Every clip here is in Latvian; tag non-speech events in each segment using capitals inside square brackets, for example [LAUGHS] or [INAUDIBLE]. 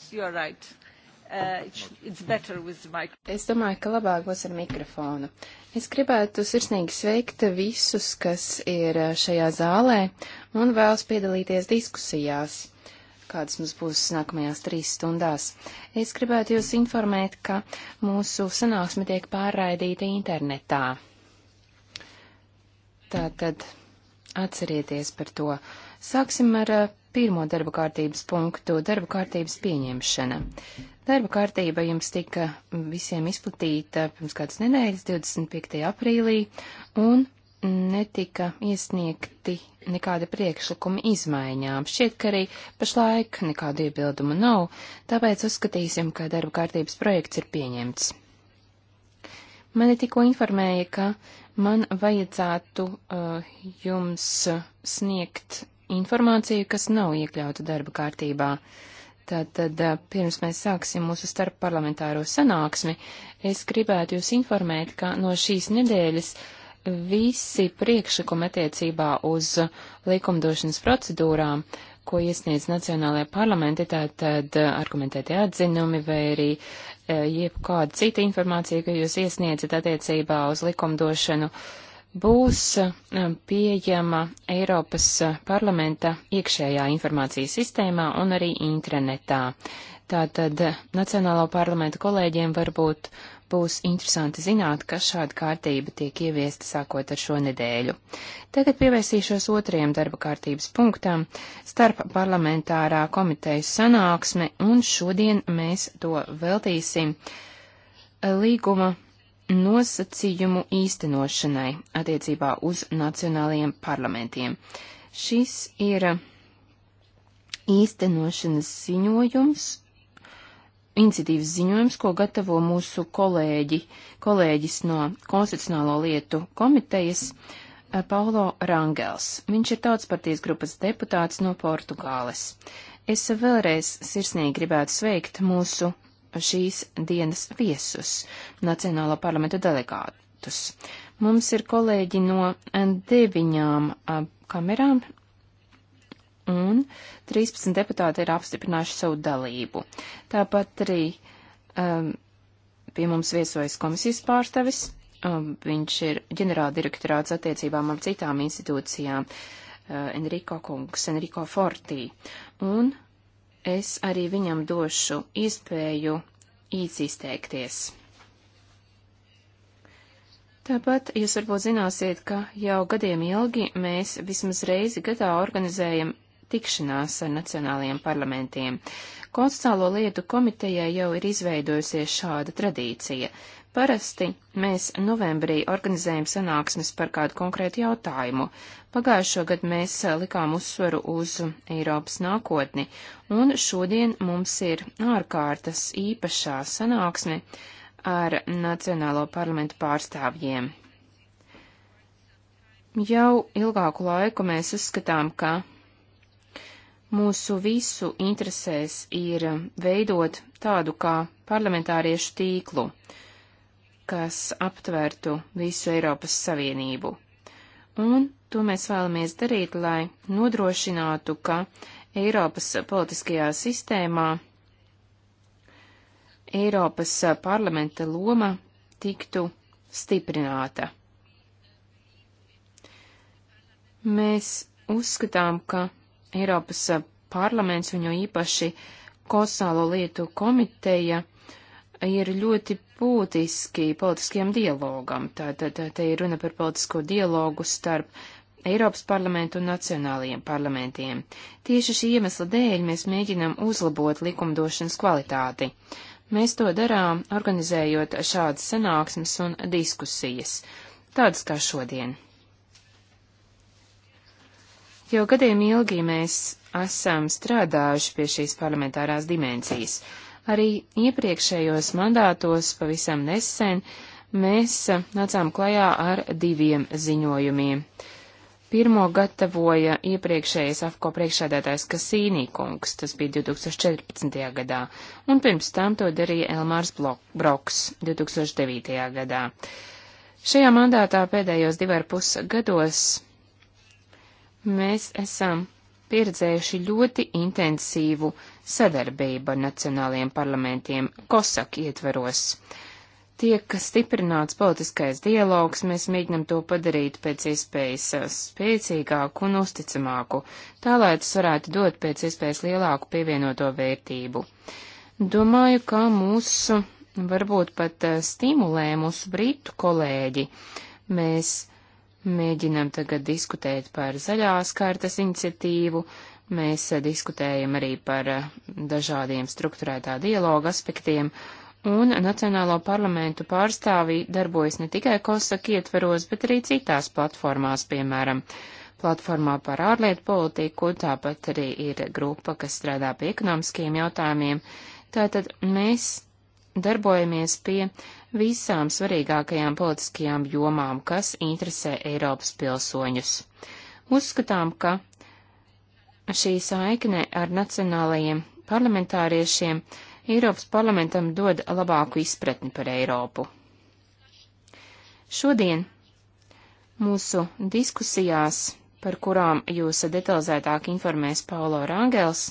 Yes, you are right. Uh, it's better with the mic. Es domāju, ka labāk būs ar mikrofonu. Es gribētu sirsnīgi sveikt visus, kas ir šajā zālē un vēlas piedalīties diskusijās, kādas mums būs nākamajās trīs stundās. Es gribētu jūs informēt, ka mūsu sanāksme tiek pārraidīta internetā. Tātad atcerieties par to. Sāksim ar uh, pirmo darba kārtības punktu - darba kārtības pieņemšana. Darba kārtība jums tika mm, visiem izplatīta pirms kādas nedēļas, 25. aprīlī, un netika iesniegti nekādi priekšlikumi izmaiņām. Šķiet, ka arī pašlaik nekādu iebildumu nav, tāpēc uzskatīsim, ka darba kārtības projekts ir pieņemts. Mani tikko informēja, ka man vajadzētu uh, jums sniegt informāciju, kas nav iekļauta darba kārtībā. Tātad, pirms mēs sāksim mūsu starpparlamentāro sanāksmi, es gribētu jūs informēt, ka no šīs nedēļas visi priekšlikumi attiecībā uz likumdošanas procedūrām, ko iesniedz Nacionālajā parlamentā, tātad argumentētie atzinumi vai arī jebkāda cita informācija, ko jūs iesniedzat attiecībā uz likumdošanu, uh, būs eh, pieejama Eiropas eh, parlamenta iekšējā informācijas sistēmā un arī internetā. Tātad eh, Nacionālo parlamentu kolēģiem varbūt būs interesanti zināt, ka šāda kārtība tiek ieviesta sākot ar šo nedēļu. Tagad pievērsīšos otriem darba kārtības punktam - starp parlamentārā komiteju sanāksme, un šodien mēs to veltīsim līguma nosacījumu īstenošanai attiecībā uz nacionālajiem parlamentiem. Šis ir īstenošanas ziņojums, iniciatīvas ziņojums, ko gatavo mūsu kolēģi, kolēģis no Konstitucionālo lietu komitejas eh, Paulo Rangels. Viņš ir tautas partijas grupas deputāts no Portugāles. Es vēlreiz sirsnīgi gribētu sveikt mūsu šīs dienas viesus, Nacionālo parlamentu delegātus. Mums ir kolēģi no deviņām kamerām, un 13 deputāti ir apstiprinājuši savu dalību. Tāpat arī um, pie mums viesojas komisijas pārstāvis, um, viņš ir ģenerāldirektorāts attiecībām ar citām institūcijām, uh, Enrico Kungs, Enrico Fortī, un es arī viņam došu iespēju īsi izteikties. Tāpat jūs varbūt zināsiet, ka jau gadiem ilgi mēs vismaz reizi gadā organizējam tikšanās ar nacionālajiem parlamentiem. Konstitucionālo lietu komitejai jau ir izveidojusies šāda tradīcija. Parasti mēs novembrī organizējam sanāksmes par kādu konkrētu jautājumu. Pagājušo gadu mēs eh, likām uzsvaru uz Eiropas nākotni, un šodien mums ir ārkārtas īpašā sanāksme ar Nacionālo parlamentu pārstāvjiem. Jau ilgāku laiku mēs uzskatām, ka mūsu visu interesēs ir veidot tādu kā parlamentāriešu tīklu kas aptvertu visu Eiropas Savienību. Un to mēs vēlamies darīt, lai nodrošinātu, ka Eiropas politiskajā sistēmā Eiropas parlamenta loma tiktu stiprināta. Mēs uzskatām, ka Eiropas parlaments un jo īpaši Kosālo lietu komiteja ir ļoti būtiski politiskajam dialogam. Tātad te tā, tā ir runa par politisko dialogu starp Eiropas parlamentu un nacionālajiem parlamentiem. Tieši šī iemesla dēļ mēs mēģinam uzlabot likumdošanas kvalitāti. Mēs to darām, organizējot šādas sanāksmes un diskusijas, tādas kā šodien. Jau gadiem ilgi mēs esam strādājuši pie šīs parlamentārās dimensijas. Arī iepriekšējos mandātos pavisam nesen mēs nācām klajā ar diviem ziņojumiem. Pirmo gatavoja iepriekšējais AFCO priekšsēdētājs Kasīnī kungs, tas bija 2014. gadā, un pirms tam to darīja Elmārs Broks 2009. gadā. Šajā mandātā pēdējos divar pus gados mēs esam pieredzējuši ļoti intensīvu uh, sadarbība ar nacionālajiem parlamentiem Kosak ietveros. Tiek stiprināts politiskais dialogs, mēs mēģinam to padarīt pēc iespējas spēcīgāku un uzticamāku, tā lai tas varētu dot pēc iespējas lielāku pievienoto vērtību. Domāju, ka mūsu, varbūt pat stimulē mūsu brītu kolēģi. Mēs mēģinam tagad diskutēt par zaļās kārtas iniciatīvu, Mēs eh, diskutējam arī par eh, dažādiem struktūrētā dialoga aspektiem, un Nacionālo parlamentu pārstāvji darbojas ne tikai Kosaka ietveros, bet arī citās platformās, piemēram, platformā par ārlietu politiku, tāpat arī ir grupa, kas strādā pie ekonomiskiem jautājumiem. Tātad mēs darbojamies pie visām svarīgākajām politiskajām jomām, kas interesē Eiropas pilsoņus. Uzskatām, ka šī saikne ar nacionālajiem parlamentāriešiem Eiropas parlamentam dod labāku izpratni par Eiropu. Šodien mūsu diskusijās, par kurām jūs detalizētāk informēs Paulo Rangels,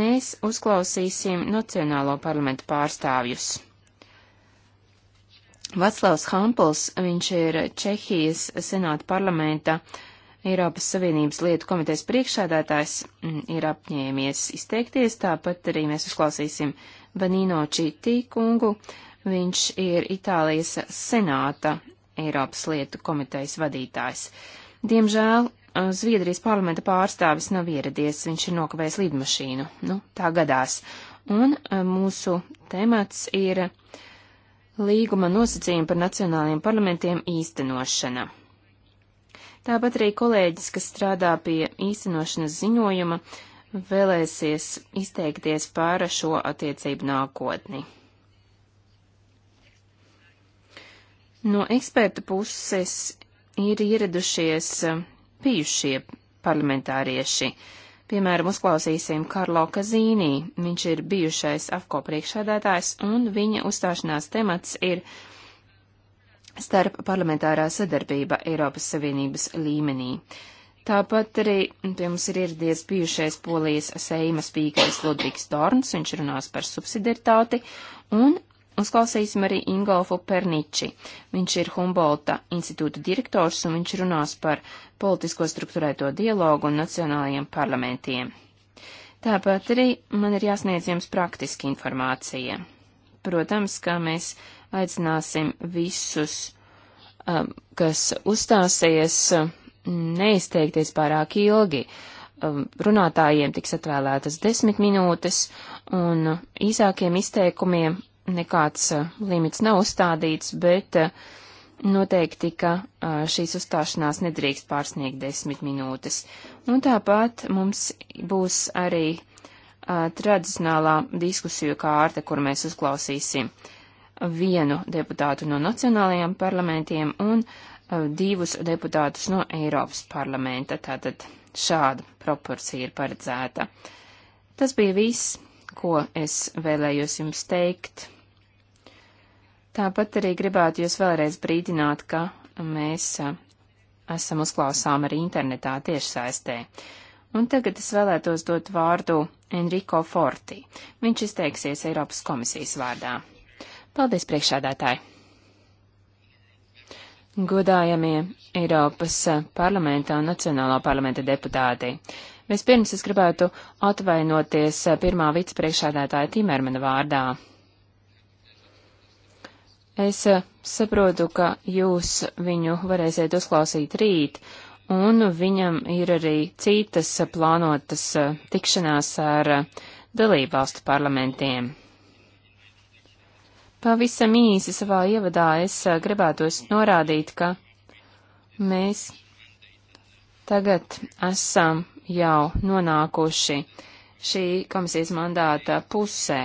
mēs uzklausīsim Nacionālo parlamentu pārstāvjus. Vaclavs Hampels, viņš ir Čehijas senāta parlamenta uh, Eiropas Savienības lietu komitejas priekšsēdētājs mm, ir apņēmies izteikties, tāpat arī mēs uzklausīsim Vanino Čitī kungu. Viņš ir Itālijas senāta Eiropas lietu komitejas vadītājs. Diemžēl Zviedrijas parlamenta pārstāvis nav ieradies, viņš ir nokavējis lidmašīnu. Nu, tā gadās. Un mūsu temats ir līguma nosacījumi par nacionālajiem parlamentiem īstenošana. Tāpat arī kolēģis, kas strādā pie īstenošanas ziņojuma, vēlēsies izteikties pāra šo attiecību nākotni. No eksperta puses ir ieradušies eh, bijušie parlamentārieši. Piemēram, uzklausīsim Karlo Kazīnī, viņš ir bijušais AFCO priekšādātājs, un viņa uzstāšanās temats ir starp parlamentārā sadarbība Eiropas Savienības līmenī. Tāpat arī pie mums ir ieradies bijušais polijas seima spīkais Ludvigs Dorns, viņš runās par subsidiaritāti, un uzklausīsim arī Ingolfu Perniči. Viņš ir Humbolta institūta direktors, un viņš runās par politisko strukturēto dialogu un nacionālajiem parlamentiem. Tāpat arī man ir jāsniedz jums praktiski informācija. Protams, kā mēs aicināsim visus, um, kas uzstāsies, neizteikties pārāk ilgi. Um, runātājiem tiks atvēlētas desmit minūtes, un īsākiem izteikumiem nekāds uh, limits nav uzstādīts, bet uh, noteikti, ka uh, šīs uzstāšanās nedrīkst pārsniegt desmit minūtes. Un tāpat mums būs arī uh, tradicionālā diskusiju kārta, kur mēs uzklausīsim vienu deputātu no nacionālajiem parlamentiem un uh, divus deputātus no Eiropas parlamenta. Tātad šāda proporcija ir paredzēta. Tas bija viss, ko es vēlējos jums teikt. Tāpat arī gribētu jūs vēlreiz brīdināt, ka mēs uh, esam uzklausām arī internetā tiešsaistē. Un tagad es vēlētos dot vārdu Enrico Forti. Viņš izteiksies Eiropas komisijas vārdā. Paldies, priekšādātāji! Godājamie Eiropas parlamenta un Nacionālo parlamenta deputāti! Vispirms es gribētu atvainoties pirmā vicepriekšādātāja Timermana vārdā. Es saprotu, ka jūs viņu varēsiet uzklausīt rīt, un viņam ir arī citas plānotas eh, tikšanās ar eh, dalībvalstu parlamentiem. Pavisam īsi savā ievadā es eh, gribētos norādīt, ka mēs tagad esam jau nonākuši šī komisijas mandāta pusē.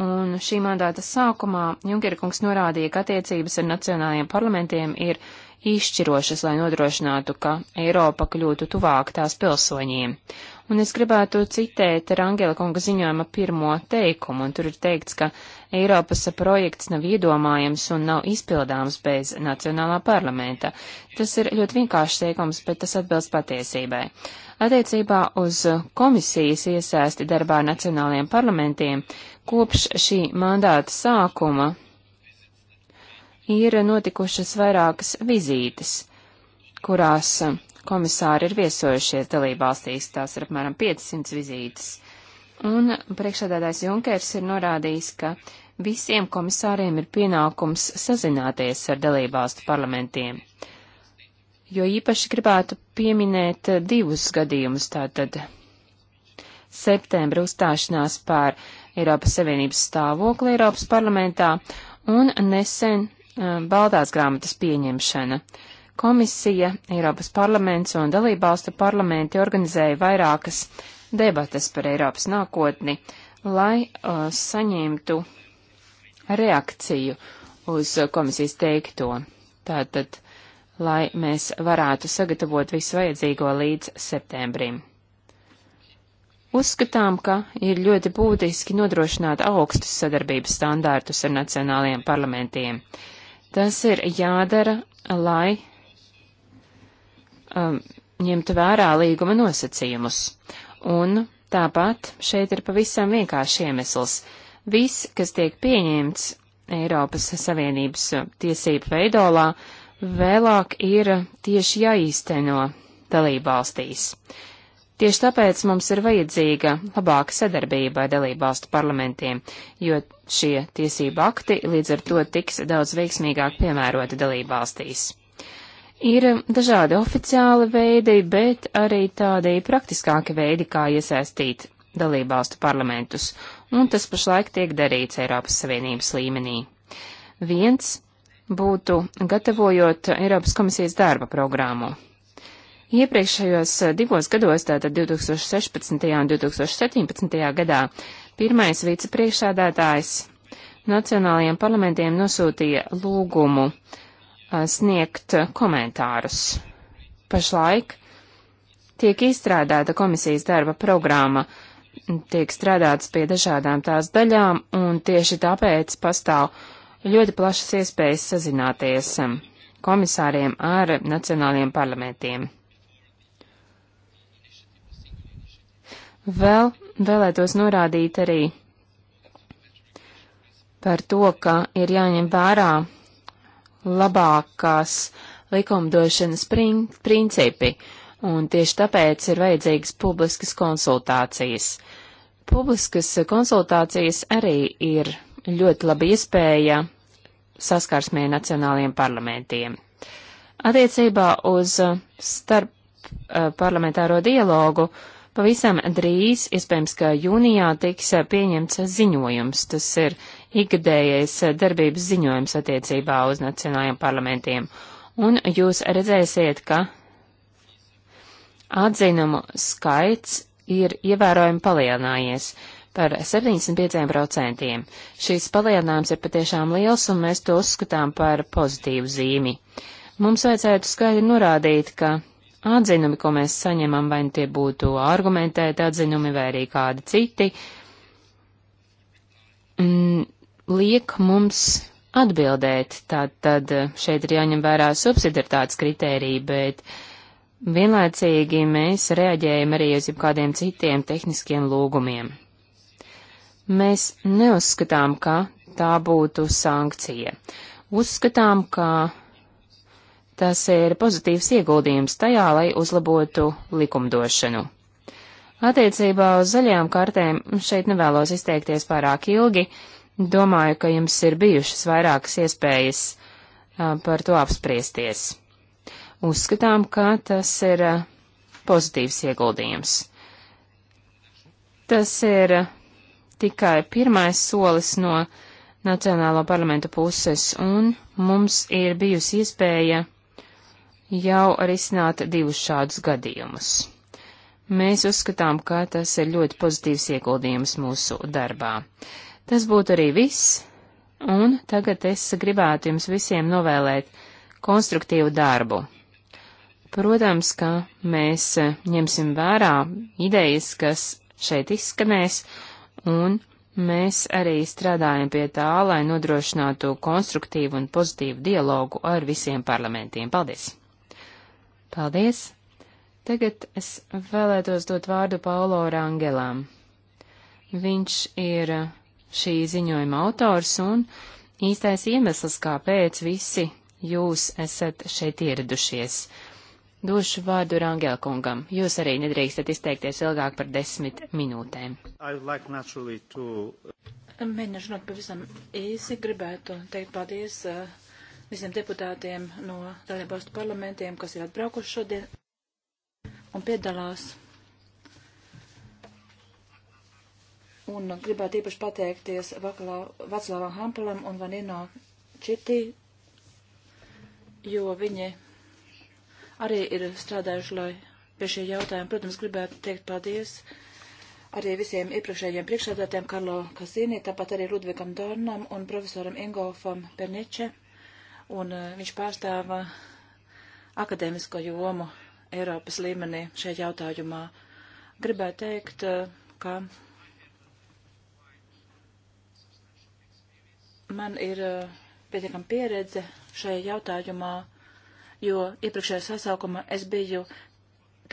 Un šī mandāta sākumā Junkerkungs norādīja, ka attiecības ar nacionālajiem parlamentiem ir uh, izšķirošas, lai nodrošinātu, ka Eiropa kļūtu tuvāk tās pilsoņiem. Un es gribētu citēt Rangela kunga ziņojuma pirmo teikumu, un tur ir teikts, ka Eiropas projekts nav iedomājams un nav izpildāms bez nacionālā parlamenta. Tas ir ļoti vienkāršs teikums, bet tas atbilst patiesībai. Attiecībā uz komisijas iesaisti darbā nacionālajiem parlamentiem kopš šī mandāta sākuma ir notikušas vairākas vizītes, kurās komisāri ir viesojušies dalībvalstīs, tās ir apmēram 500 vizītes. Un priekšsēdētājs Junkers ir norādījis, ka visiem komisāriem ir pienākums sazināties ar dalībvalstu parlamentiem. Jo īpaši gribētu pieminēt divus gadījumus tātad. Septembra uzstāšanās pār Eiropas Savienības stāvokli Eiropas parlamentā un nesen Eh, Baltās grāmatas pieņemšana. Komisija, Eiropas parlaments un dalībvalstu parlamenti organizēja vairākas debatas par Eiropas nākotni, lai uh, saņemtu reakciju uz komisijas teikto. Tātad, lai mēs varētu sagatavot visu vajadzīgo līdz septembrim. Uzskatām, ka ir ļoti būtiski nodrošināt augstus sadarbības standārtus ar nacionālajiem parlamentiem. Uh, Tas ir jādara, lai um, ņemtu vērā līguma nosacījumus. Un tāpat šeit ir pavisam vienkārši iemesls. Viss, kas tiek pieņemts Eiropas Savienības tiesību veidolā, vēlāk ir tieši jāīsteno dalībvalstīs. valstīs. Tieši tāpēc mums ir vajadzīga labāka sadarbība ar dalībvalstu parlamentiem, jo šie tiesība akti līdz ar to tiks daudz veiksmīgāk piemēroti dalībvalstīs. Ir dažādi oficiāli veidi, bet arī tādi praktiskāki veidi, kā iesaistīt dalībvalstu parlamentus, un tas pašlaik tiek darīts Eiropas Savienības līmenī. Viens būtu gatavojot Eiropas komisijas darba programmu. Iepriekšējos eh, divos gados, tātad 2016. un 2017. gadā, pirmais vicepriekšādātājs nacionālajiem parlamentiem nosūtīja lūgumu eh, sniegt komentārus. Pašlaik tiek izstrādāta komisijas darba programma, tiek strādāts pie dažādām tās daļām, un tieši tāpēc pastāv ļoti plašas iespējas sazināties eh, komisāriem ar nacionālajiem parlamentiem. Vēl vēlētos norādīt arī par to, ka ir jāņem vērā labākās likumdošanas prin principi, un tieši tāpēc ir vajadzīgas publiskas konsultācijas. Publiskas konsultācijas arī ir ļoti laba iespēja saskarsmē nacionāliem parlamentiem. Attiecībā uz starp eh, parlamentāro dialogu uh, Pavisam drīz, iespējams, ka jūnijā tiks eh, pieņemts ziņojums. Tas ir ikgadējais eh, darbības ziņojums attiecībā uz nacionālajiem parlamentiem. Un jūs redzēsiet, ka atzinumu skaits ir ievērojami palielinājies par 75%. Šīs palielinājums ir patiešām liels, un mēs to uzskatām par pozitīvu zīmi. Mums vajadzētu skaidri norādīt, ka atzinumi, ko mēs saņemam, vai nu tie būtu argumentēti atzinumi vai arī kādi citi, mm, liek mums atbildēt. Tātad šeit ir jāņem vērā subsidiartātes kritērija, bet vienlaicīgi mēs reaģējam arī uz jebkādiem citiem tehniskiem lūgumiem. Mēs neuzskatām, ka tā būtu sankcija. Uzskatām, ka Tas ir pozitīvs ieguldījums tajā, lai uzlabotu likumdošanu. Attiecībā uz zaļajām kartēm šeit nevēlos izteikties pārāk ilgi. Domāju, ka jums ir bijušas vairākas iespējas par to apspriesties. Uzskatām, ka tas ir pozitīvs ieguldījums. Tas ir tikai pirmais solis no Nacionālo parlamentu puses, un mums ir bijusi iespēja jau risināt divus šādus gadījumus. Mēs uzskatām, ka tas ir ļoti pozitīvs ieguldījums mūsu darbā. Tas būtu arī viss, un tagad es gribētu jums visiem novēlēt konstruktīvu darbu. Protams, ka mēs ņemsim vērā idejas, kas šeit izskanēs, un Mēs arī strādājam pie tā, lai nodrošinātu konstruktīvu un pozitīvu dialogu ar visiem parlamentiem. Paldies! Paldies! Tagad es vēlētos dot vārdu Paulo Rangelam. Viņš ir šī ziņojuma autors un īstais iemesls, kāpēc visi jūs esat šeit ieradušies. Došu vārdu Rangelkungam. Jūs arī nedrīkstat izteikties ilgāk par desmit minūtēm. Like to... Mēģināšu runāt pavisam īsi. Gribētu teikt paldies uh, visiem deputātiem no dalībvalstu parlamentiem, kas ir atbraukuši šodien un piedalās. Un gribētu īpaši pateikties Vaclavam Hampelam un Vanino Čitī, jo viņi arī ir strādājuši, lai pie šī jautājuma, protams, gribētu teikt paldies arī visiem iepriekšējiem priekšsēdētājiem Karlo Kasīnī, tāpat arī Ludvigam Dornam un profesoram Ingolfam Perniče un eh, viņš pārstāva akadēmisko jomu Eiropas līmenī šajā jautājumā. Gribētu teikt, eh, ka man ir eh, pietiekama pieredze šajā jautājumā, jo iepriekšējā sasaukumā es biju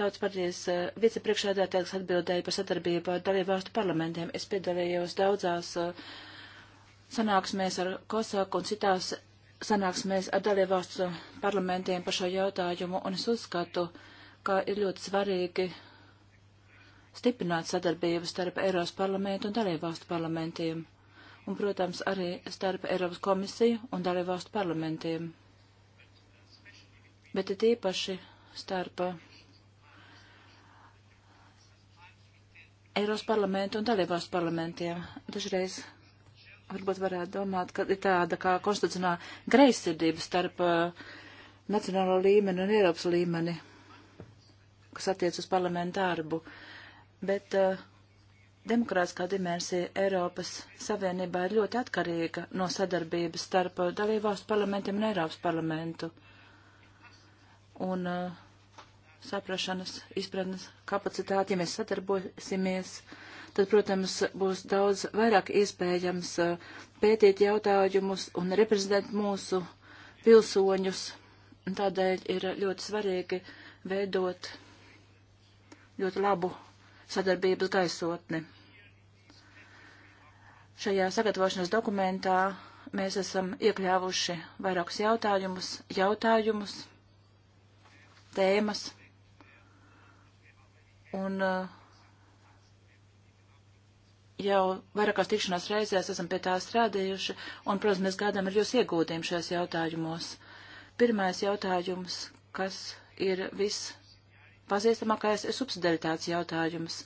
Tautas partijas vicepriekšēdētājs atbildēja par sadarbību ar dalību valstu parlamentiem. Es piedalījos daudzās sanāksmēs ar Kosaku un citās sanāksmēs ar dalībvalstu parlamentiem par šo jautājumu, un es uzskatu, ka ir ļoti svarīgi stiprināt sadarbību starp Eiropas parlamentu un dalībvalstu parlamentiem, un, protams, arī starp Eiropas komisiju un dalībvalstu parlamentiem. Bet ir īpaši starp Eiropas parlamentu un dalībvalstu parlamentiem. Dažreiz varbūt varētu domāt, ka ir tāda kā konstitucionā greizsirdība starp uh, nacionālo līmeni un Eiropas līmeni, kas attiec uz parlamentu darbu, bet uh, demokrātiskā dimensija Eiropas Savienībā ir ļoti atkarīga no sadarbības starp uh, dalībvalstu parlamentiem un Eiropas parlamentu. Un uh, saprašanas, izpratnes kapacitāti, ja mēs sadarbosimies, uh, tad, protams, būs daudz vairāk iespējams uh, pētīt jautājumus un reprezentēt mūsu pilsoņus. Tādēļ ir ļoti svarīgi veidot ļoti labu sadarbības gaisotni. Šajā sagatavošanas dokumentā mēs esam iekļāvuši vairākus jautājumus, jautājumus, tēmas, un uh, jau vairākās tikšanās reizēs esam pie tā strādājuši, un, protams, mēs gādām ar jūs iegūtiem šajos jautājumos. Pirmais jautājums, kas ir viss pazīstamākais, ir subsidaritātes jautājums,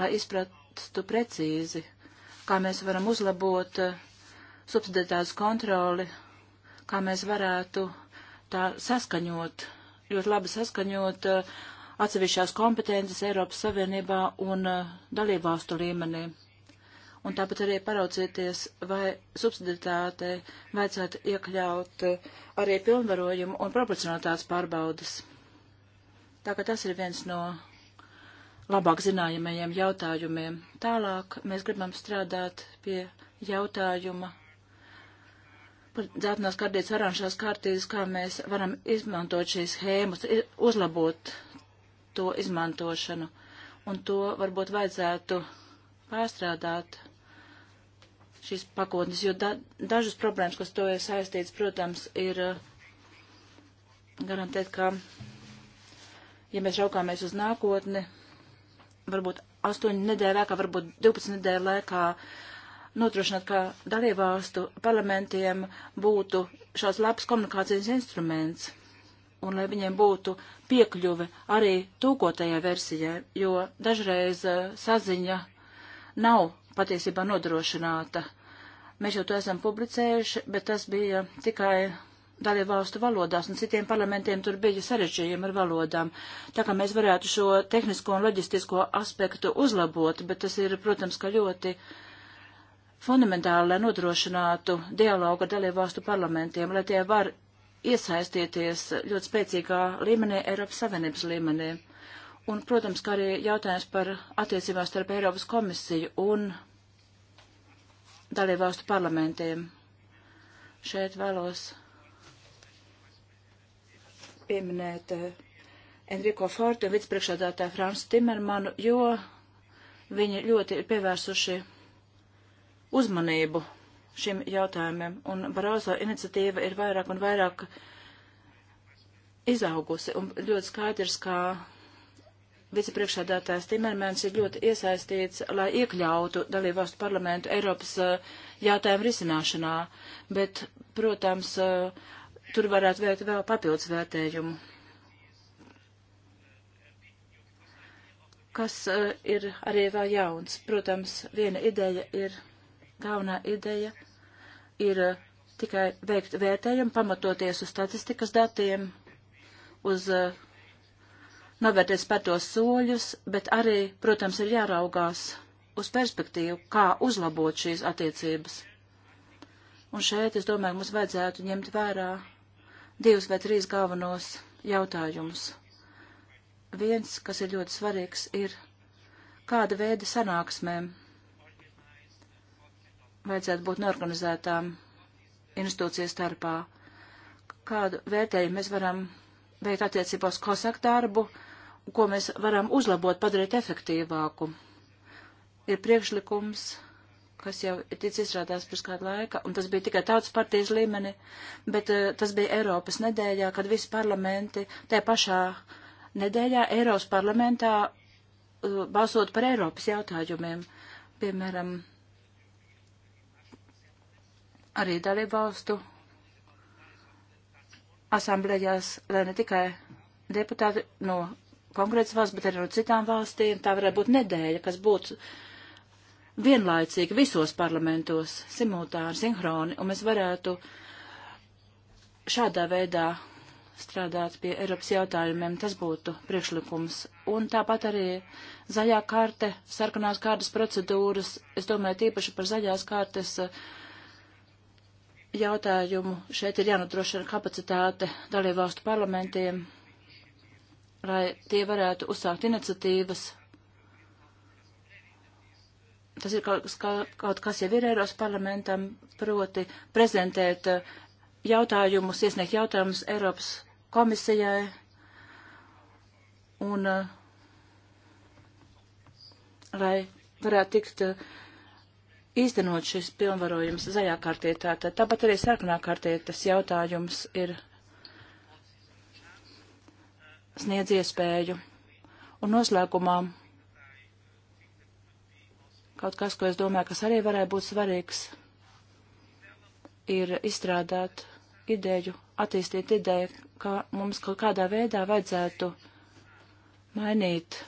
lai izprastu precīzi, kā mēs varam uzlabot eh, subsidaritātes kontroli, kā mēs varētu tā saskaņot, ļoti labi saskaņot eh, atsevišķās kompetences Eiropas Savienībā un eh, dalībvalstu līmenī un tāpat arī paraudzieties, vai subsidiatāte vajadzētu iekļaut eh, arī pilnvarojumu un proporcionalitātes pārbaudas. Tā ka tas ir viens no labāk zināmajiem jautājumiem. Tālāk mēs gribam strādāt pie jautājuma par dzeltenās kārtības, oranžās kārtības, kā mēs varam izmantot šīs schēmas, uzlabot to izmantošanu. Un to varbūt vajadzētu pārstrādāt šīs pakotnes, jo da, dažas problēmas, kas to ir saistīts, protams, ir eh, garantēt, ka, ja mēs raukāmies uz nākotni, varbūt 8 nedēļu laikā, varbūt 12 nedēļu laikā, nodrošināt, ka dalībvalstu parlamentiem būtu šāds labs komunikācijas instruments un lai viņiem būtu piekļuve arī tūkotajai versijai, jo dažreiz uh, saziņa nav patiesībā nodrošināta. Mēs jau to esam publicējuši, bet tas bija tikai dalībvalstu valodās, un citiem parlamentiem tur bija sarežģījumi ar valodām. Tā kā mēs varētu šo tehnisko un loģistisko aspektu uzlabot, bet tas ir, protams, ka ļoti fundamentāli, lai nodrošinātu dialogu ar dalībvalstu parlamentiem, lai tie var iesaistīties ļoti spēcīgā līmenī, Eiropas Savienības līmenī. Un, protams, kā arī jautājums par attiecībās starp Eiropas komisiju un dalībvalstu parlamentiem. Šeit vēlos pieminēt eh, Enrico Forti un vicepriekšādātāju Fransu Timermanu, jo viņi ļoti ir pievērsuši uzmanību šim jautājumam, un Barozo iniciatīva ir vairāk un vairāk izaugusi, un ļoti skaidrs, ka vicepriekšādātājs Timermans ir ļoti iesaistīts, lai iekļautu dalībvalstu parlamentu Eiropas jautājumu risināšanā, bet, protams, tur varētu veikt vēl papildus vērtējumu. Kas ir arī vēl jauns? Protams, viena ideja ir, galvenā ideja ir tikai veikt vērtējumu, pamatoties uz statistikas datiem, uz uh, novērties par tos soļus, bet arī, protams, ir jāraugās uz perspektīvu, kā uzlabot šīs attiecības. Un šeit, es domāju, mums vajadzētu ņemt vērā divus vai trīs galvenos jautājumus. Viens, kas ir ļoti svarīgs, ir kāda veida sanāksmēm vajadzētu būt norganizētām institūciju starpā. Kādu vērtējumu mēs varam veikt attiecībā uz kosak darbu, ko mēs varam uzlabot, padarīt efektīvāku. Ir priekšlikums, kas jau ir ticis izrādās pirms kāda laika, un tas bija tikai tautas partijas līmeni, bet uh, tas bija Eiropas nedēļā, kad visi parlamenti tajā pašā nedēļā Eiropas parlamentā uh, balsot par Eiropas jautājumiem. Piemēram, arī dalībvalstu asamblējās, lai ne tikai deputāti no konkrētas valsts, bet arī no citām valstīm. Tā varētu būt nedēļa, kas būtu vienlaicīgi visos parlamentos, simultāni, sinhroni, un mēs varētu šādā veidā strādāt pie Eiropas jautājumiem. Tas būtu priekšlikums. Un tāpat arī zaļā karte, sarkanās kārtas procedūras, es domāju, tīpaši par zaļās kārtas uh, jautājumu. Šeit ir jānodrošina kapacitāte dalībvalstu parlamentiem lai tie varētu uzsākt iniciatīvas. Tas ir kaut kas, kaut kas jau ir Eiros parlamentam, proti prezentēt eh, jautājumus, iesniegt jautājumus Eiropas komisijai un eh, lai varētu tikt eh, īstenot šis pilnvarojums zaļā kārtē. Tātad tāpat arī sarkanā kārtē tas jautājums ir sniedz iespēju. Un noslēgumā kaut kas, ko es domāju, kas arī varētu būt svarīgs, ir izstrādāt ideju, attīstīt ideju, ka mums kaut kādā veidā vajadzētu mainīt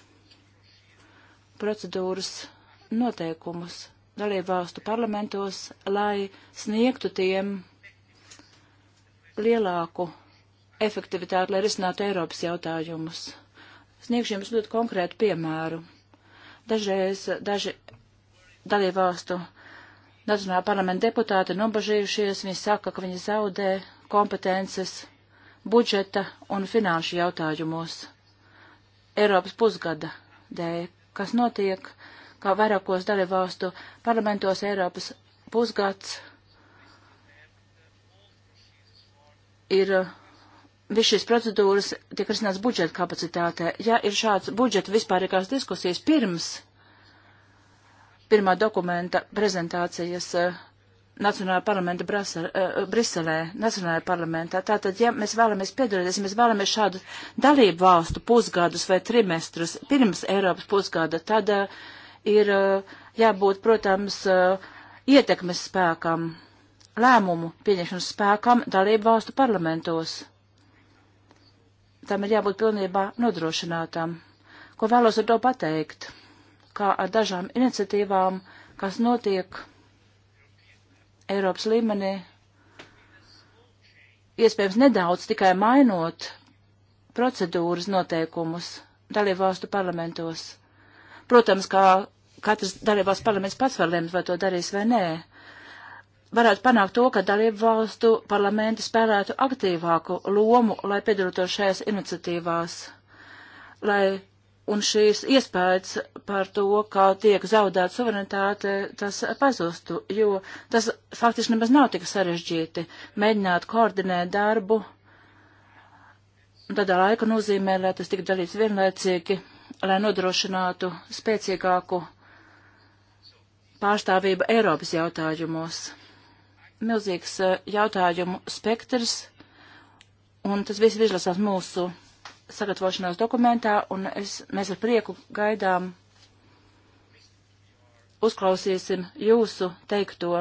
procedūras noteikumus dalību valstu parlamentos, lai sniegtu tiem lielāku efektivitāti, lai risinātu Eiropas jautājumus. Sniegšu jums ļoti konkrētu piemēru. Dažreiz daži dalībvalstu Nacionālā parlamenta deputāti ir nobažījušies, viņi saka, ka viņi zaudē kompetences budžeta un finanšu jautājumos Eiropas pusgada dēļ, kas notiek, kā vairākos dalībvalstu parlamentos Eiropas pusgads ir viss šīs procedūras tiek risināts budžeta kapacitātē. Ja ir šāds budžeta vispārīgās diskusijas pirms pirmā dokumenta prezentācijas uh, eh, Nacionālā parlamenta Brasel, uh, Briselē, Nacionālajā parlamentā. Tātad, ja mēs vēlamies piedalīties, ja mēs vēlamies šādu dalību valstu pusgadus vai trimestrus pirms Eiropas pusgada, tad uh, ir uh, jābūt, protams, uh, ietekmes spēkam, lēmumu pieņemšanas spēkam dalību valstu parlamentos tam ir jābūt pilnībā nodrošinātam. Ko vēlos ar to pateikt? Kā ar dažām iniciatīvām, kas notiek Eiropas līmenī, iespējams nedaudz tikai mainot procedūras noteikumus dalībvalstu parlamentos. Protams, kā katrs dalībvalsts parlaments pats var lemt, vai to darīs vai nē, varētu panākt to, ka dalību valstu parlamenti spēlētu aktīvāku lomu, lai piedalītos šajās iniciatīvās, lai un šīs iespējas par to, kā tiek zaudēta suverenitāte, tas pazustu, jo tas faktiski nemaz nav tik sarežģīti mēģināt koordinēt darbu. Tādā laika nozīmē, lai tas tiktu darīts vienlaicīgi, lai nodrošinātu spēcīgāku pārstāvību Eiropas jautājumos milzīgs eh, jautājumu spektrs, un tas viss izlasās mūsu sagatavošanās dokumentā, un es, mēs ar prieku gaidām uzklausīsim jūsu teikto,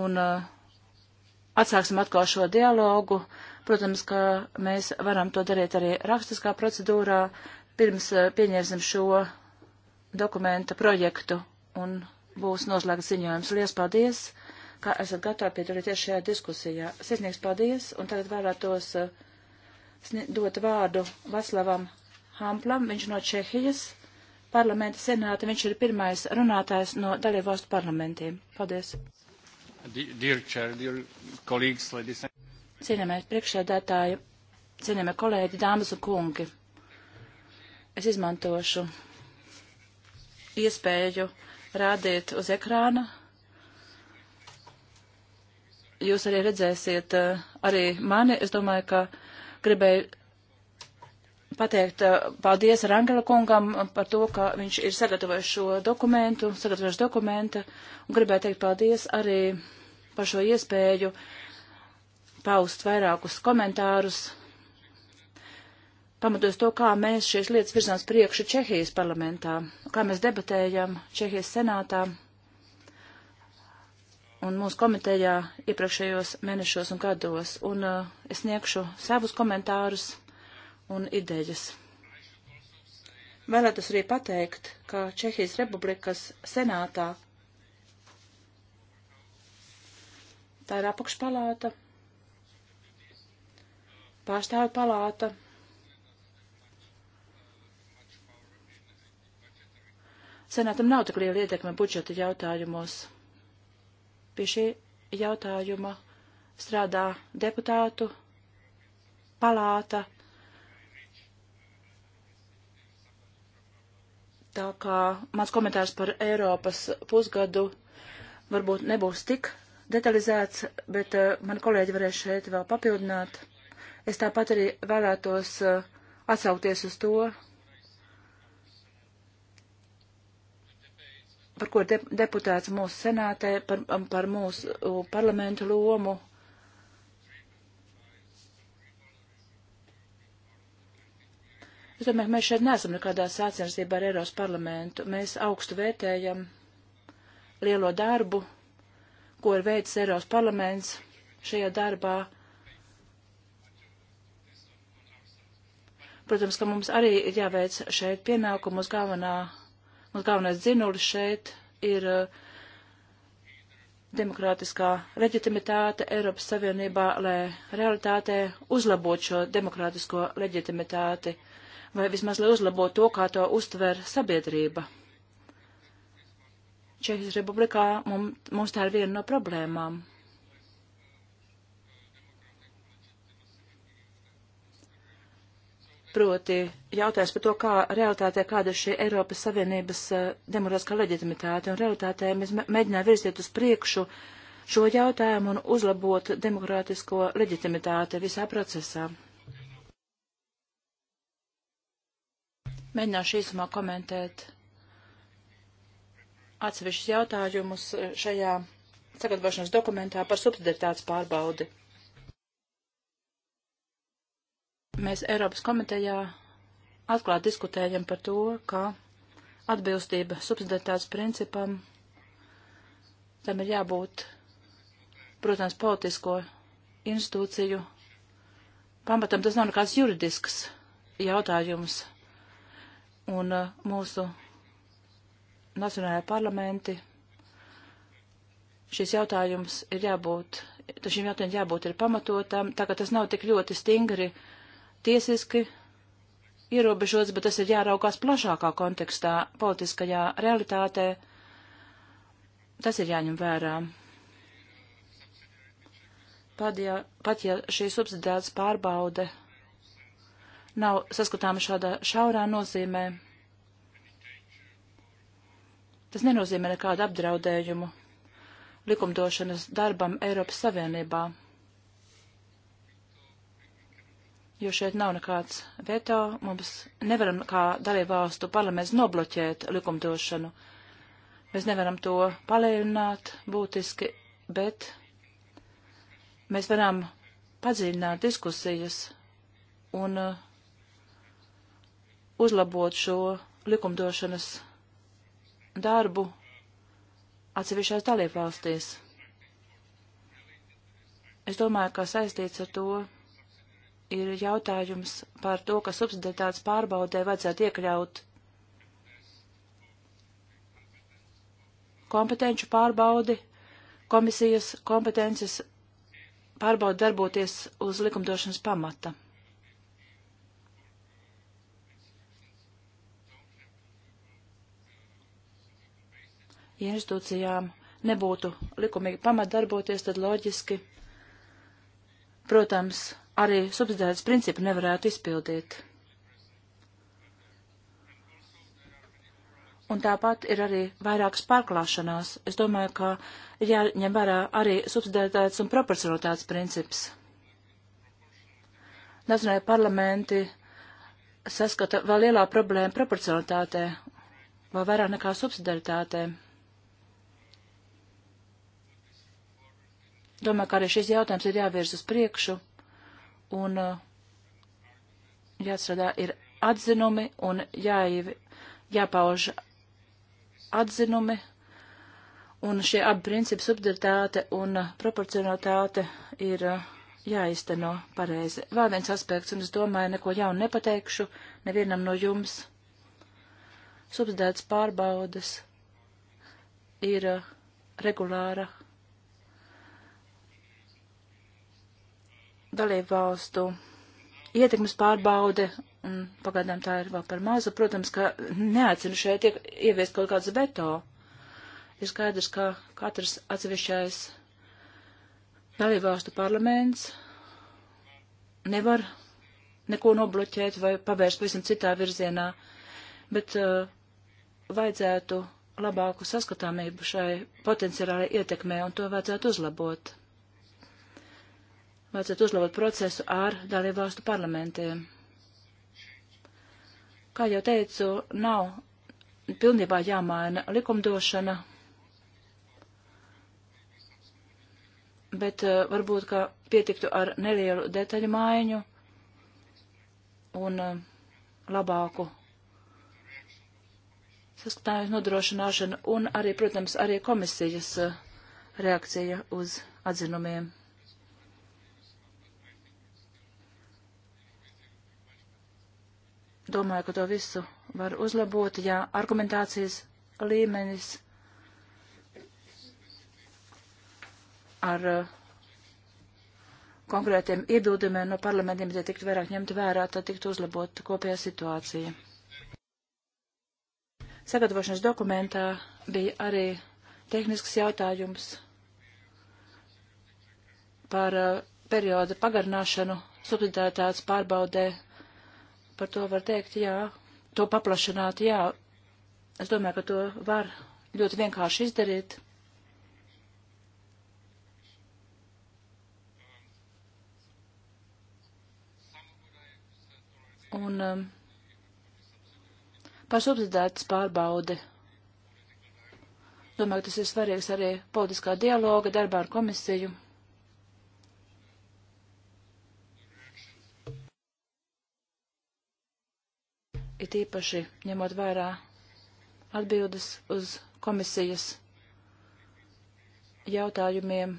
un uh, atsāksim atkal šo dialogu. Protams, ka mēs varam to darīt arī rakstiskā procedūrā, pirms uh, pieņemsim šo dokumenta projektu un būs noslēgts ziņojums. Lielas paldies, ka esat gatavi piedalīties šajā diskusijā. Sisnieks paldies, un tagad vēlētos eh, dot vārdu Vaslavam Hamplam, viņš no Čehijas parlamenta senāta, viņš ir pirmais runātājs no dalībvalstu parlamentiem. Paldies. Dear chair, dear colleagues, ladies and... Cienījamie priekšsēdētāji, cienījamie kolēģi, dāmas un kungi, es izmantošu iespēju rādiet uz ekrāna. Jūs arī redzēsiet eh, arī mani. Es domāju, ka gribēju pateikt eh, paldies Rangela kungam par to, ka viņš ir sagatavojis šo dokumentu, sagatavojis dokumentu, un gribēju teikt paldies arī par šo iespēju paust vairākus komentārus pamatos to, kā mēs šīs lietas virzās priekšu Čehijas parlamentā, kā mēs debatējam Čehijas senātā un mūsu komitejā iepriekšējos mēnešos un gados, un uh, es sniegšu savus komentārus un idejas. Vēlētos arī pateikt, ka Čehijas Republikas senātā tā ir apakšpalāta, pārstāvju palāta. palāta senātam nav tik liela ietekme budžeta jautājumos. Pie šī jautājuma strādā deputātu palāta. Tā kā mans komentārs par Eiropas pusgadu varbūt nebūs tik detalizēts, bet uh, mani kolēģi varēs šeit vēl papildināt. Es tāpat arī vēlētos uh, atsaukties uz to, par ko de deputāts mūsu senātē, par, um, par mūsu parlamentu lomu. Es domāju, ka mēs šeit neesam nekādā sācensībā ar Eiropas parlamentu. Mēs augstu vērtējam lielo darbu, ko ir veicis Eiropas parlaments šajā darbā. Protams, ka mums arī ir jāveic šeit pienākumus galvenā Mums galvenais dzinulis šeit ir eh, demokrātiskā leģitimitāte Eiropas Savienībā, lai realitātē uzlabot šo demokrātisko leģitimitāti, vai vismaz lai uzlabot to, kā to uztver sabiedrība. Čehijas republikā mums, mums tā ir viena no problēmām Proti jautājums par to, kā realitātē, kāda ir šī Eiropas Savienības uh, demokrātiskā leģitimitāte, un realitātē mēs mēģinām virziet uz priekšu šo jautājumu un uzlabot demokrātisko leģitimitāti visā procesā. Mēģināšu īsumā komentēt atsevišķus jautājumus eh, šajā sagatavošanas dokumentā par subsidiaritātes pārbaudi. Mēs Eiropas komitejā atklāt diskutējam par to, ka atbilstība subsidētās principam tam ir jābūt, protams, politisko institūciju pamatam. Tas nav nekāds juridisks jautājums. Un uh, mūsu nacionālajā parlamenti šis jautājums ir jābūt, šim jautājumam jābūt ir pamatotam, tā ka tas nav tik ļoti stingri uh, tiesiski ierobežots, bet tas ir jāraukās plašākā kontekstā, politiskajā realitātē. Tas ir jāņem vērā. Pat ja, pat ja šī subsidētas pārbaude nav saskatāma šādā šaurā nozīmē, tas nenozīmē nekādu apdraudējumu likumdošanas darbam Eiropas Savienībā. jo šeit nav nekāds veto, mums nevaram kā dalībvalstu parlaments nobloķēt likumdošanu. Mēs nevaram to palielināt būtiski, bet mēs varam padziļināt diskusijas un uh, uzlabot šo likumdošanas darbu atsevišķās dalībvalstīs. Es domāju, ka saistīts ar to ir jautājums par to, ka subsidētāts pārbaudē vajadzētu iekļaut kompetenču pārbaudi, komisijas kompetences pārbaudi darboties uz likumdošanas pamata. Ja institūcijām nebūtu likumīgi pamat darboties, tad loģiski, protams, arī subsidētas principu nevarētu izpildīt. Un tāpat ir arī vairākas pārklāšanās. Es domāju, ka ir jāņem vērā arī subsidētāts un proporcionalitāts princips. Nacionālajie parlamenti saskata vēl lielā problēma proporcionalitātē, vēl vairāk nekā subsidaritātē. Domāju, ka arī šis jautājums ir jāvirz uz priekšu un eh, jāstrādā ir atzinumi un jāievi, jāpauž atzinumi, un šie abi principi, subsidiaritāte un proporcionalitāte, ir eh, jāizteno pareizi. Vēl viens aspekts, un es domāju, neko jaunu nepateikšu nevienam no jums. Subsidiētas pārbaudas ir eh, regulāra dalībvalstu ietekmes pārbaude, un pagaidām tā ir vēl par mazu, protams, ka neaicinu šeit tiek ieviest kaut kāds veto. Ir skaidrs, ka katrs atsevišķais dalībvalstu parlaments nevar neko nobloķēt vai pavērst pavisam citā virzienā, bet uh, vajadzētu labāku saskatāmību šai potenciālai ietekmē, un to vajadzētu uzlabot vajadzētu uzlabot procesu ar dalībvalstu parlamentiem. Kā jau teicu, nav pilnībā jāmaina likumdošana, bet uh, varbūt, ka pietiktu ar nelielu detaļu maiņu un uh, labāku saskatājumu nodrošināšanu un arī, protams, arī komisijas uh, reakcija uz atzinumiem. Domāju, ka to visu var uzlabot, ja argumentācijas līmenis ar uh, konkrētiem iebildumiem no parlamentiem, ja tiktu vairāk ņemti vērā, tad tiktu uzlabot kopējā situācija. Sagatavošanas dokumentā bija arī tehnisks jautājums par uh, perioda pagarināšanu subsidētāts pārbaudē Par to var teikt, jā, to paplašināt, jā. Es domāju, ka to var ļoti vienkārši izdarīt. Un um, par subsidētas pārbaudi. Domāju, ka tas ir svarīgs arī politiskā dialoga darbā ar komisiju. it īpaši ņemot vērā atbildes uz komisijas jautājumiem.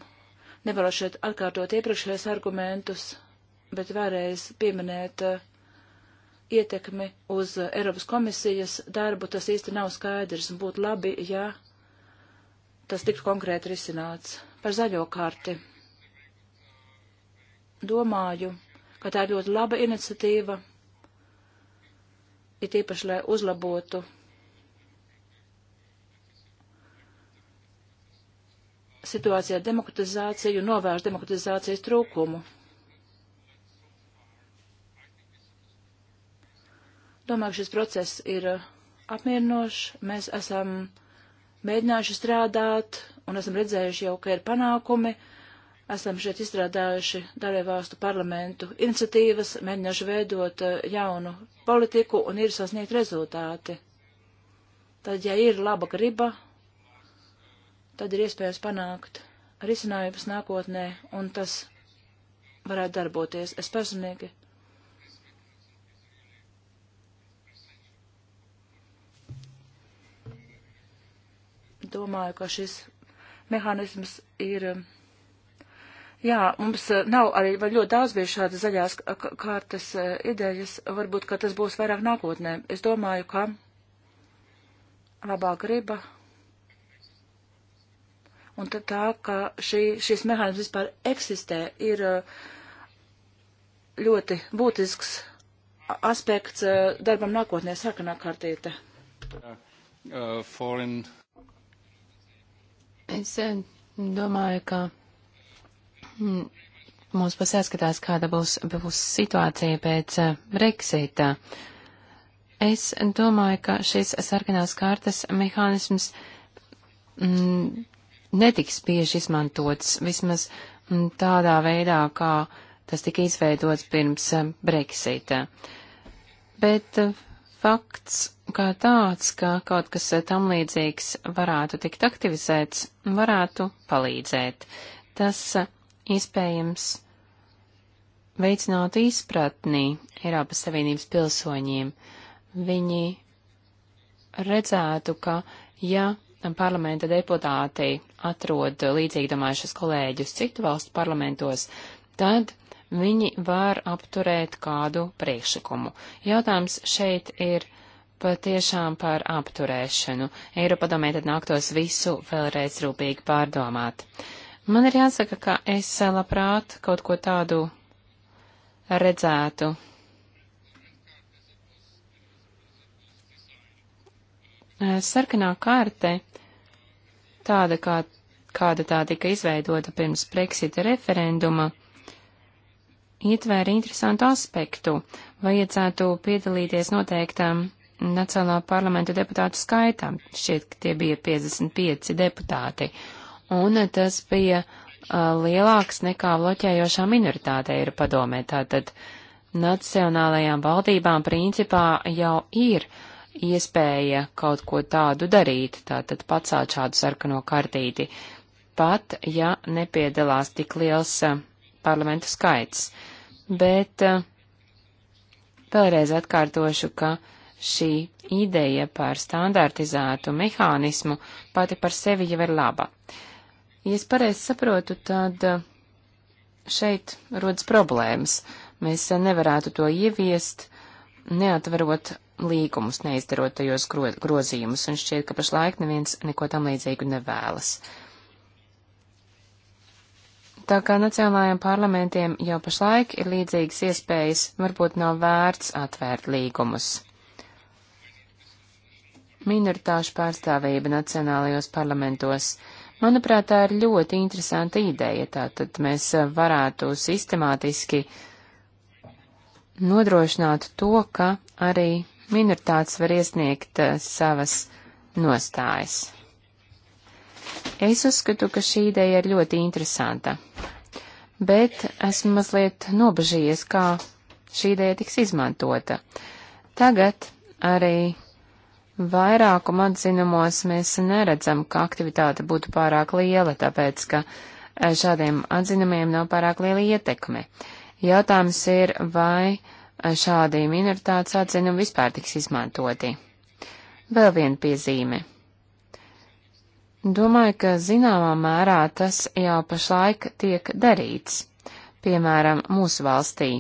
Nevaru šeit atkārtot iepriekšējos argumentus, bet vēlreiz pieminēt uh, ietekmi uz uh, Eiropas komisijas darbu, tas īsti nav skaidrs un būtu labi, ja tas tiktu konkrēti risināts. Par zaļo karti. Domāju, ka tā ir ļoti laba iniciatīva it īpaši, lai uzlabotu situācijā demokratizāciju, novērš demokratizācijas trūkumu. Domāju, šis process ir apmierinošs. Mēs esam mēģinājuši strādāt un esam redzējuši jau, ka ir panākumi. Uh, esam šeit izstrādājuši darīju valstu parlamentu iniciatīvas, mēģināšu veidot eh, jaunu politiku un ir sasniegt rezultāti. Tad, ja ir laba griba, tad ir iespējams panākt risinājumus nākotnē, un tas varētu darboties. Es personīgi domāju, ka šis mehānisms ir Jā, mums eh, nav arī ļoti daudz bija šādas zaļās kārtas eh, idejas. Varbūt, ka tas būs vairāk nākotnē. Es domāju, ka labā griba. Un tad tā, ka šī, šis mehānisms vispār eksistē, ir eh, ļoti būtisks aspekts darbam nākotnē, sarkanā kārtīte. Uh, uh, foreign... Es domāju, ka Mm, mums pats jāskatās, kāda būs, būs situācija pēc eh, Brexita. Es domāju, ka šis sarkanās kārtas mehānisms mm, netiks bieži izmantots, vismaz mm, tādā veidā, kā tas tika izveidots pirms eh, Brexita. Bet eh, fakts kā tāds, ka kaut kas tam līdzīgs varētu tikt aktivizēts, varētu palīdzēt. Tas iespējams veicināt izpratnī Eiropas Savienības pilsoņiem. Viņi redzētu, ka ja parlamenta deputāti atrod līdzīgdomājušas kolēģus citu valstu parlamentos, tad viņi var apturēt kādu priekšlikumu. Jautājums šeit ir patiešām par apturēšanu. Eiropadomē tad nāktos visu vēlreiz rūpīgi pārdomāt. Uh, Man ir jāsaka, ka es labprāt kaut ko tādu redzētu. Sarkanā kārte, tāda kā, kāda tā tika izveidota pirms Brexita referenduma, ietvēra interesantu aspektu. Vajadzētu piedalīties noteiktam Nacionālā parlamenta deputātu skaitam. Šķiet, ka tie bija 55 deputāti. Uh, un tas bija uh, lielāks nekā bloķējošā minoritāte ir padomē. Tātad nacionālajām valdībām principā jau ir iespēja kaut ko tādu darīt, tātad pacelt šādu sarkano kartīti, pat ja nepiedalās tik liels uh, parlamentu skaits. Bet uh, vēlreiz atkārtošu, ka šī ideja par standartizētu mehānismu pati par sevi jau ir laba. Ja es pareizi saprotu, tad eh, šeit rodas problēmas. Mēs eh, nevarētu to ieviest, neatverot līgumus, neizdarot tajos gro grozījumus, un šķiet, ka pašlaik neviens neko tam līdzīgu nevēlas. Tā kā nacionālajiem parlamentiem jau pašlaik ir līdzīgas iespējas, varbūt nav vērts atvērt līgumus. Minoritāšu pārstāvība nacionālajos parlamentos Manuprāt, tā ir ļoti interesanta ideja. Tātad mēs eh, varētu sistemātiski nodrošināt to, ka arī minoritātes var iesniegt eh, savas nostājas. Es uzskatu, ka šī ideja ir ļoti interesanta, bet esmu mazliet nobežījies, kā šī ideja tiks izmantota. Tagad arī Vairākuma atzinumos mēs neredzam, ka aktivitāte būtu pārāk liela, tāpēc, ka e, šādiem atzinumiem nav pārāk liela ietekme. Jautājums ir, vai e, šādi minoritātes atzinumi vispār tiks izmantoti. Vēl viena piezīme. Domāju, ka zināmā mērā tas jau pašlaik tiek darīts, piemēram, mūsu valstī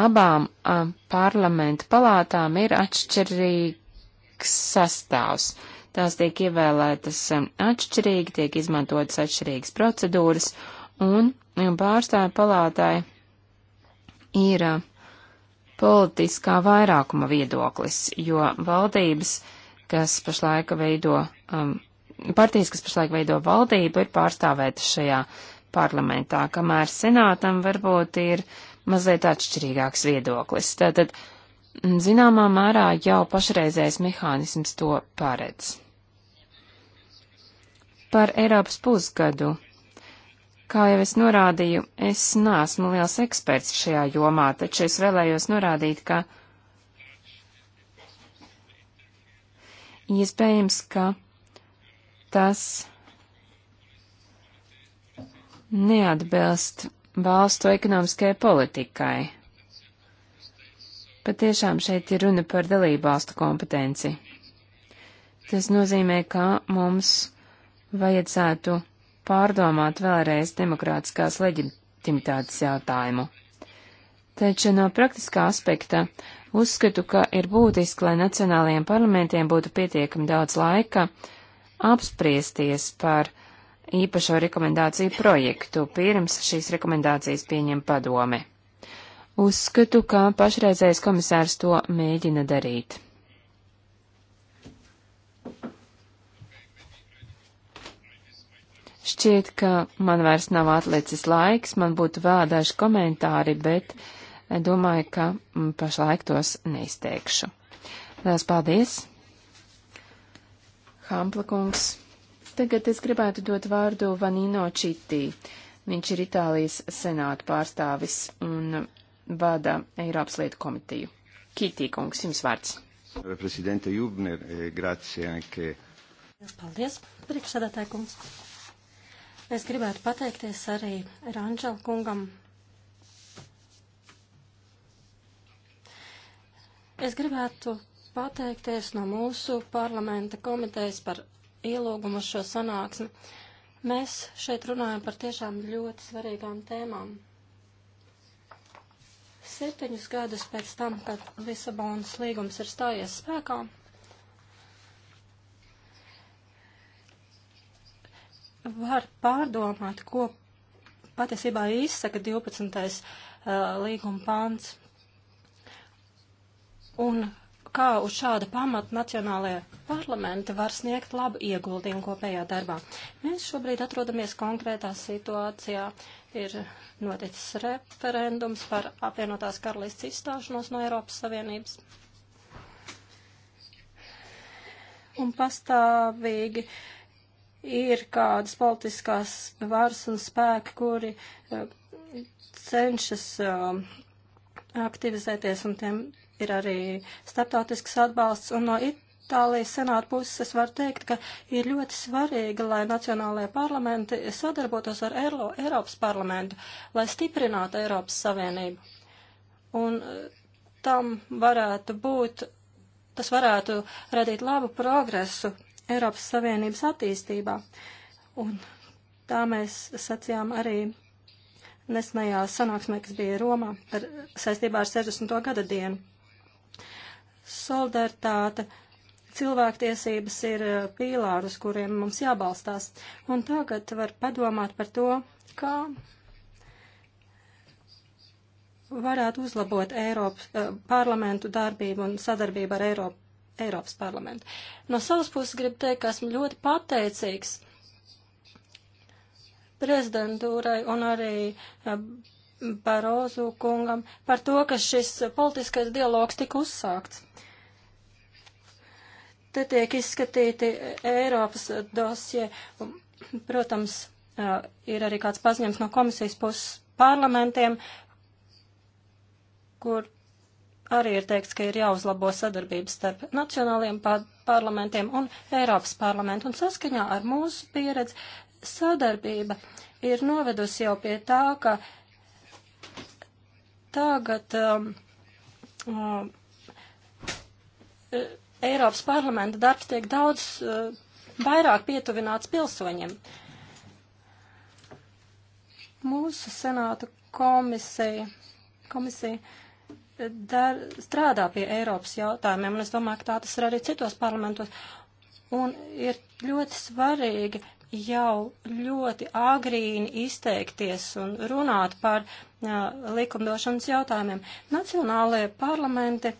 abām a, parlamenta palātām ir atšķirīgs sastāvs. Tās tiek ievēlētas a, atšķirīgi, tiek izmantotas atšķirīgas procedūras, un pārstāju palātai ir a, politiskā vairākuma viedoklis, jo valdības, kas pašlaik veido, um, partijas, kas pašlaik veido valdību, ir pārstāvētas šajā parlamentā, kamēr senātam varbūt ir mazliet atšķirīgāks viedoklis. Tātad, zināmā mērā jau pašreizējais mehānisms to paredz. Par Eiropas pusgadu. Kā jau es norādīju, es neesmu liels eksperts šajā jomā, taču es vēlējos norādīt, ka iespējams, ka tas neatbilst valstu ekonomiskajai politikai. Patiešām šeit ir runa par dalībvalstu kompetenci. Tas nozīmē, ka mums vajadzētu pārdomāt vēlreiz demokrātiskās leģitimitātes jautājumu. Taču no praktiskā aspekta uzskatu, ka ir būtiski, lai nacionālajiem parlamentiem būtu pietiekami daudz laika apspriesties par uh, īpašo rekomendāciju projektu, pirms šīs rekomendācijas pieņem padome. Uzskatu, ka pašreizējais komisārs to mēģina darīt. Šķiet, ka man vairs nav atlicis laiks, man būtu vēl daži komentāri, bet domāju, ka mm, pašlaik tos neizteikšu. Lielas paldies! Hamplakungs! Tagad es gribētu dot vārdu Vanino Čitī. Viņš ir Itālijas senāta pārstāvis un vada Eiropas lietu komitiju. Kitī, kungs, jums vārds. Prezidente Jubner, eh, grazie anche. Paldies, priekšsēdētāji kungs. Es gribētu pateikties arī Ranžel kungam. Es gribētu pateikties no mūsu parlamenta komitejas par ielūgumu uz šo sanāksmi. Mēs šeit runājam par tiešām ļoti svarīgām tēmām. Septiņus gadus pēc tam, kad Lisabonas līgums ir stājies spēkā, var pārdomāt, ko patiesībā izsaka 12. Uh, līguma pāns. Un kā uz šāda pamata nacionālajie parlamenti var sniegt labu ieguldījumu kopējā darbā. Mēs šobrīd atrodamies konkrētā situācijā. Ir noticis referendums par apvienotās karalists izstāšanos no Eiropas Savienības. Un pastāvīgi ir kādas politiskās varas un spēki, kuri uh, cenšas uh, aktivizēties un tiem ir arī starptautisks atbalsts, un no Itālijas senāta puses es varu teikt, ka ir ļoti svarīgi, lai nacionālajie parlamenti sadarbotos ar Eiro, Eiropas parlamentu, lai stiprinātu Eiropas Savienību. Un eh, tam varētu būt, tas varētu radīt labu progresu Eiropas Savienības attīstībā. Un tā mēs sacījām arī nesnējā sanāksmē, kas bija Romā ar, saistībā ar 60. gada dienu solidaritāte, cilvēktiesības ir eh, pīlāri, uz kuriem mums jābalstās. Un tagad var padomāt par to, kā varētu uzlabot Eiropas eh, parlamentu darbību un sadarbību ar Eiropu, Eiropas parlamentu. No savas puses gribu teikt, ka esmu ļoti pateicīgs prezidentūrai un arī eh, Barozu kungam par to, ka šis politiskais dialogs tika uzsākts. Te tiek izskatīti Eiropas dosie. Protams, ir arī kāds paziņojums no komisijas puses parlamentiem, kur arī ir teikts, ka ir jāuzlabo sadarbības starp nacionāliem parlamentiem un Eiropas parlamentu. Un saskaņā ar mūsu pieredzi sadarbība ir novedusi jau pie tā, ka Tagad um, um, Eiropas parlamenta darbs tiek daudz uh, vairāk pietuvināts pilsoņiem. Mūsu senāta komisija, komisija dar, strādā pie Eiropas jautājumiem, un es domāju, ka tā tas ir arī citos parlamentos. Un ir ļoti svarīgi jau ļoti agrīni izteikties un runāt par jā, likumdošanas jautājumiem. Nacionālajie parlamenti,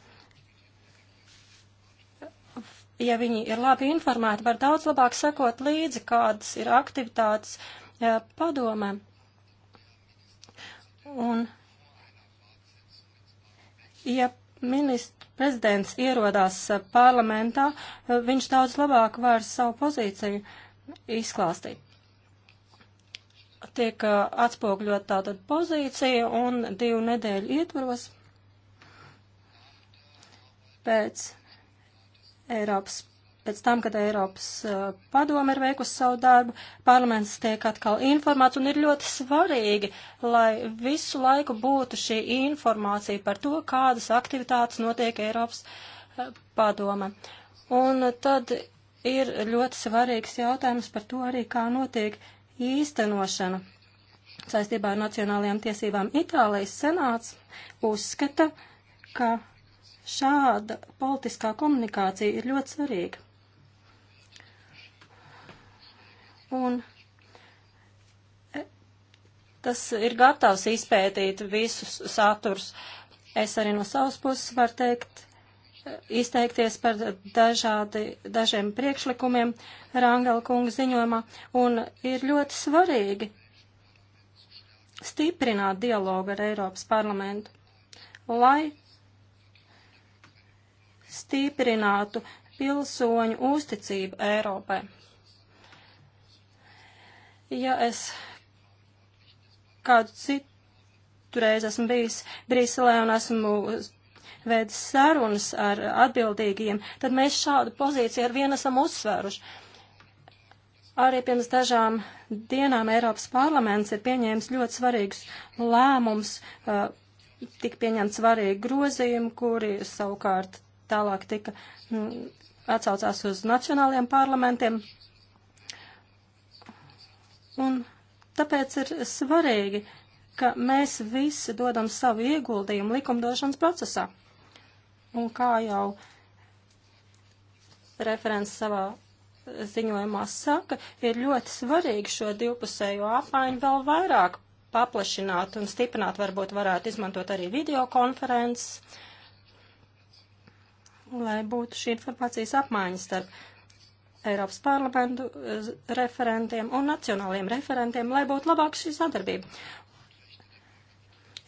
ja viņi ir labi informēti, var daudz labāk sekot līdzi, kādas ir aktivitātes jā, padomē. Un, ja ministrs prezidents ierodās parlamentā, viņš daudz labāk var savu pozīciju uh, izklāstīt. Tiek uh, atspogļot tātad pozīcija un divu nedēļu ietvaros pēc Eiropas pēc tam, kad Eiropas uh, padome ir veikusi savu darbu, parlaments tiek atkal informēts un ir ļoti svarīgi, lai visu laiku būtu šī informācija par to, kādas aktivitātes notiek Eiropas uh, padome. Un tad ir ļoti svarīgs jautājums par to arī, kā notiek īstenošana. Saistībā ar nacionālajām tiesībām Itālijas senāts uzskata, ka šāda politiskā komunikācija ir ļoti svarīga. Un e, tas ir gatavs izpētīt visus saturs. Es arī no savas puses varu teikt, izteikties par dažādi, dažiem priekšlikumiem Rāngela kunga ziņojumā, un ir ļoti svarīgi stiprināt dialogu ar Eiropas parlamentu, lai stiprinātu pilsoņu uzticību Eiropai. Ja es kādu citu reizi esmu bijis Brīselē un esmu ved sarunas ar atbildīgiem, tad mēs šādu pozīciju ar vienu esam uzsvēruši. Arī pirms dažām dienām Eiropas parlaments ir pieņēmis ļoti svarīgs lēmums, uh, tika pieņemts svarīgi grozījumi, kuri savukārt tālāk tika mm, atsaucās uz nacionāliem parlamentiem. Un tāpēc ir svarīgi, ka mēs visi dodam savu ieguldījumu likumdošanas procesā. Un kā jau referents savā ziņojumā saka, ir ļoti svarīgi šo divpusējo apmaiņu vēl vairāk paplašināt un stiprināt, varbūt varētu izmantot arī videokonferences, lai būtu šī informācijas apmaiņa starp Eiropas parlamentu eh, referentiem un nacionāliem referentiem, lai būtu labāk šī sadarbība.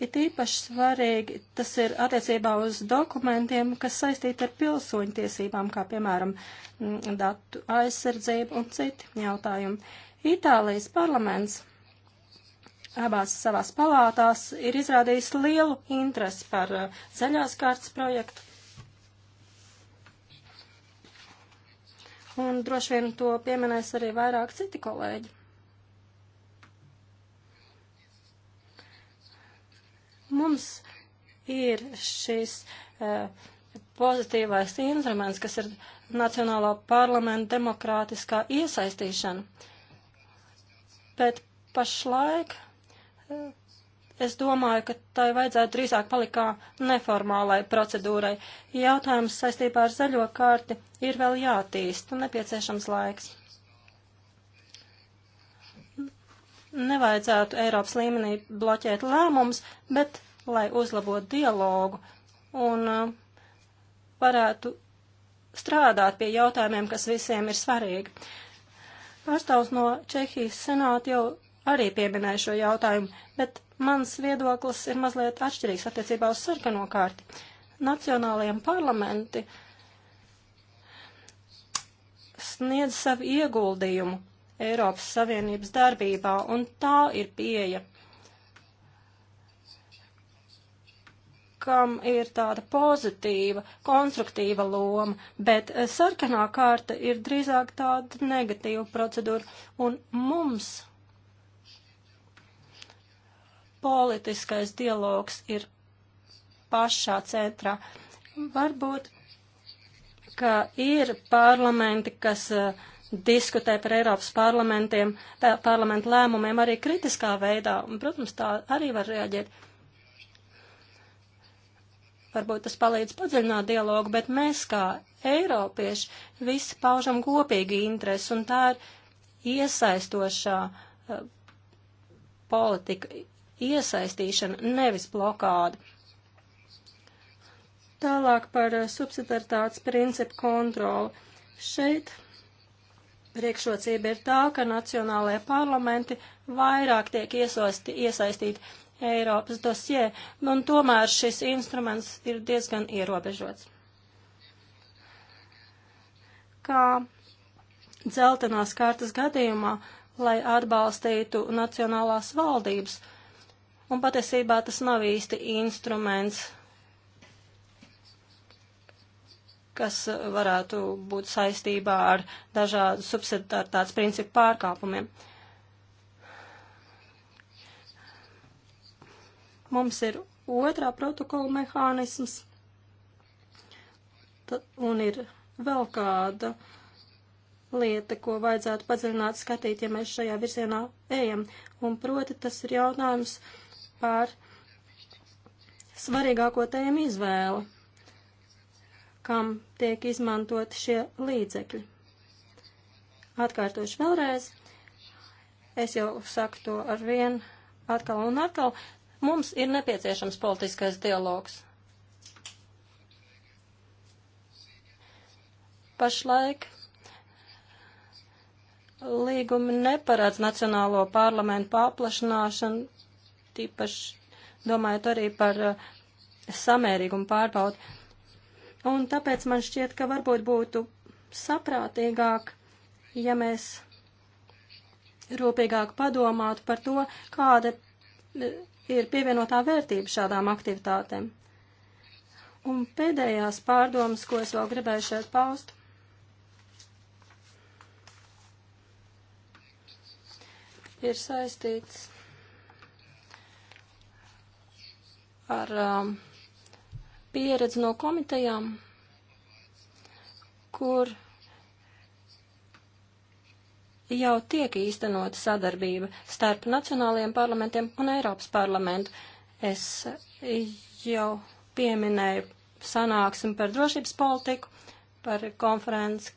Ir īpaši svarīgi tas ir attiecībā uz dokumentiem, kas saistīti ar pilsoņu tiesībām, kā piemēram mm, datu aizsardzību un citi jautājumi. Itālijas parlaments abās savās palātās ir izrādījis lielu interesi par uh, zaļās kārtas projektu. Un droši vien to pieminēs arī vairāk citi kolēģi. Mums ir šis uh, pozitīvais instruments, kas ir Nacionālā parlamenta demokrātiskā iesaistīšana. Bet pašlaik uh, es domāju, ka tai vajadzētu drīzāk palikt kā neformālai procedūrai. Jautājums saistībā ar zaļo kārti ir vēl jātīst un nepieciešams laiks. nevajadzētu Eiropas līmenī bloķēt lēmumus, bet lai uzlabotu dialogu un uh, varētu strādāt pie jautājumiem, kas visiem ir svarīgi. Pārstāvs no Čehijas senāta jau arī pieminēja šo jautājumu, bet mans viedoklis ir mazliet atšķirīgs attiecībā uz sarkano kārti. Nacionālajiem parlamenti sniedz savu ieguldījumu Eiropas Savienības darbībā, un tā ir pieeja, kam ir tāda pozitīva, konstruktīva loma, bet eh, sarkanā kārta ir drīzāk tāda negatīva procedūra, un mums politiskais dialogs ir pašā centrā. Varbūt, ka ir parlamenti, kas uh, diskutē par Eiropas parlamentiem, parlamentu lēmumiem arī kritiskā veidā, un, protams, tā arī var reaģēt. Varbūt tas palīdz padziļināt dialogu, bet mēs kā Eiropieši visi paužam kopīgi interesi, un tā ir iesaistošā uh, politika, iesaistīšana, nevis blokāda. Tālāk par eh, subsidiaritātes principu kontroli. Šeit Priekšrocība ir tā, ka nacionālajie parlamenti vairāk tiek iesaisti, iesaistīti Eiropas dosjē, un tomēr šis instruments ir diezgan ierobežots. Kā dzeltenās kārtas gadījumā, lai atbalstītu nacionālās valdības, un patiesībā tas nav īsti instruments kas varētu būt saistībā ar dažādu subsidiartāts principu pārkāpumiem. Mums ir otrā protokola mehānisms un ir vēl kāda lieta, ko vajadzētu padziļināt skatīt, ja mēs šajā virzienā ejam. Un proti tas ir jautājums par svarīgāko tēmu izvēlu kam tiek izmantoti šie līdzekļi. Atkārtošu vēlreiz, es jau saku to ar vienu atkal un atkal, mums ir nepieciešams politiskais dialogs. Pašlaik līgumi neparedz nacionālo parlamentu paplašināšanu, tīpaši domājot arī par eh, samērīgumu pārbaudu. Un tāpēc man šķiet, ka varbūt būtu saprātīgāk, ja mēs rūpīgāk padomātu par to, kāda e, ir pievienotā vērtība šādām aktivitātēm. Un pēdējās pārdomas, ko es vēl gribēju šeit paust, ir saistīts ar um, pieredzi no komitejām, kur jau tiek īstenota sadarbība starp nacionālajiem parlamentiem un Eiropas parlamentu. Es jau pieminēju sanāksmi par drošības politiku, par konferenci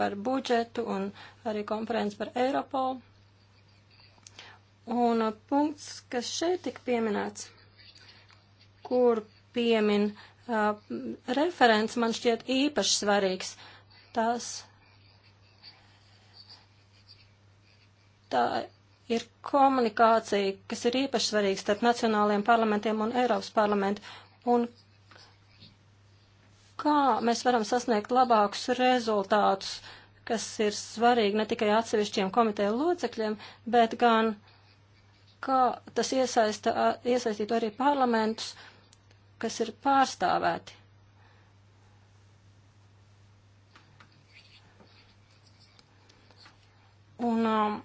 par budžetu un arī konferenci par Eiropolu. Un punkts, kas šeit tik pieminēts, kur piemin uh, referents, man šķiet īpaši svarīgs. Tas tā ir komunikācija, kas ir īpaši svarīga starp nacionālajiem parlamentiem un Eiropas parlamentu. Un kā mēs varam sasniegt labākus rezultātus, kas ir svarīgi ne tikai atsevišķiem komiteju locekļiem, bet gan kā tas iesaista, iesaistītu arī parlamentus kas ir pārstāvēti. Un um,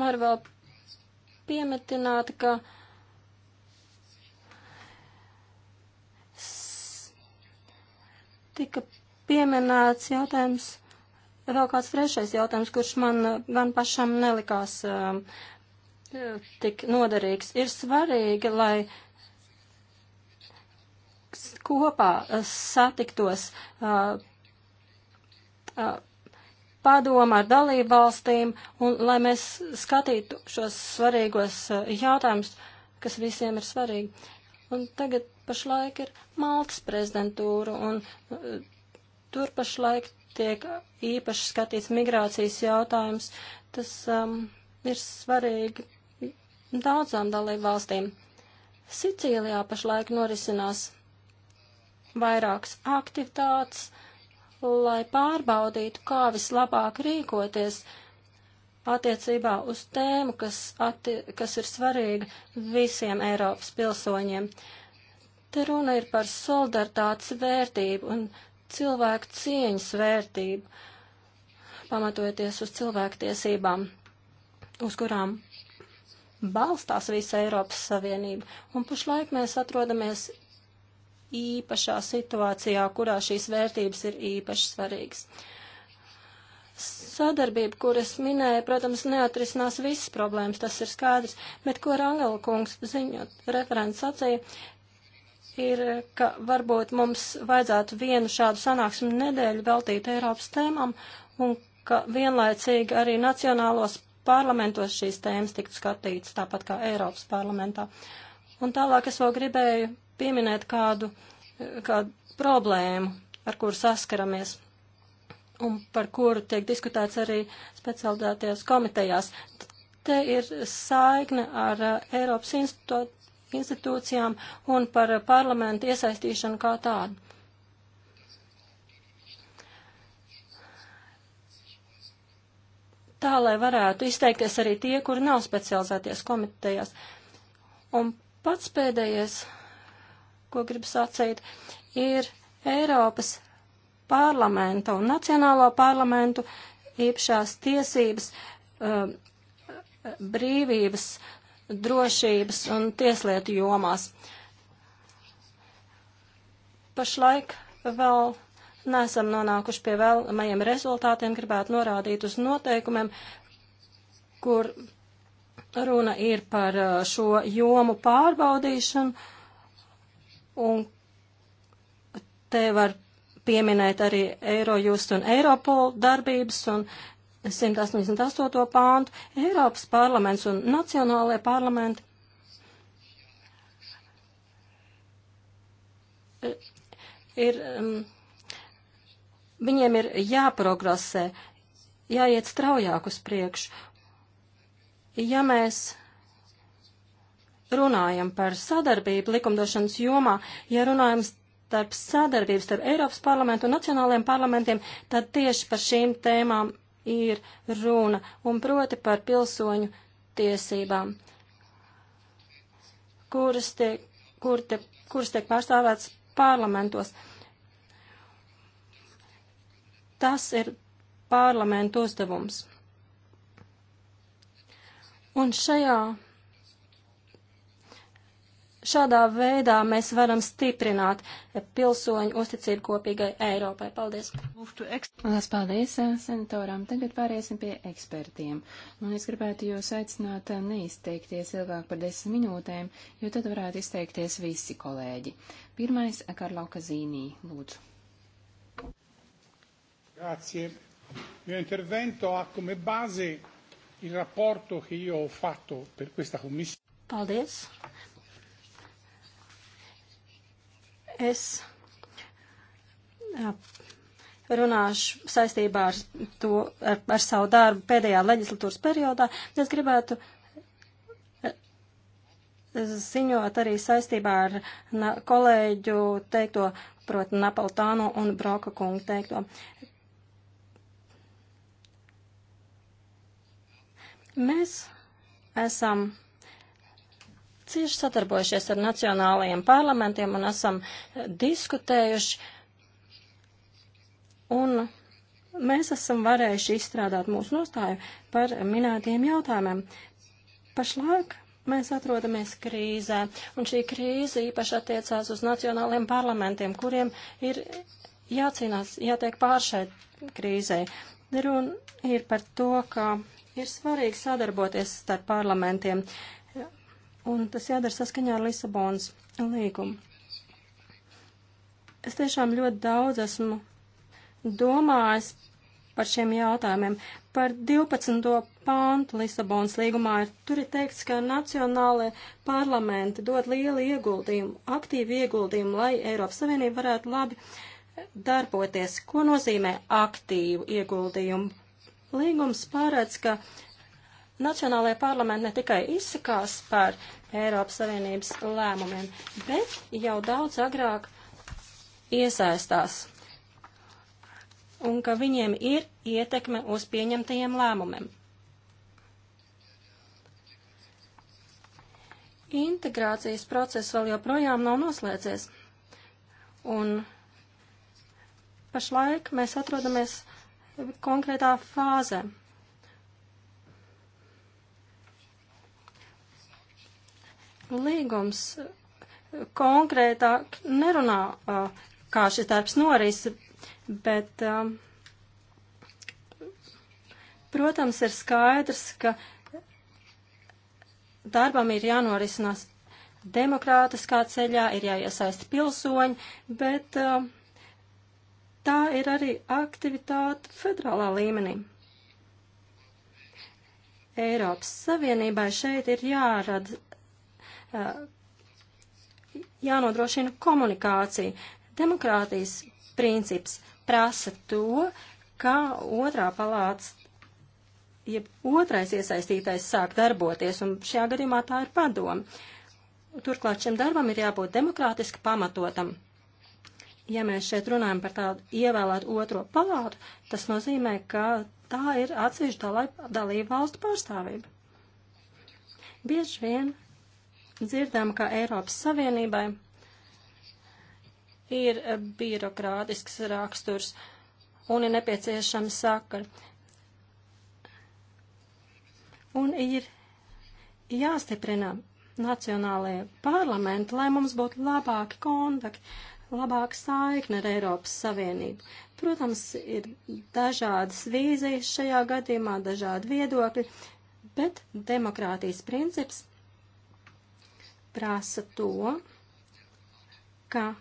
var vēl piemetināt, ka tika pieminēts jautājums, vēl kāds trešais jautājums, kurš man gan pašam nelikās um, tik noderīgs. Ir svarīgi, lai uh, kopā eh, satiktos uh, uh, padomu ar dalību valstīm un lai mēs skatītu šos svarīgos uh, jautājumus, kas visiem ir svarīgi. Un tagad pašlaik ir Maltas prezidentūra un tur pašlaik tiek īpaši skatīts migrācijas jautājums. Tas um, ir svarīgi daudzām dalību valstīm. Sicīlijā pašlaik norisinās vairākas aktivitātes, lai pārbaudītu, kā vislabāk rīkoties attiecībā uz tēmu, kas, atti kas ir svarīga visiem Eiropas pilsoņiem. Te runa ir par solidaritātes vērtību un cilvēku cieņas vērtību, pamatojoties uz cilvēktiesībām, uz kurām balstās visa Eiropas Savienība, un pašlaik mēs atrodamies īpašā situācijā, kurā šīs vērtības ir īpaši svarīgas. Sadarbība, kuras minēja, protams, neatrisinās visas problēmas, tas ir skaidrs, bet ko Rangela kungs ziņot, referents sacīja, ir, ka varbūt mums vajadzētu vienu šādu sanāksmu nedēļu veltīt Eiropas tēmām un ka vienlaicīgi arī nacionālos parlamentos šīs tēmas tiktu skatītas, tāpat kā Eiropas parlamentā. Un tālāk es vēl gribēju pieminēt kādu, kādu problēmu, ar kuru saskaramies un par kuru tiek diskutēts arī specializētajās komitejās. Te ir saikne ar uh, Eiropas institū institūcijām un par parlamentu iesaistīšanu kā tādu. Tā, lai varētu izteikties arī tie, kuri nav specializēties komitejās. Un pats pēdējais ko gribu sacīt, ir Eiropas parlamenta un nacionālo parlamentu īpašās tiesības, um, brīvības, drošības un tieslietu jomās. Pašlaik vēl nesam nonākuši pie vēlamajiem rezultātiem, gribētu norādīt uz noteikumiem, kur runa ir par uh, šo jomu pārbaudīšanu Un te var pieminēt arī Eirojust un Eiropol darbības un 188. pāntu Eiropas parlaments un nacionālajie parlamenti. Eh, ir, mm, viņiem ir jāprogresē, jāiet straujāk uz priekšu. Ja mēs runājam par sadarbību likumdošanas jomā, ja runājam starp sadarbības starp Eiropas parlamentu un nacionālajiem parlamentiem, tad tieši par šīm tēmām ir runa un proti par pilsoņu tiesībām, kuras tiek, kur te, kuras tiek pārstāvēts parlamentos. Tas ir parlamentu uzdevums. Un šajā Šādā veidā mēs varam stiprināt pilsoņu uzticību kopīgai Eiropai. Paldies! Lielas paldies, eh, senatoram! Tagad pāriesim pie ekspertiem. Un es gribētu jūs aicināt eh, neizteikties ilgāk par desmit minūtēm, jo tad varētu izteikties visi kolēģi. Pirmais eh, - Karlau Kazīnī, lūdzu. Grazie. Mio intervento ha come base il rapporto che io ho fatto per questa commissione. Paldies. Es runāšu saistībā ar, to, ar, ar savu darbu pēdējā leģislatūras periodā. Es gribētu ziņot arī saistībā ar na, kolēģu teikto, proti, Napolitānu un Broka kungu teikto. Mēs esam cieši sadarbojušies ar nacionālajiem parlamentiem un esam diskutējuši. Un mēs esam varējuši izstrādāt mūsu nostāju par minētiem jautājumiem. Pašlaik mēs atrodamies krīzē, un šī krīze īpaši attiecās uz nacionāliem parlamentiem, kuriem ir jācīnās, jātiek pār šai krīzē. Runa ir par to, ka ir svarīgi sadarboties starp parlamentiem. Uh, un tas jādara saskaņā ar Lisabonas līgumu. Es tiešām ļoti daudz esmu domājis par šiem jautājumiem. Par 12. pāntu Lisabonas līgumā ir, tur ir teikts, ka nacionālai parlamenti dod lielu ieguldījumu, aktīvu ieguldījumu, lai Eiropas Savienība varētu labi darboties. Ko nozīmē aktīvu ieguldījumu? Līgums pārēdz, ka Nacionālajie parlamenti ne tikai izsakās par Eiropas Savienības lēmumiem, bet jau daudz agrāk iesaistās un ka viņiem ir ietekme uz pieņemtajiem lēmumiem. Integrācijas process vēl joprojām nav noslēdzies, un pašlaik mēs atrodamies konkrētā fāzē. Līgums konkrētāk nerunā, kā šis darbs noris, bet, protams, ir skaidrs, ka darbam ir jānorisinās demokrātiskā ceļā, ir jāiesaista pilsoņi, bet tā ir arī aktivitāte federālā līmenī. Eiropas Savienībai šeit ir jārada Uh, jānodrošina komunikācija. Demokrātijas princips prasa to, kā otrā palāts, jeb otrais iesaistītais sāk darboties, un šajā gadījumā tā ir padoma. Turklāt šim darbam ir jābūt demokrātiski pamatotam. Ja mēs šeit runājam par tādu ievēlētu otro palātu, tas nozīmē, ka tā ir atsevišķa dalība valstu pārstāvība. Bieži vien dzirdam, ka Eiropas Savienībai ir birokrātisks raksturs un ir nepieciešama sakara. Un ir jāstiprina nacionālajie parlamenti, lai mums būtu labāki kontakti, labāka saikne ar Eiropas Savienību. Protams, ir dažādas vīzijas šajā gadījumā, dažādi viedokļi, bet demokrātijas princips prasa to, ka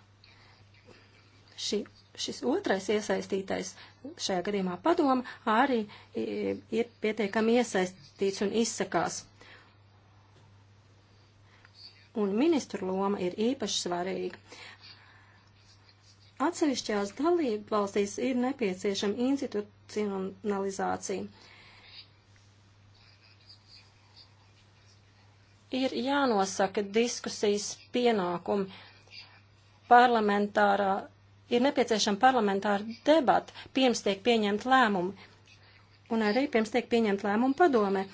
šī, šis otrais iesaistītais šajā gadījumā padoma arī e, ir pietiekami iesaistīts un izsakās. Un ministru loma ir īpaši svarīga. Atsevišķās dalību valstīs ir nepieciešama institucionalizācija. ir jānosaka diskusijas pienākumi. Parlamentārā ir nepieciešama parlamentāra debata, pirms tiek pieņemt lēmumi, un arī pirms tiek pieņemt lēmumu padomē.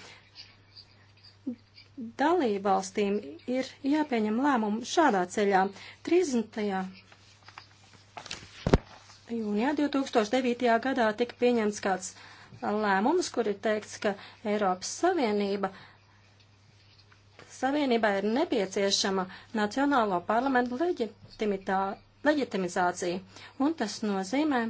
Dalībvalstīm ir jāpieņem lēmumu šādā ceļā. 30. jūnijā 2009. gadā tika pieņemts kāds lēmums, kur ir teikts, ka Eiropas Savienība uh, Savienībā ir nepieciešama Nacionālo parlamentu leģitimizācija, un tas nozīmē,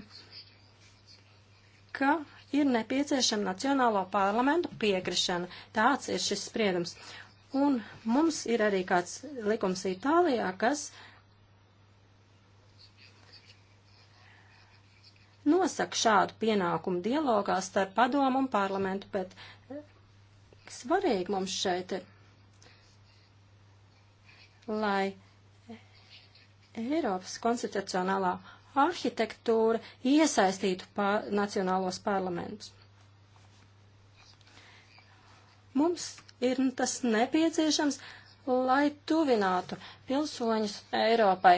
ka ir nepieciešama Nacionālo parlamentu piekrišana. Tāds ir šis spriedums. Un mums ir arī kāds likums Itālijā, kas nosaka šādu pienākumu dialogā starp padomu un parlamentu, bet svarīgi mums šeit ir lai Eiropas konstitucionālā arhitektūra iesaistītu pār, nacionālos parlamentus. Mums ir nu, tas nepieciešams, lai tuvinātu pilsoņus Eiropai,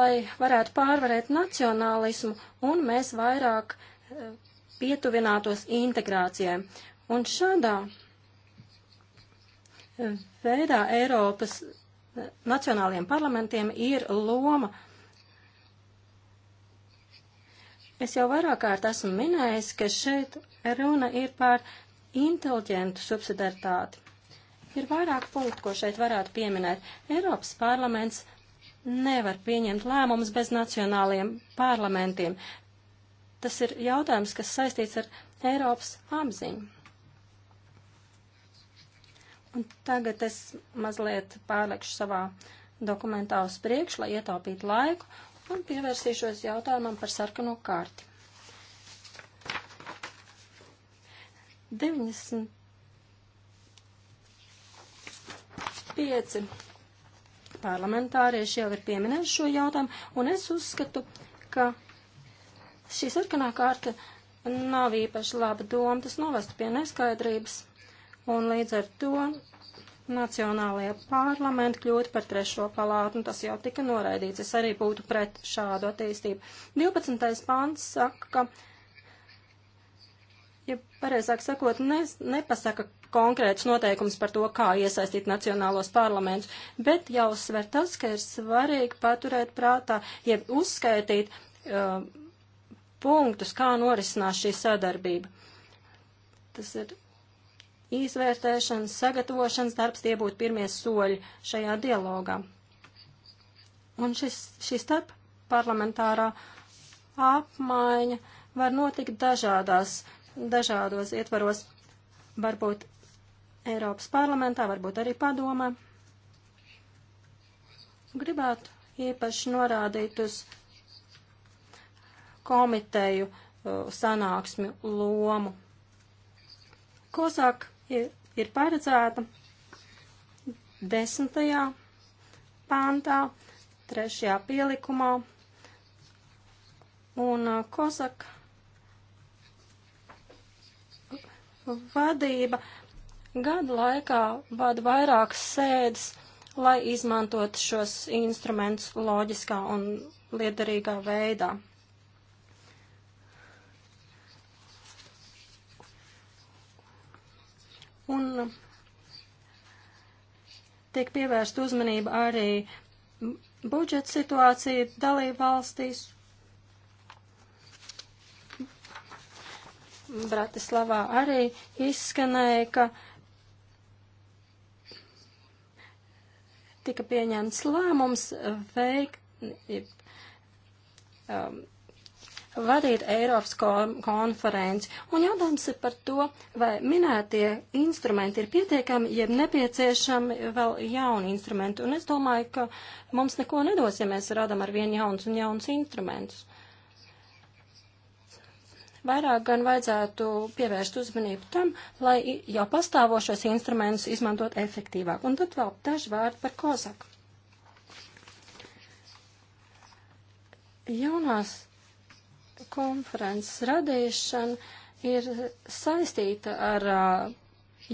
lai varētu pārvarēt nacionālismu un mēs vairāk e, pietuvinātos integrācijai. Un šādā veidā Eiropas nacionālajiem parlamentiem ir loma. Es jau vairāk kārt esmu minējis, ka šeit runa ir par inteliģentu subsidiaritāti. Ir vairāk punktu, ko šeit varētu pieminēt. Eiropas parlaments nevar pieņemt lēmumus bez nacionālajiem parlamentiem. Tas ir jautājums, kas saistīts ar Eiropas apziņu. Un tagad es mazliet pārlekšu savā dokumentā uz priekšu, lai ietaupītu laiku, un pievērsīšos jautājumam par sarkano karti. 95 parlamentārieši jau ir pieminējuši šo jautājumu, un es uzskatu, ka šī sarkanā kārta nav īpaši laba doma, tas novestu pie neskaidrības un līdz ar to Nacionālajie parlamenti kļūt par trešo palātu, un tas jau tika noraidīts. Es arī būtu pret šādu attīstību. 12. pāns saka, ka, ja pareizāk sakot, ne, nepasaka konkrēts noteikums par to, kā iesaistīt nacionālos parlamentus, bet jau sver tas, ka ir svarīgi paturēt prātā, jeb ja uzskaitīt uh, punktus, kā norisinās šī sadarbība. Tas ir izvērtēšanas, sagatavošanas darbs, tie būtu pirmie soļi šajā dialogā. Un šis, šī starp parlamentārā apmaiņa var notikt dažādās, dažādos ietvaros, varbūt Eiropas parlamentā, varbūt arī padomā. Gribētu īpaši norādīt uz komiteju uh, sanāksmi lomu. Kosāk ir paredzēta 10. pāntā, 3. pielikumā, un uh, Kozak vadība gadu laikā vada vairākas sēdes, lai izmantot šos instrumentus loģiskā un liederīgā veidā. un tiek pievērsta uzmanība arī budžeta situācija dalību valstīs. Bratislavā arī izskanēja, ka tika pieņemts lēmums veikt, um, vadīt Eiropas konferenci. Un jautājums ir par to, vai minētie instrumenti ir pietiekami, jeb nepieciešami vēl jauni instrumenti. Un es domāju, ka mums neko nedos, ja mēs radam ar vienu jaunus un jaunus instrumentus. Vairāk gan vajadzētu pievērst uzmanību tam, lai jau pastāvošos instrumentus izmantot efektīvāk. Un tad vēl daži vārdi par kozaku. Jaunās konferences radīšana ir saistīta ar uh,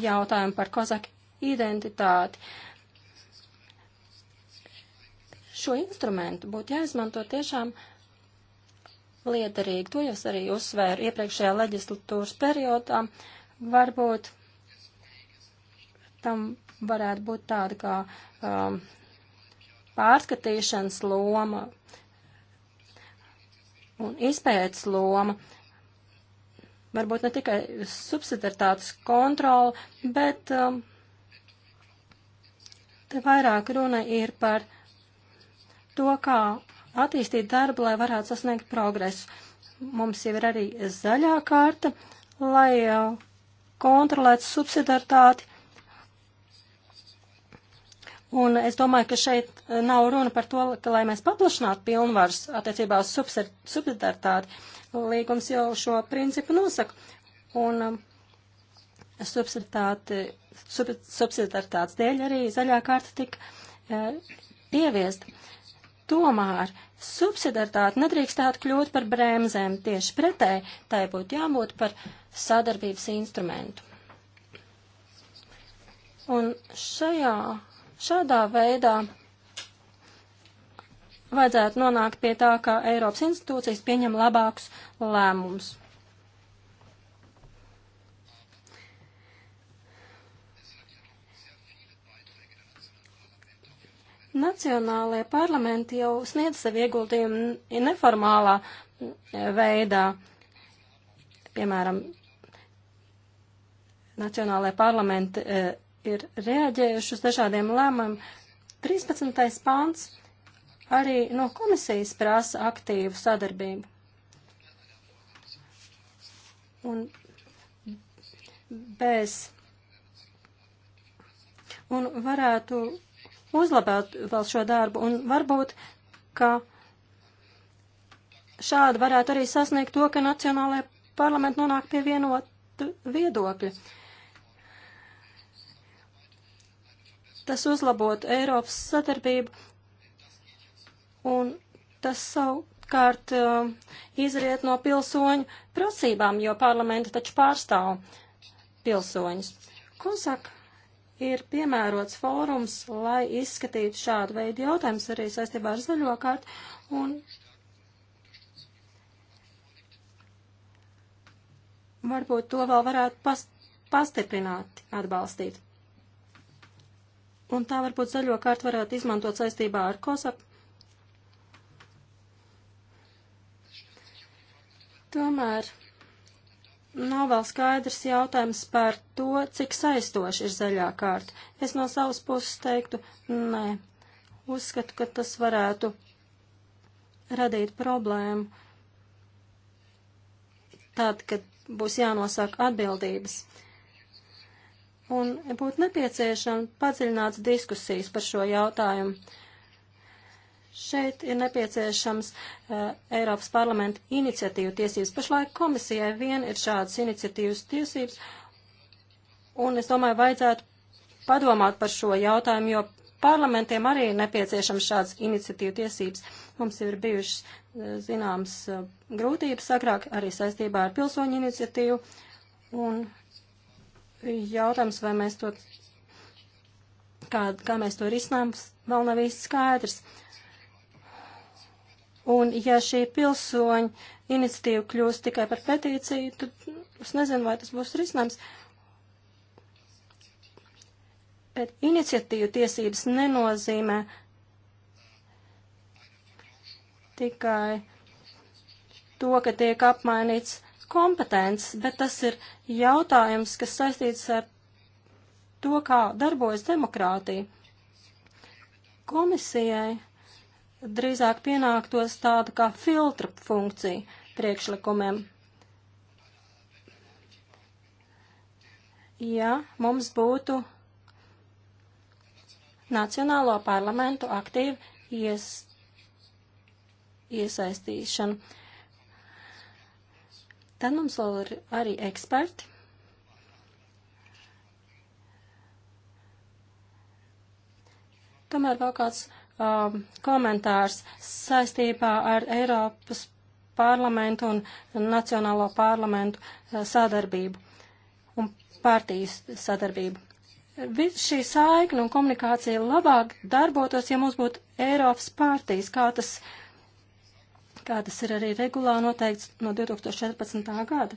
jautājumu par kozaku identitāti. Šo instrumentu būtu jāizmanto tiešām liederīgi. To jūs arī uzsvēru iepriekšējā leģislatūras periodā. Varbūt tam varētu būt tāda kā um, pārskatīšanas loma un izpētes loma. Varbūt ne tikai subsidiartātes kontrola, bet um, te vairāk runa ir par to, kā attīstīt darbu, lai varētu sasniegt progresu. Mums jau ir arī zaļā kārta, lai uh, kontrolētu subsidiartāti Un es domāju, ka šeit eh, nav runa par to, ka, lai mēs paplašinātu pilnvars attiecībā uz subsidiartāti, līgums jau šo principu nosaka. Un um, subsidiartāts dēļ arī zaļā karta tika pieviesta. Eh, Tomēr subsidiartāte nedrīkstētu kļūt par bremzēm, tieši pretēji tai būtu jābūt par sadarbības instrumentu. Un šajā Šādā veidā vajadzētu nonākt pie tā, ka Eiropas institūcijas pieņem labākus lēmumus. Nacionālajie parlamenti jau sniedz savu ieguldījumu neformālā veidā. Piemēram, Nacionālajie parlamenti eh, ir reaģējuši uz dažādiem lēmumiem. 13. pāns arī no komisijas prasa aktīvu sadarbību. Un bez. Un varētu uzlabāt vēl šo darbu, un varbūt, ka šādi varētu arī sasniegt to, ka Nacionālajā parlamentā nonāk pie vienota viedokļa. Uh, Tas uzlabotu Eiropas sadarbību un tas savukārt uh, izriet no pilsoņu prasībām, jo parlamenta taču pārstāv pilsoņus. Kozak ir piemērots fórums, lai izskatītu šādu veidu jautājumus arī saistībā ar zaļo kārtu. Un varbūt to vēl varētu pas, pastiprināt, atbalstīt. Un tā varbūt zaļo kārt varētu izmantot saistībā ar COSAP. Tomēr nav vēl skaidrs jautājums par to, cik saistoši ir zaļā kārta. Es no savas puses teiktu, nē, uzskatu, ka tas varētu radīt problēmu tad, kad būs jānosāk atbildības. Uh, un būtu nepieciešama padziļināts diskusijas par šo jautājumu. Šeit ir nepieciešams uh, Eiropas parlamenta iniciatīvu tiesības. Pašlaik komisijai vien ir šādas iniciatīvas tiesības, un es domāju, vajadzētu padomāt par šo jautājumu, jo parlamentiem arī ir nepieciešams šāds iniciatīvu tiesības. Mums ir bijušas eh, zināmas eh, grūtības agrāk arī saistībā ar pilsoņu iniciatīvu, un jautājums, vai mēs to, kā, kā mēs to risinām, vēl nav īsti skaidrs. Un ja šī pilsoņa iniciatīva kļūst tikai par petīciju, tad es nezinu, vai tas būs risinājums. Bet iniciatīva tiesības nenozīmē tikai to, ka tiek apmainīts kompetences, bet tas ir jautājums, kas saistīts ar to, kā darbojas demokrātija. Komisijai drīzāk pienāktos tāda kā filtra funkcija priekšlikumiem. Ja mums būtu Nacionālo parlamentu aktīvu ies, iesaistīšanu. Tad mums vēl ir arī eksperti. Tomēr vēl kāds um, komentārs saistībā ar Eiropas parlamentu un Nacionālo parlamentu uh, sadarbību un partijas sadarbību. Viss šī saikne un komunikācija labāk darbotos, ja mums būtu Eiropas partijas, kā tas uh, Tā tas ir arī regulā noteikts no 2014. gada.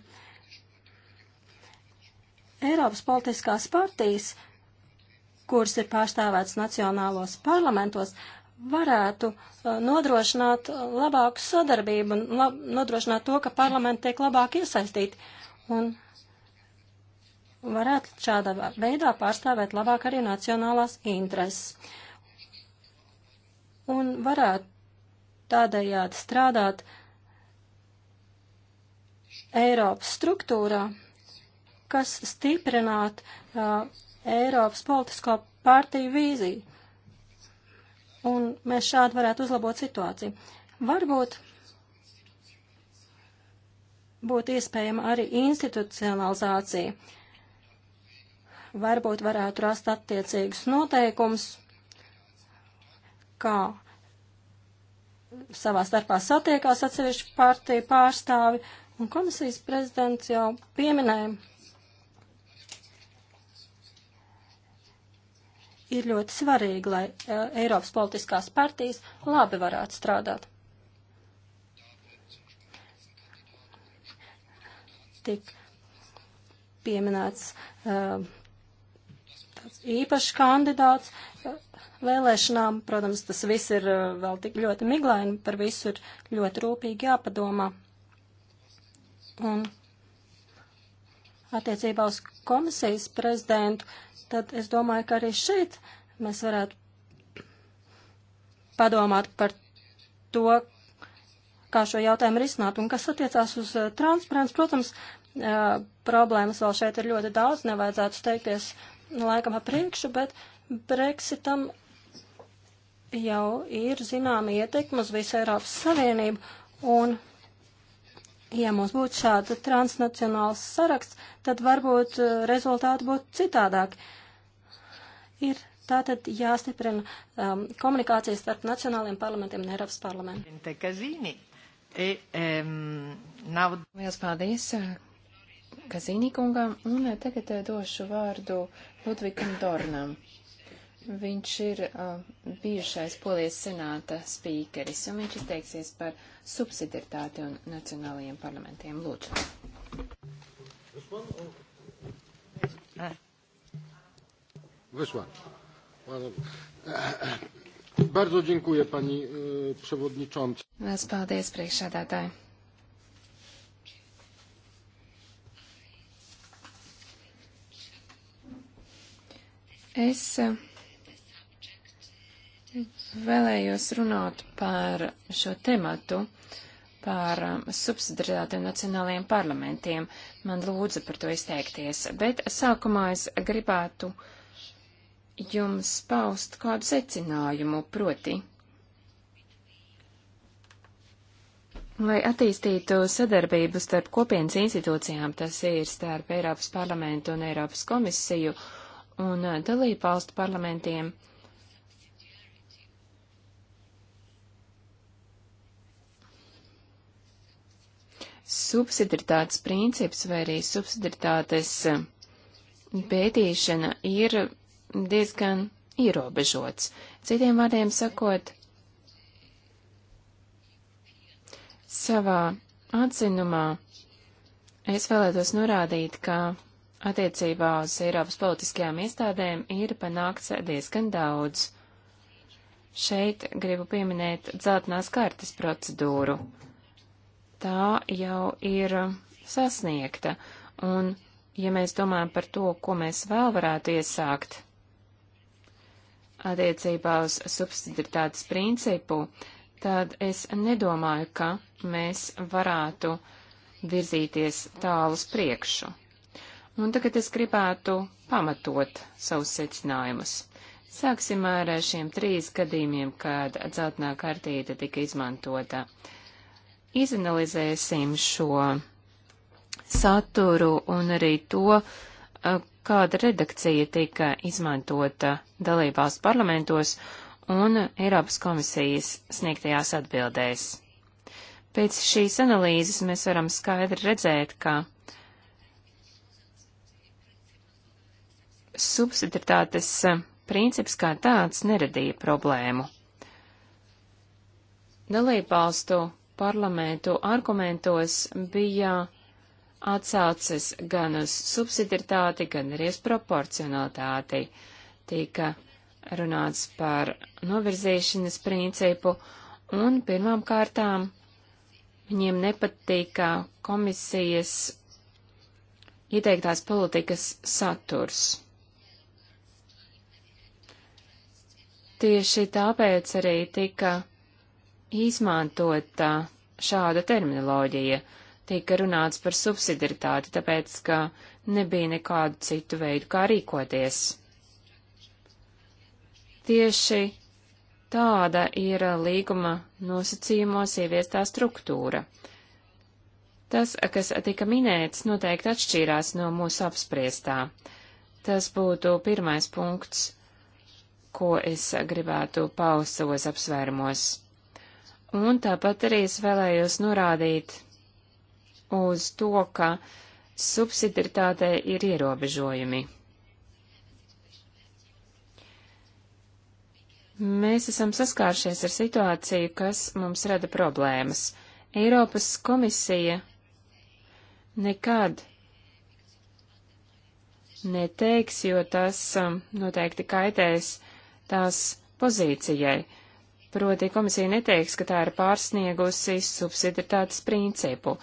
Eiropas politiskās partijas, kuras ir pārstāvētas nacionālos parlamentos, varētu uh, nodrošināt uh, labāku sadarbību un lab nodrošināt to, ka parlamenti tiek labāk iesaistīti un varētu šādā veidā pārstāvēt labāk arī nacionālās intereses. Un varētu tādējādi strādāt Eiropas struktūrā, kas stiprināt uh, Eiropas politisko partiju vīziju. Un mēs šādi varētu uzlabot situāciju. Varbūt būtu iespējama arī institucionalizācija. Varbūt varētu rast attiecīgus noteikumus, kā savā starpā satiekās atsevišķi partiju pārstāvi, un komisijas prezidents jau pieminēja, ir ļoti svarīgi, lai uh, Eiropas politiskās partijas labi varētu strādāt. Tik pieminēts uh, tāds īpašs kandidāts. Uh, vēlēšanām. Protams, tas viss ir eh, vēl tik ļoti miglaini, par visu ir ļoti rūpīgi jāpadomā. Un attiecībā uz komisijas prezidentu, tad es domāju, ka arī šeit mēs varētu padomāt par to, kā šo jautājumu risināt. Un kas attiecās uz eh, transparents, protams, eh, problēmas vēl šeit ir ļoti daudz, nevajadzētu steigties laikam ap priekšu, bet Brexitam jau ir zināma ietekma uz visu Eiropas Savienību, un ja mums būtu šāda transnacionāls saraksts, tad varbūt eh, rezultāti būtu citādāk. Ir tātad jāstiprina um, komunikācijas starp nacionāliem parlamentiem un Eiropas parlamentu. E, um, nav... Liels paldies Kazīnī eh, kungam, un eh, tagad došu vārdu Ludvikam Dornam. Viņš ir uh, bijušais polijas senāta spīkeris, un viņš izteiksies par subsidiaritāti un nacionālajiem parlamentiem. Lūdzu. Uh, bardzo dziękuję pani przewodnicząca. Lielas paldies, priekšādātāji. Es uh, Vēlējos runāt par šo tematu, par um, subsidiaritāti un nacionālajiem parlamentiem. Man lūdza par to izteikties, bet sākumā es gribētu jums paust kādu secinājumu, proti, lai attīstītu sadarbību starp kopienas institūcijām, tas ir starp Eiropas parlamentu un Eiropas komisiju un uh, dalību valstu parlamentiem. Uh, subsidiritātes princips vai arī subsidiritātes eh, pētīšana ir diezgan ierobežots. Citiem vārdiem sakot, savā atzinumā es vēlētos norādīt, ka attiecībā uz Eiropas politiskajām iestādēm ir panākts diezgan daudz. Šeit gribu pieminēt dzeltenās kartes procedūru tā jau ir sasniegta, un, ja mēs domājam par to, ko mēs vēl varētu iesākt attiecībā uz subsidiaritātes principu, tad es nedomāju, ka mēs varētu virzīties tālu uz priekšu. Un tagad es gribētu pamatot savus secinājumus. Sāksim ar šiem trīs gadījumiem, kad dzeltenā kartīte tika izmantota. Uh, izanalizēsim šo saturu un arī to, eh, kāda redakcija tika izmantota dalībās parlamentos un Eiropas komisijas sniegtajās atbildēs. Pēc šīs analīzes mēs varam skaidri redzēt, ka subsidiaritātes eh, princips kā tāds neradīja problēmu. Dalībvalstu parlamentu argumentos bija atsauces gan uz subsidiaritāti, gan arī uz proporcionalitāti. Tika runāts par novirzīšanas principu, un pirmām kārtām viņiem nepatīkā komisijas ieteiktās politikas saturs. Tieši tāpēc arī tika izmantota šāda terminoloģija. Tika runāts par subsidiritāti, tāpēc, ka nebija nekādu citu veidu, kā rīkoties. Tieši tāda ir līguma nosacījumos ieviestā struktūra. Tas, kas tika minēts, noteikti atšķīrās no mūsu apspriestā. Tas būtu pirmais punkts, ko es gribētu paust savos apsvērumos. Un tāpat arī es vēlējos norādīt uz to, ka subsidiritātei ir ierobežojumi. Mēs esam saskāršies ar situāciju, kas mums rada problēmas. Eiropas komisija nekad neteiks, jo tas um, noteikti kaitēs tās pozīcijai. Proti komisija neteiks, ka tā ir pārsniegusi subsidiaritātes principu.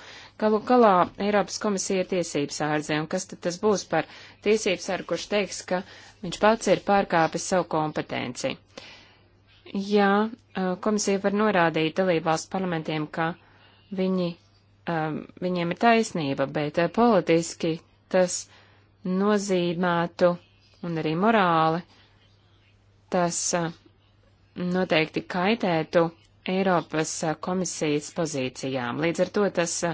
Galu galā Eiropas komisija ir tiesības ārzē, un kas tad tas būs par tiesības ar, kurš teiks, ka viņš pats ir pārkāpis savu kompetenci? Jā, komisija var norādīt dalībvalstu parlamentiem, ka viņi, viņiem ir taisnība, bet politiski tas nozīmētu, un arī morāli, tas noteikti kaitētu Eiropas komisijas pozīcijām. Līdz ar to tas uh,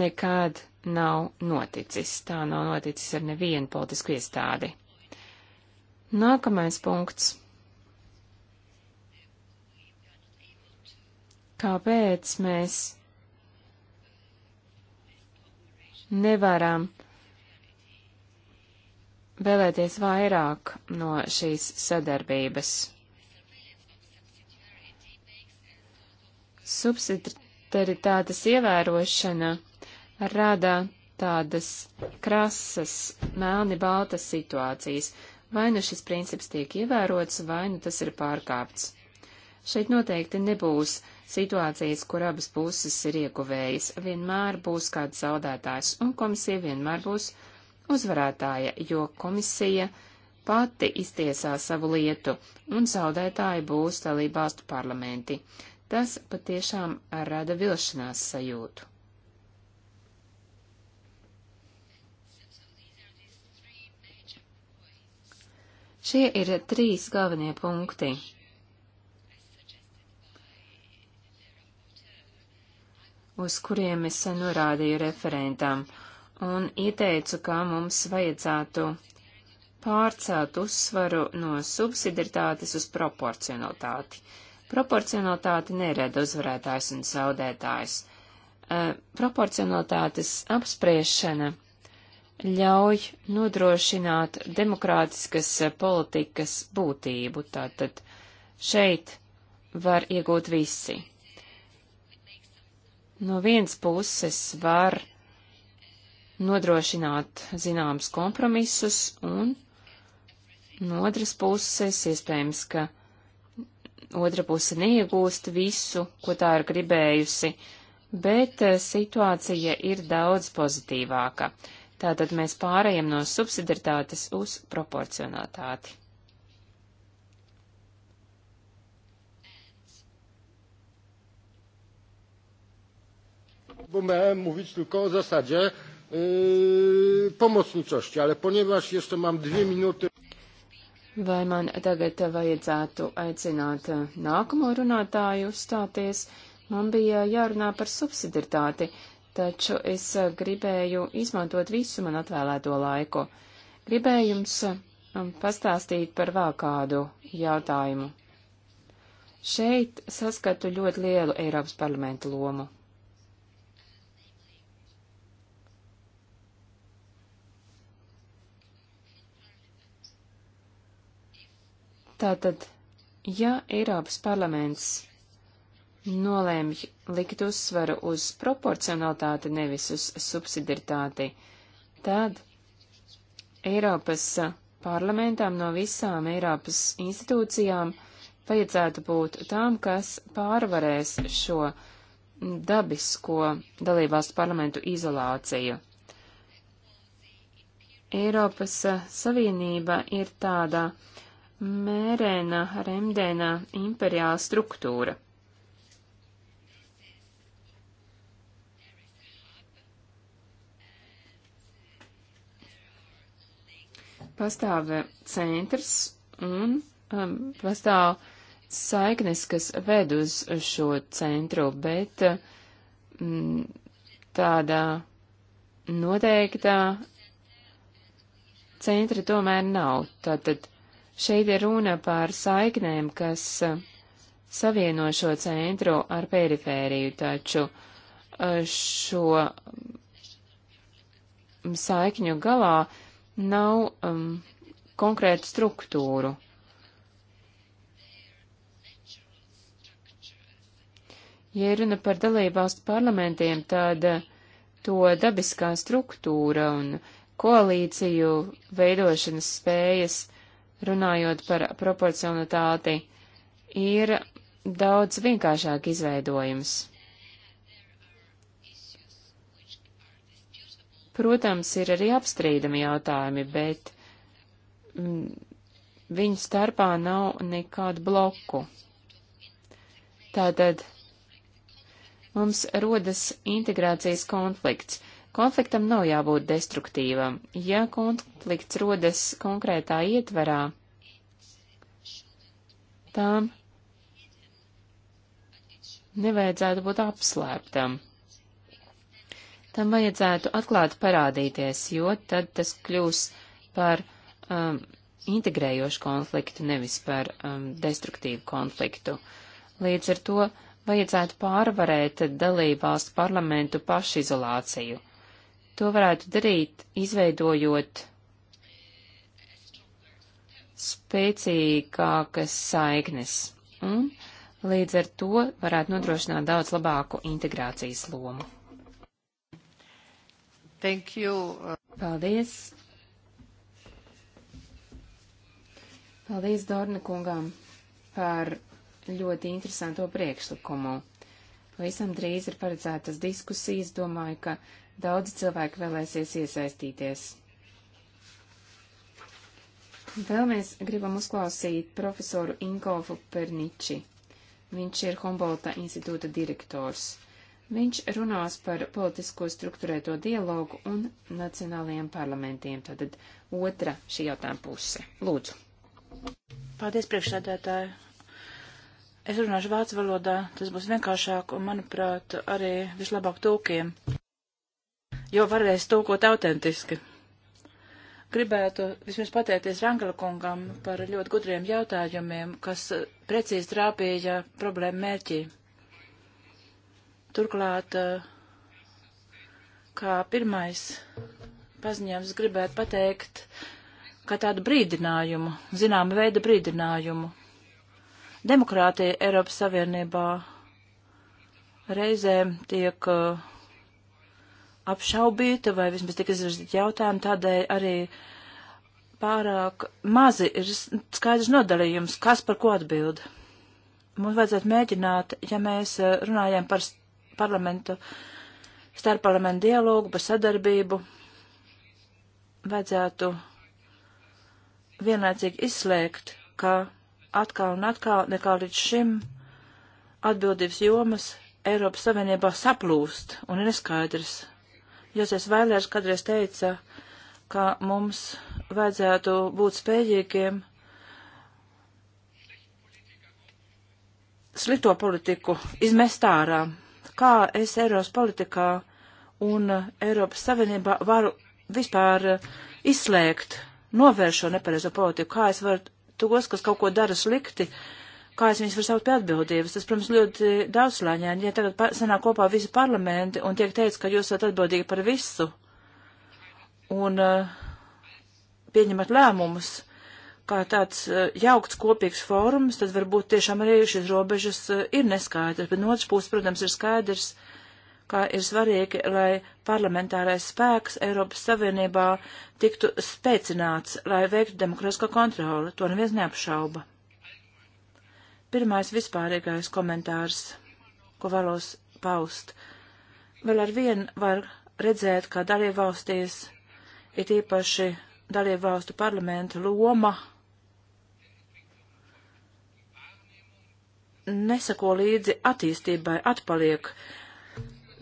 nekad nav noticis. Tā nav noticis ar nevienu politisku iestādi. Nākamais punkts. Kāpēc mēs nevaram vēlēties vairāk no šīs sadarbības? Subsidiaritātes ievērošana rada tādas krasas, melni-baltas situācijas. Vai nu šis princips tiek ievērots, vai nu tas ir pārkāpts. Šeit noteikti nebūs situācijas, kur abas puses ir ieguvējis. Vienmēr būs kāds zaudētājs, un komisija vienmēr būs uzvarētāja, jo komisija pati iztiesā savu lietu, un zaudētāji būs dalībvalstu parlamenti. Tas patiešām rada vilšanās sajūtu. Šie ir trīs galvenie punkti. uz kuriem es norādīju referentam, un ieteicu, kā mums vajadzētu pārcelt uzsvaru no subsidiritātes uz proporcionalitāti. Proporcionalitāte nerada uzvarētājs un zaudētājs. Eh, proporcionalitātes apspriešana ļauj nodrošināt demokrātiskas eh, politikas būtību, tātad šeit var iegūt visi. No vienas puses var nodrošināt zināms kompromisus, un no otras puses iespējams, ka otra puse neiegūst visu, ko tā ir gribējusi, bet eh, situācija ir daudz pozitīvāka. Tātad mēs pārējam no subsidaritātes uz proporcionātāti. bo miałem mówić tylko o zasadzie yy, pomocniczości ale ponieważ jeszcze mam dwie minuty Vai man tagad vajadzētu aicināt eh, nākamo runātāju uzstāties? Man bija jārunā par subsidiaritāti, taču es eh, gribēju izmantot visu man atvēlēto laiku. Gribēju jums eh, pastāstīt par vēl kādu jautājumu. Šeit saskatu ļoti lielu Eiropas parlamenta lomu. Tātad, ja Eiropas parlaments nolēmj likt uzsvaru uz proporcionalitāti, nevis uz subsidiaritāti, tad Eiropas parlamentām no visām Eiropas institūcijām vajadzētu būt tām, kas pārvarēs šo dabisko dalībvalstu parlamentu izolāciju. Eiropas Savienība ir tādā uh, mērēnā, remdēnā imperiāla struktūra. Pastāv centrs un um, pastāv saiknes, kas ved uz šo centru, bet mm, tādā noteiktā centra tomēr nav. Tātad Šeit ir runa par saiknēm, kas eh, savieno šo centru ar perifēriju, taču eh, šo mm, saikņu galā nav um, konkrētu struktūru. Ja runa par dalībvalstu parlamentiem, tad eh, to dabiskā struktūra un koalīciju veidošanas spējas runājot par proporcionalitāti, ir daudz vienkāršāk izveidojums. Protams, ir arī apstrīdami jautājumi, bet mm, viņu starpā nav nekādu bloku. Tātad mums rodas integrācijas konflikts. Konfliktam nav jābūt destruktīvam. Ja konflikts rodas konkrētā ietverā, tām nevajadzētu būt apslēptam. Tam vajadzētu atklāti parādīties, jo tad tas kļūs par um, integrējošu konfliktu, nevis par um, destruktīvu konfliktu. Līdz ar to vajadzētu pārvarēt dalībvalstu parlamentu pašizolāciju. To varētu darīt, izveidojot spēcīgākas saiknes, un līdz ar to varētu nodrošināt daudz labāku integrācijas lomu. Thank you. Paldies. Paldies Dorna kungām par ļoti interesanto priekšlikumu. Visam drīz ir paredzētas diskusijas, domāju, ka daudz cilvēku vēlēsies iesaistīties. Vēl mēs gribam uzklausīt profesoru Inkofu Perniči. Viņš ir Humboldta institūta direktors. Viņš runās par politisko struktūrēto dialogu un nacionālajiem parlamentiem. Tātad otra šī jautājuma puse. Lūdzu. Paldies, priekšsēdētāji. Es runāšu vācu valodā, tas būs vienkāršāk un, manuprāt, arī vislabāk tūkiem jo varēs tūkot autentiski. Gribētu vismaz pateikties Rangela kungam par ļoti gudriem jautājumiem, kas precīzi trāpīja problēmu mērķī. Turklāt, kā pirmais paziņojums, gribētu pateikt, kā tādu brīdinājumu, zināma veida brīdinājumu. Demokrātija Eiropas Savienībā reizēm tiek uh, apšaubīta vai vismaz tika izvirzīti jautājumi, tādēļ arī pārāk mazi ir skaidrs nodalījums, kas par ko atbild. Mums vajadzētu mēģināt, ja mēs eh, runājam par parlamentu, starpparlamentu dialogu, par sadarbību, vajadzētu vienlaicīgi izslēgt, ka atkal un atkal nekā līdz šim atbildības jomas Eiropas Savienībā saplūst un ir neskaidrs, Josies Vailērs kādreiz teica, ka mums vajadzētu būt spējīgiem slikto politiku izmest ārā. Kā es Eiropas politikā un Eiropas Savienībā varu vispār eh, izslēgt, novēršo nepareizo politiku, kā es varu tos, kas kaut ko dara slikti, uh, kā es viņus varu saukt pie atbildības. Tas, protams, ļoti daudzslāņaini, ja tagad sanāk kopā visi parlamenti un tiek teikt, ka jūs esat atbildīgi par visu un uh, pieņemat lēmumus, kā tāds uh, jaukts kopīgs fórums, tad varbūt tiešām arī šīs robežas uh, ir neskaidrs, bet no otras puses, protams, ir skaidrs, kā ir svarīgi, lai parlamentārais spēks Eiropas Savienībā tiktu spēcināts, lai veiktu demokrātisko kontroli. To neviens neapšauba. Pirmais vispārīgais komentārs, ko vēlos paust. Vēl ar vienu var redzēt, kā dalībvalstīs ir īpaši dalībvalstu parlamenta loma nesako līdzi attīstībai, atpaliek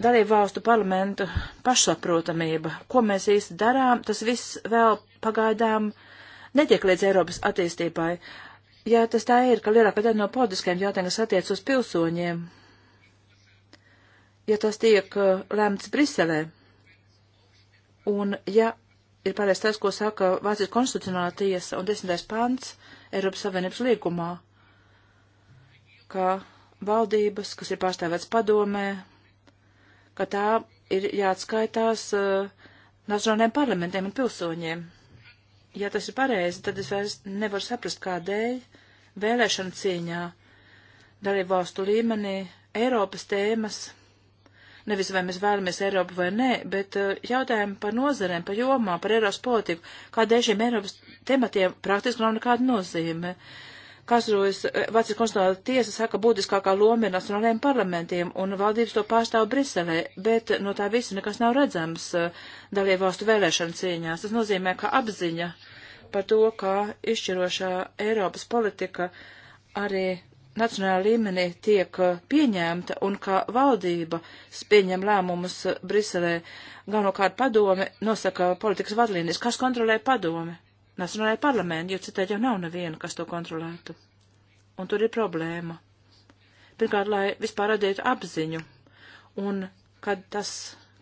dalībvalstu parlamentu pašsaprotamība. Ko mēs īsti darām, tas viss vēl pagaidām netiek līdz Eiropas attīstībai. Uh, Jā, tas tā ir, ka lielākā daļa no politiskiem jautājumiem, kas attiec uz pilsoņiem, ja tas tiek uh, lēmts Briselē, un ja ir pareizi tas, ko saka Vācijas konstitucionālā tiesa un desmitais pants Eiropas Savienības līgumā, ka valdības, kas ir pārstāvēts padomē, ka tā ir jāatskaitās uh, nacionālajiem parlamentiem un pilsoņiem ja tas ir pareizi, tad es vairs nevaru saprast, kādēļ vēlēšana cīņā dalību valstu līmenī Eiropas tēmas, nevis vai mēs vēlamies Eiropu vai nē, bet eh, jautājumi par nozarēm, par jomām, par Eiropas politiku, kādēļ šiem Eiropas tematiem praktiski nav nekāda nozīme. Uh, Kasrojas eh, Vācijas konstitucionāla tiesa saka, būtiskākā loma ir nacionālajiem parlamentiem, un valdības to pārstāv Briselē, bet no tā visa nekas nav redzams eh, dalībvalstu vēlēšanu cīņās. Tas nozīmē, ka apziņa par to, kā izšķirošā Eiropas politika arī nacionālā līmenī tiek eh, pieņemta un ka valdība pieņem lēmumus Briselē, galvenokārt padome nosaka politikas vadlīnijas. Kas kontrolē padome? Nacionālajā parlamentā, jo citādi jau nav neviena, kas to kontrolētu. Un tur ir problēma. Pirmkārt, lai vispār radītu apziņu, un kad tas,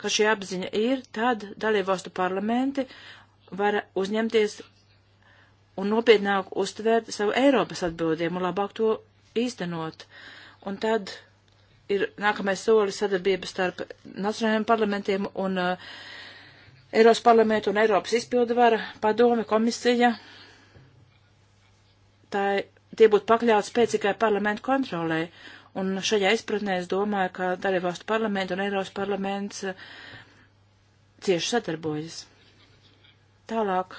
ka šī apziņa ir, tad dalībvalstu parlamenti var uzņemties un nopietnāk uztvērt savu Eiropas atbildiem un labāk to īstenot. Un tad ir nākamais solis sadarbība starp nacionālajiem parlamentiem un uh, Eiropas parlamentu un Eiropas izpildvara padome komisija. Tā, tie būtu pakļauts spēcīgai parlamentu kontrolē. Un šajā izpratnē es domāju, ka dalībvalstu parlamentu un Eiropas parlaments eh, cieši sadarbojas. Tālāk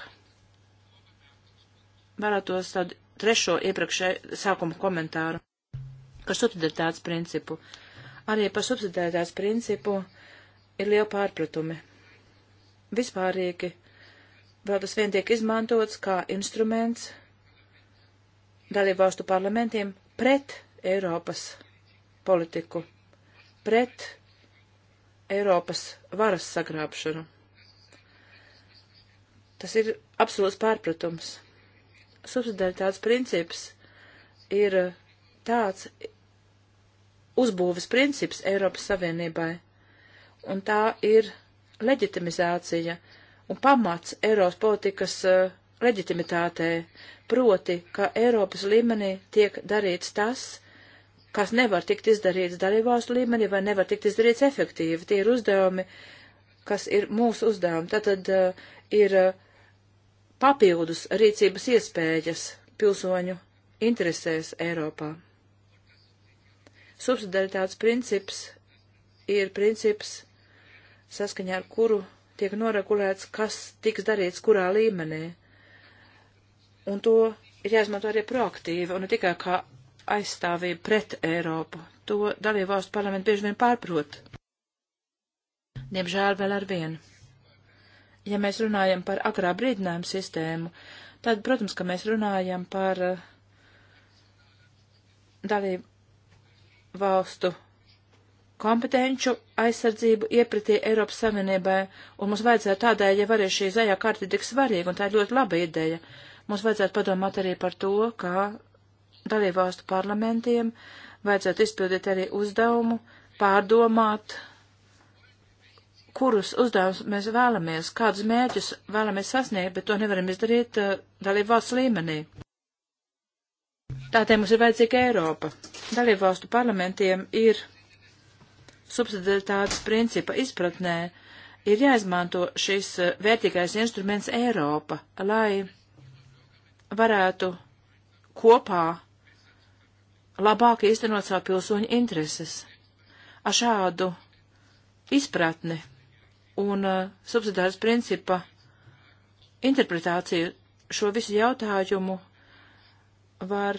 vēlētos tādu trešo iepriekšēju sākumu komentāru par subsidētāts principu. Arī par subsidētāts principu ir liela pārpratumi vispārīgi vēl tas vien tiek izmantots kā instruments dalībvalstu parlamentiem pret Eiropas politiku, pret Eiropas varas sagrābšanu. Tas ir absolūts pārpratums. Subsidaritātes princips ir tāds uzbūves princips Eiropas Savienībai, un tā ir leģitimizācija un pamats Eiropas politikas uh, eh, leģitimitātē, proti, ka Eiropas līmenī tiek darīts tas, kas nevar tikt izdarīts dalībvalstu līmenī vai nevar tikt izdarīts efektīvi. Tie ir uzdevumi, kas ir mūsu uzdevumi. Tātad uh, eh, ir uh, papildus rīcības iespējas pilsoņu interesēs Eiropā. Subsidaritātes princips ir princips, saskaņā ar kuru tiek noregulēts, kas tiks darīts kurā līmenī. Un to ir jāizmanto arī proaktīvi, un ne tikai kā aizstāvība pret Eiropu. To dalībvalstu parlamentu bieži vien pārprot. Diemžēl vēl ar vienu. Ja mēs runājam par agrā brīdinājumu sistēmu, tad, protams, ka mēs runājam par eh, dalību valstu kompetenču aizsardzību iepratī Eiropas Savienībai, un mums vajadzētu tādēļ, ja arī šī zaļā karta tik svarīga, un tā ir ļoti laba ideja, mums vajadzētu padomāt arī par to, kā dalībvalstu parlamentiem vajadzētu izpildīt arī uzdevumu, pārdomāt, kurus uzdevumus mēs vēlamies, kādus mērķus vēlamies sasniegt, bet to nevaram izdarīt uh, eh, dalībvalsts līmenī. Tādēļ mums ir vajadzīga Eiropa. Dalībvalstu parlamentiem ir subsidiaritātes principa izpratnē ir jāizmanto šis eh, vērtīgais instruments Eiropa, lai varētu kopā labāk īstenot savu pilsoņu intereses. Ar šādu izpratni un uh, eh, subsidāras principa interpretāciju šo visu jautājumu var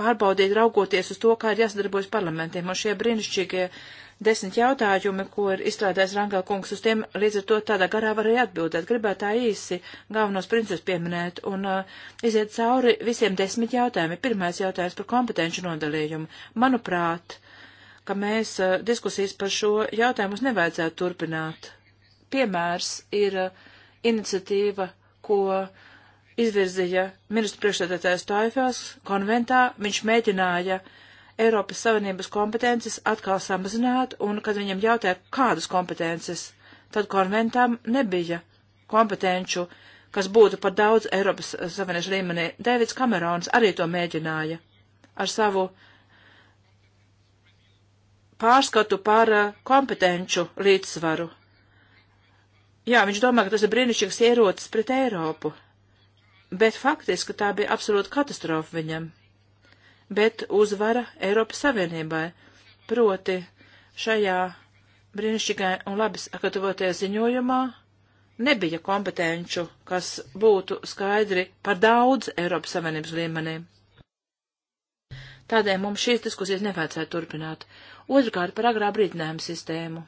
pārbaudīt, raugoties uz to, kā ir jāsadarbojas parlamentiem. Un šie brīnišķīgie desmit jautājumi, ko ir izstrādājis Rangel kungs, uz tiem līdz ar to tādā garā varēja atbildēt. Gribētu tā īsi galvenos principus pieminēt un uh, iziet cauri visiem desmit jautājumiem. Pirmais jautājums par kompetenci nodalījumu. Manuprāt, ka mēs uh, diskusijas par šo jautājumu nevajadzētu turpināt. Piemērs ir uh, iniciatīva, ko uh, izvirzīja ministru priekšsēdētājs Taifels konventā, viņš mēģināja Eiropas Savienības kompetences atkal samazināt, un kad viņam jautāja, kādas kompetences, tad konventam nebija kompetenču, kas būtu par daudz Eiropas Savienības līmenī. Dēvids Kamerons arī to mēģināja ar savu pārskatu par uh, kompetenču līdzsvaru. Jā, viņš domā, ka tas ir brīnišķīgs ierocis pret Eiropu bet faktiski tā bija absolūta katastrofa viņam. Bet uzvara Eiropas Savienībai, proti šajā brīnišķīgai un labi sagatavotajā ziņojumā nebija kompetenču, kas būtu skaidri par daudz Eiropas Savienības līmenī. Tādēļ mums šīs diskusijas nevajadzētu turpināt. Otrkārt par agrā brīdinājumu sistēmu.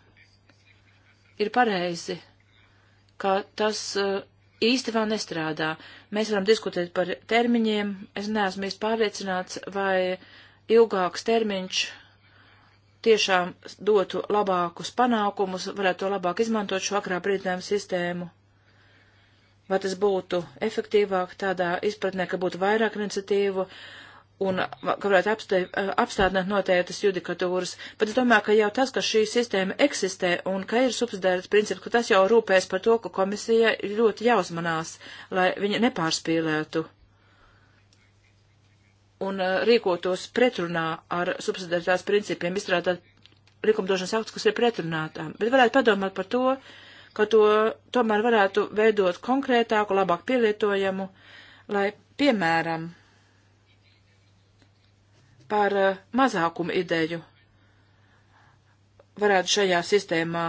Ir pareizi, ka tas uh, īsti vēl nestrādā. Mēs varam diskutēt par termiņiem. Es neesmu īsti pārliecināts, vai ilgāks termiņš tiešām dotu labākus panākumus, varētu to labāk izmantot šo agrā brīdinājumu sistēmu. Vai tas būtu efektīvāk tādā izpratnē, ka būtu vairāk iniciatīvu, uh, un ka varētu apstē, apstādināt noteiktas judikatūras, bet es domāju, ka jau tas, ka šī sistēma eksistē un ka ir subsidētas princips, ka tas jau rūpēs par to, ka komisija ļoti jāuzmanās, lai viņa nepārspīlētu un uh, rīkotos pretrunā ar subsidētās principiem, izstrādāt likumdošanas aktus, kas ir pretrunātām, bet varētu padomāt par to, ka to tomēr varētu veidot konkrētāku, labāk pielietojamu, lai, piemēram, par eh, mazākumu ideju varētu šajā sistēmā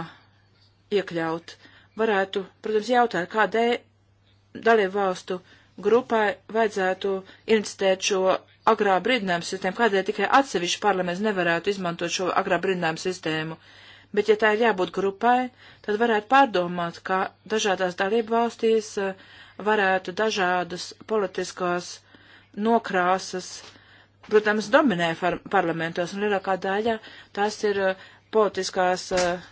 iekļaut. Varētu, protams, jautāt, kādai dalībvalstu grupai vajadzētu institēt šo agrā brīdinājumu sistēmu, kādēļ tikai atsevišķi parlaments nevarētu izmantot šo agrā brīdinājumu sistēmu. Bet, ja tā ir jābūt grupai, tad varētu pārdomāt, ka dažādās dalību valstīs eh, varētu dažādas politiskās nokrāsas uh, protams, dominē parlamentos, un lielākā daļa tās ir uh, politiskās uh,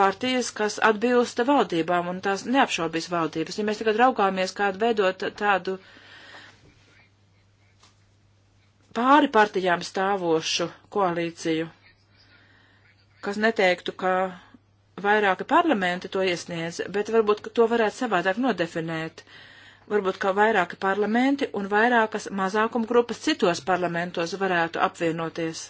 partijas, kas atbilsta valdībām, un tās neapšaubīs valdības. Ja mēs tagad raugāmies, kādu veidot tādu pāri partijām stāvošu koalīciju, kas neteiktu, ka vairāki parlamenti to iesniedz, bet varbūt to varētu savādāk nodefinēt. Uh, varbūt kā vairāki parlamenti un vairākas mazākuma grupas citos parlamentos varētu apvienoties.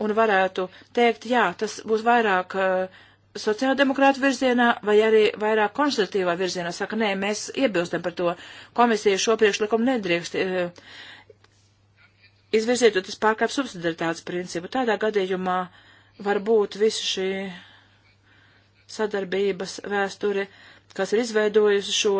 Un varētu teikt, jā, tas būs vairāk uh, sociāldemokrātu virzienā vai arī vairāk konservatīvā virzienā. Saka, nē, mēs iebilstam par to. Komisija šo priekšlikumu nedrīkst. Uh, eh, izvirziet, jo tas pārkāp subsidaritātes principu. Tādā gadījumā varbūt visu šī sadarbības vēsture, kas ir izveidojusi šo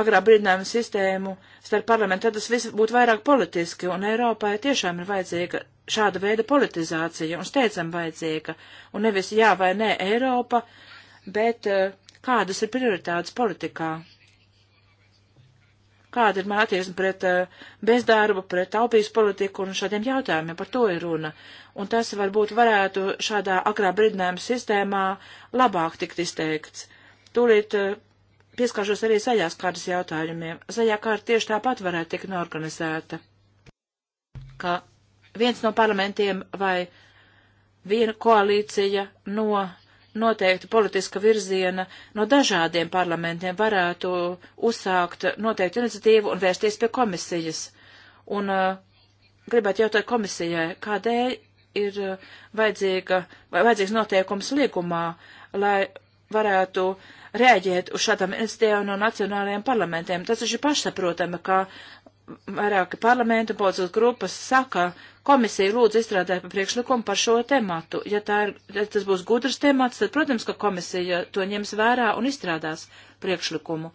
agrā brīdinājumu sistēmu starp parlamentu, tad tas viss būtu vairāk politiski, un Eiropai tiešām ir vajadzīga šāda veida politizācija, un steidzam vajadzīga, un nevis jā vai nē Eiropa, bet eh, kādas ir prioritātes politikā? Kāda ir mātieksme pret eh, bezdarbu, pret taupības politiku un šādiem jautājumiem, par to ir runa. Un tas varbūt varētu šādā agrā brīdinājuma sistēmā labāk tikt izteikts. Tūlīt eh, pieskaršos arī zaļās kārtas jautājumiem. Zaļā kārta tieši tāpat varētu tikt norganizēta, ka viens no parlamentiem vai viena koalīcija no noteikta politiska virziena no dažādiem parlamentiem varētu uzsākt noteiktu iniciatīvu un vērsties pie komisijas. Un uh, gribētu jautāt komisijai, kādēļ ir uh, vajadzīga, vai vajadzīgs noteikums līgumā, lai varētu rēģēt uz šādām iniciatīvām no nacionālajiem parlamentiem. Tas taču ir pašsaprotami, ka vairāki parlamentu podzot grupas saka, komisija lūdzu izstrādāja pa priekšlikumu par šo tematu. Ja, ir, ja tas būs gudrs temats, tad, protams, ka komisija to ņems vērā un izstrādās priekšlikumu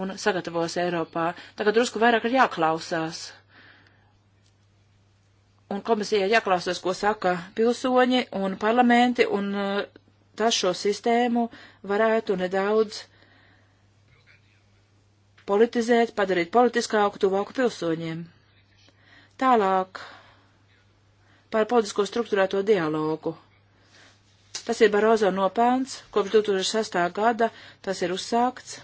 un sagatavos Eiropā. Tagad drusku vairāk ir jāklausās. Un komisijai jāklausās, ko saka pilsoņi un parlamenti, un tas šo sistēmu varētu nedaudz politizēt, padarīt politiskāku, tuvāku pilsoņiem. Tālāk par politisko struktūrēto dialogu. Tas ir Barozo nopelns, kopš 2006. gada tas ir uzsākts.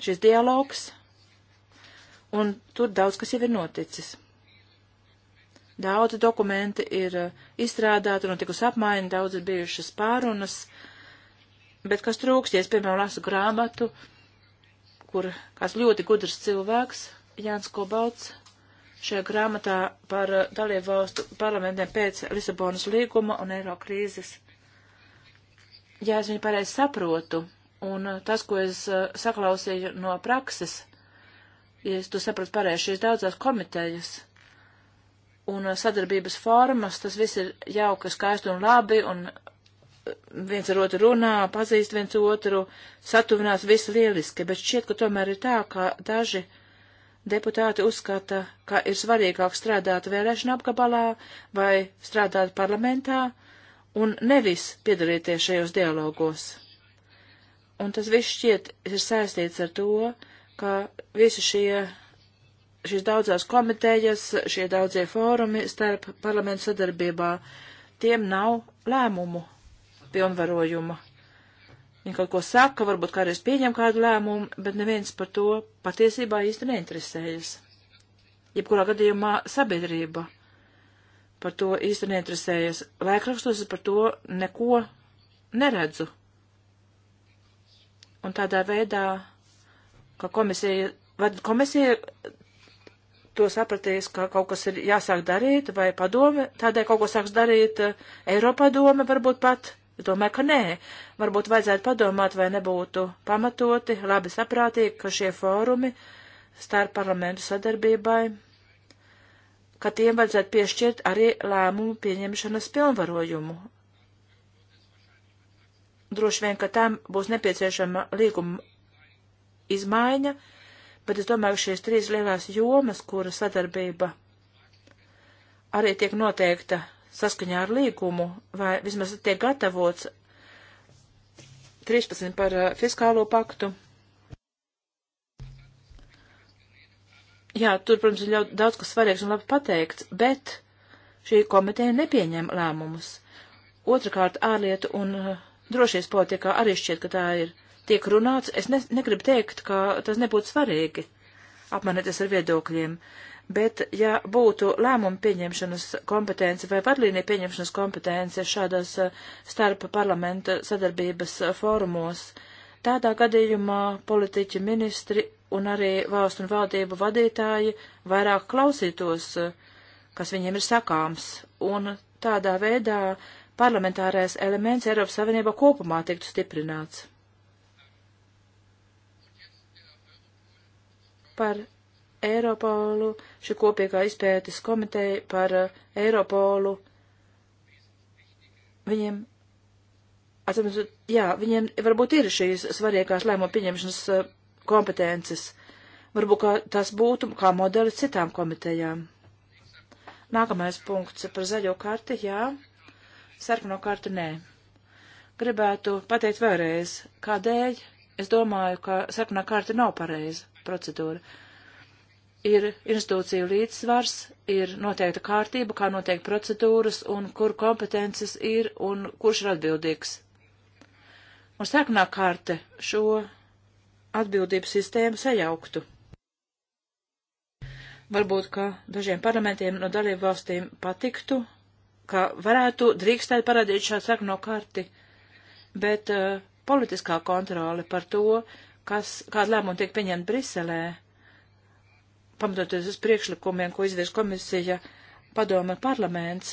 Šis dialogs, un tur daudz kas jau ir noticis. Daudz dokumenti ir eh, izstrādāti un tikus apmaini, daudz ir bijušas pārunas, bet kas trūkst, ja es, piemēram, lasu grāmatu, kur kāds ļoti gudrs cilvēks, Jānis Kobalts, šajā grāmatā par eh, dalību valstu parlamentiem pēc Lisabonas līguma un eiro krīzes. Ja es viņu pareizi saprotu, un eh, tas, ko es saklausīju no prakses, ja es to sapratu pareizi, šīs daudzās komitejas un uh, sadarbības formas, tas viss ir jauka, skaisti un labi, un uh, viens ar otru runā, pazīst viens otru, satuvinās viss lieliski, bet šķiet, ka tomēr ir tā, ka daži deputāti uzskata, ka ir svarīgāk strādāt vēlēšana apgabalā vai strādāt parlamentā un nevis piedalīties šajos dialogos. Un tas viss šķiet ir saistīts ar to, ka visi šie šīs daudzās komitejas, šie daudzie fórumi starp parlamentu sadarbībā, tiem nav lēmumu pilnvarojuma. Viņi kaut ko saka, varbūt kādreiz pieņem kādu lēmumu, bet neviens par to patiesībā īsti neinteresējas. Jebkurā gadījumā sabiedrība par to īsti neinteresējas. Laikrakstos es par to neko neredzu. Un tādā veidā, ka komisija, vai komisija to sapratīs, ka kaut kas ir jāsāk darīt, vai padome, tādēļ kaut ko sāks darīt eh, Eiropadome varbūt pat. Domāju, ka nē. Varbūt vajadzētu padomāt, vai nebūtu pamatoti, labi saprātīgi, ka šie fórumi starp parlamentu sadarbībai, ka tiem vajadzētu piešķirt arī lēmumu pieņemšanas pilnvarojumu. Droši vien, ka tam būs nepieciešama līguma izmaiņa, bet es domāju, ka šīs trīs lielās jomas, kura sadarbība arī tiek noteikta saskaņā ar līgumu, vai vismaz tiek gatavots 13 par fiskālo paktu. Jā, tur, protams, ir ļoti daudz kas svarīgs un labi pateikts, bet šī komiteja nepieņem lēmumus. Otrakārt, ārlietu un drošības politikā arī šķiet, ka tā ir tiek runāts. Es ne, negribu teikt, ka tas nebūtu svarīgi apmainīties ar viedokļiem, bet ja būtu lēmumu pieņemšanas kompetence vai vadlīnija pieņemšanas kompetence šādos eh, starp parlamenta sadarbības eh, fórumos, tādā gadījumā politiķi, ministri un arī valstu un valdību vadītāji vairāk klausītos, eh, kas viņiem ir sakāms, un tādā veidā parlamentārais elements Eiropas Savienībā kopumā tiktu stiprināts. par Eiropolu, šī kopīgā izpētes komiteja par uh, Eiropolu. Viņiem, atcīmēs, jā, viņiem varbūt ir šīs svarīgās lēmumu pieņemšanas uh, kompetences. Varbūt kā tas būtu kā modelis citām komitejām. Nākamais punkts par zaļo karti, jā. Sarkano kartu, nē. Gribētu pateikt vēlreiz, kādēļ Es domāju, ka sarkanā kārta nav pareiza procedūra. Ir institūciju līdzsvars, ir noteikta kārtība, kā noteikti procedūras un kur kompetences ir un kurš ir atbildīgs. Un sarkanā kārta šo atbildības sistēmu sajauktu. Varbūt, ka dažiem parlamentiem no dalību valstīm patiktu, ka varētu drīkstēt parādīt šādu sarkano karti, bet uh, politiskā kontrole par to, kas, kāda lēmuma tiek pieņemta Briselē, pamatoties uz priekšlikumiem, ko izvirz komisija, padome parlaments.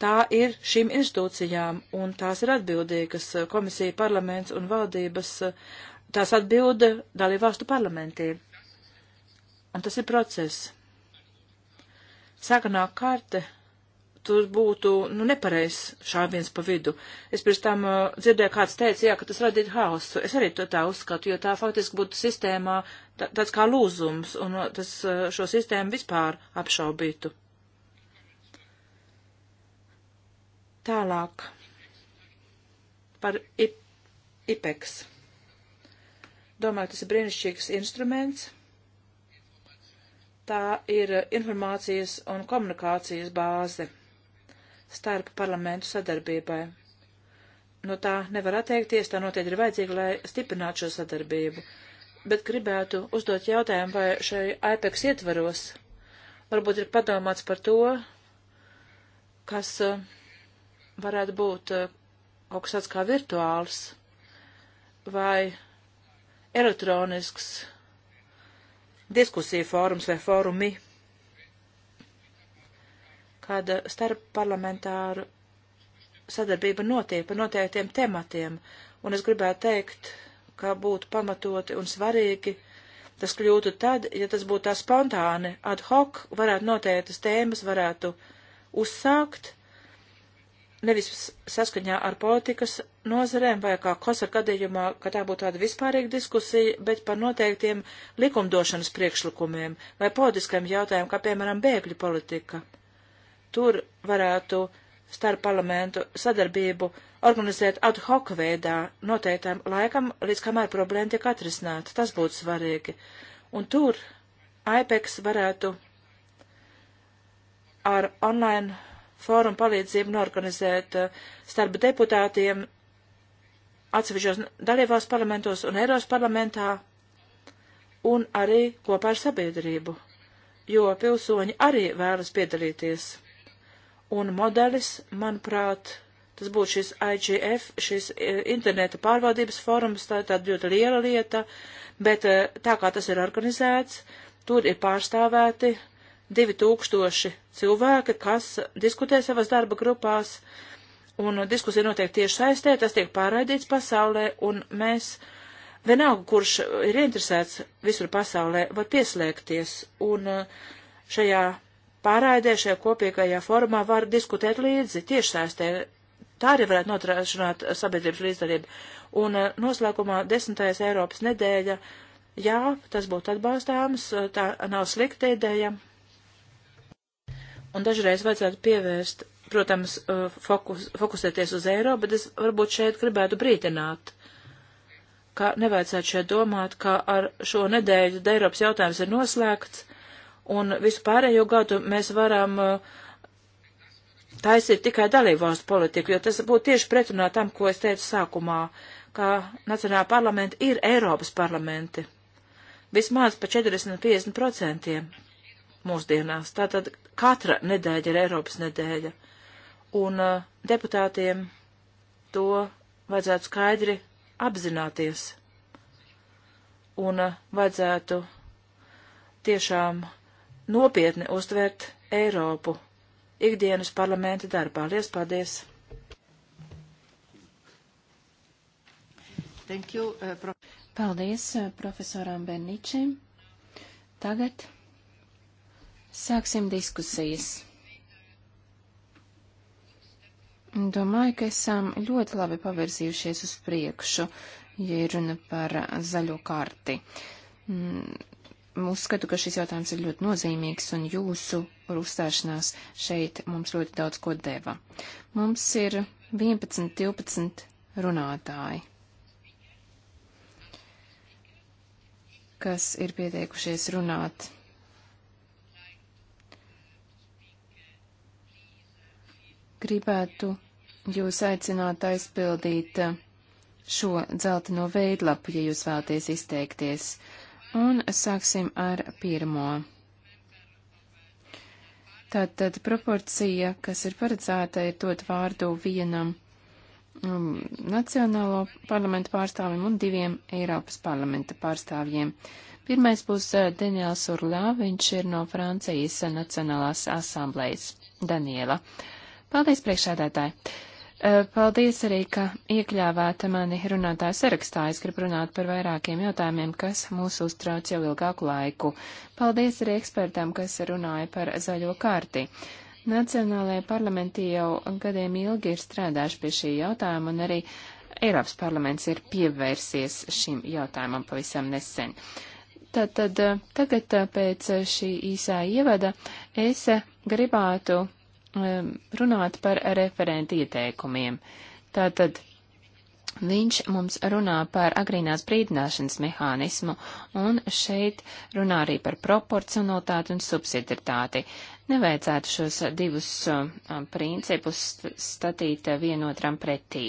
Tā ir šīm institūcijām, un tās ir atbildīgas eh, komisija, parlaments un valdības, eh, tās atbilda dalībvalstu parlamentiem. Un tas ir process. Saganā karte tur būtu, nu, nepareizs šāviens pa vidu. Es pirms tam uh, dzirdēju, kāds teica, jā, ka tas radītu hausu. Es arī to tā uzskatu, jo tā faktiski būtu sistēmā tā, tāds kā lūzums, un uh, tas uh, šo sistēmu vispār apšaubītu. Tālāk par IP, IPEX. Domāju, tas ir brīnišķīgs instruments. Tā ir informācijas un komunikācijas bāze starp parlamentu sadarbībai. No tā nevar atteikties, tā noteikti ir vajadzīga, lai stiprinātu šo sadarbību. Bet gribētu uzdot jautājumu, vai šai IPEX ietvaros varbūt ir padomāts par to, kas uh, varētu būt uh, kaut kas tāds kā virtuāls vai elektronisks diskusija fórums vai fórumi kad starp parlamentāru sadarbība notiek par noteiktiem tematiem, un es gribētu teikt, ka būtu pamatoti un svarīgi, tas kļūtu tad, ja tas būtu tā spontāni, ad hoc, varētu noteiktas tēmas, varētu uzsākt, nevis saskaņā ar politikas nozarēm vai kā kosar gadījumā, ka tā būtu tāda vispārīga diskusija, bet par noteiktiem likumdošanas priekšlikumiem vai politiskiem jautājumiem, kā piemēram bēgļu politika tur varētu starp parlamentu sadarbību organizēt ad hoc veidā noteiktām laikam, līdz kamēr problēma tiek atrisināta. Tas būtu svarīgi. Un tur IPEX varētu ar online fórumu palīdzību norganizēt eh, starp deputātiem atsevišķos dalībās parlamentos un Eiros parlamentā un arī kopā ar sabiedrību, jo pilsoņi arī vēlas piedalīties un modelis, manuprāt, tas būtu šis IGF, šis e, interneta pārvaldības forums, tā ir tāda ļoti liela lieta, bet e, tā kā tas ir organizēts, tur ir pārstāvēti 2000 cilvēki, kas diskutē savas darba grupās, un diskusija notiek tieši saistē, tas tiek pārraidīts pasaulē, un mēs vienalga, kurš ir interesēts visur pasaulē, var pieslēgties, un e, šajā pārraidē šajā kopīgajā formā var diskutēt līdzi tiešsaistē. Tā arī varētu notrāšanāt sabiedrības līdzdarību. Un eh, noslēgumā desmitais Eiropas nedēļa, jā, tas būtu atbalstāms, eh, tā nav slikta ideja. Un dažreiz vajadzētu pievērst, protams, eh, fokus, fokusēties uz Eiropu, bet es varbūt šeit gribētu brīdināt ka nevajadzētu šeit domāt, ka ar šo nedēļu Eiropas jautājums ir noslēgts, un visu pārējo gadu mēs varam uh, taisīt tikai dalībvalstu politiku, jo tas būtu tieši pretrunā tam, ko es teicu sākumā, ka nacionālā parlamenta ir Eiropas parlamenti. Vismaz pa 40-50% mūsdienās. Tātad katra nedēļa ir Eiropas nedēļa. Un uh, deputātiem to vajadzētu skaidri apzināties. Un uh, vajadzētu tiešām nopietni uztvērt Eiropu ikdienas parlamenta darbā. Lies paldies! Thank you, uh, prof. Paldies uh, profesoram Berničim. Tagad sāksim diskusijas. Domāju, ka esam ļoti labi pavirzījušies uz priekšu, ja ir runa par zaļo karti. Mm, uzskatu, ka šis jautājums ir ļoti nozīmīgs, un jūsu uzstāšanās šeit mums ļoti daudz ko deva. Mums ir 11, 12 runātāji, kas ir pieteikušies runāt. Gribētu jūs aicināt aizpildīt šo dzelteno veidlapu, ja jūs vēlaties izteikties. Uh, Un sāksim ar pirmo. Tātad proporcija, kas ir paredzēta, ir dot vārdu vienam um, nacionālo parlamentu pārstāvim un diviem Eiropas parlamenta pārstāvjiem. Pirmais būs uh, Daniels Urlā, viņš ir no Francijas Nacionālās asamblējas. Daniela. Paldies, priekšādātāji! Eh, paldies arī, ka iekļāvāt mani runātāju sarakstā. Es gribu runāt par vairākiem jautājumiem, kas mūs uztrauc jau ilgāku laiku. Paldies arī ekspertām, kas runāja par zaļo kārti. Nacionālajie parlamenti jau gadiem ilgi ir strādājuši pie šī jautājuma, un arī Eiropas parlaments ir pievērsies šim jautājumam pavisam nesen. Tātad eh, tagad eh, pēc šī īsā ievada es gribētu Um, runāt par referenta ieteikumiem. Tātad viņš mums runā par agrīnās brīdināšanas mehānismu, un šeit runā arī par proporcionalitāti un subsidiaritāti. Nevajadzētu šos divus um, um, principus statīt uh, vienotram pretī.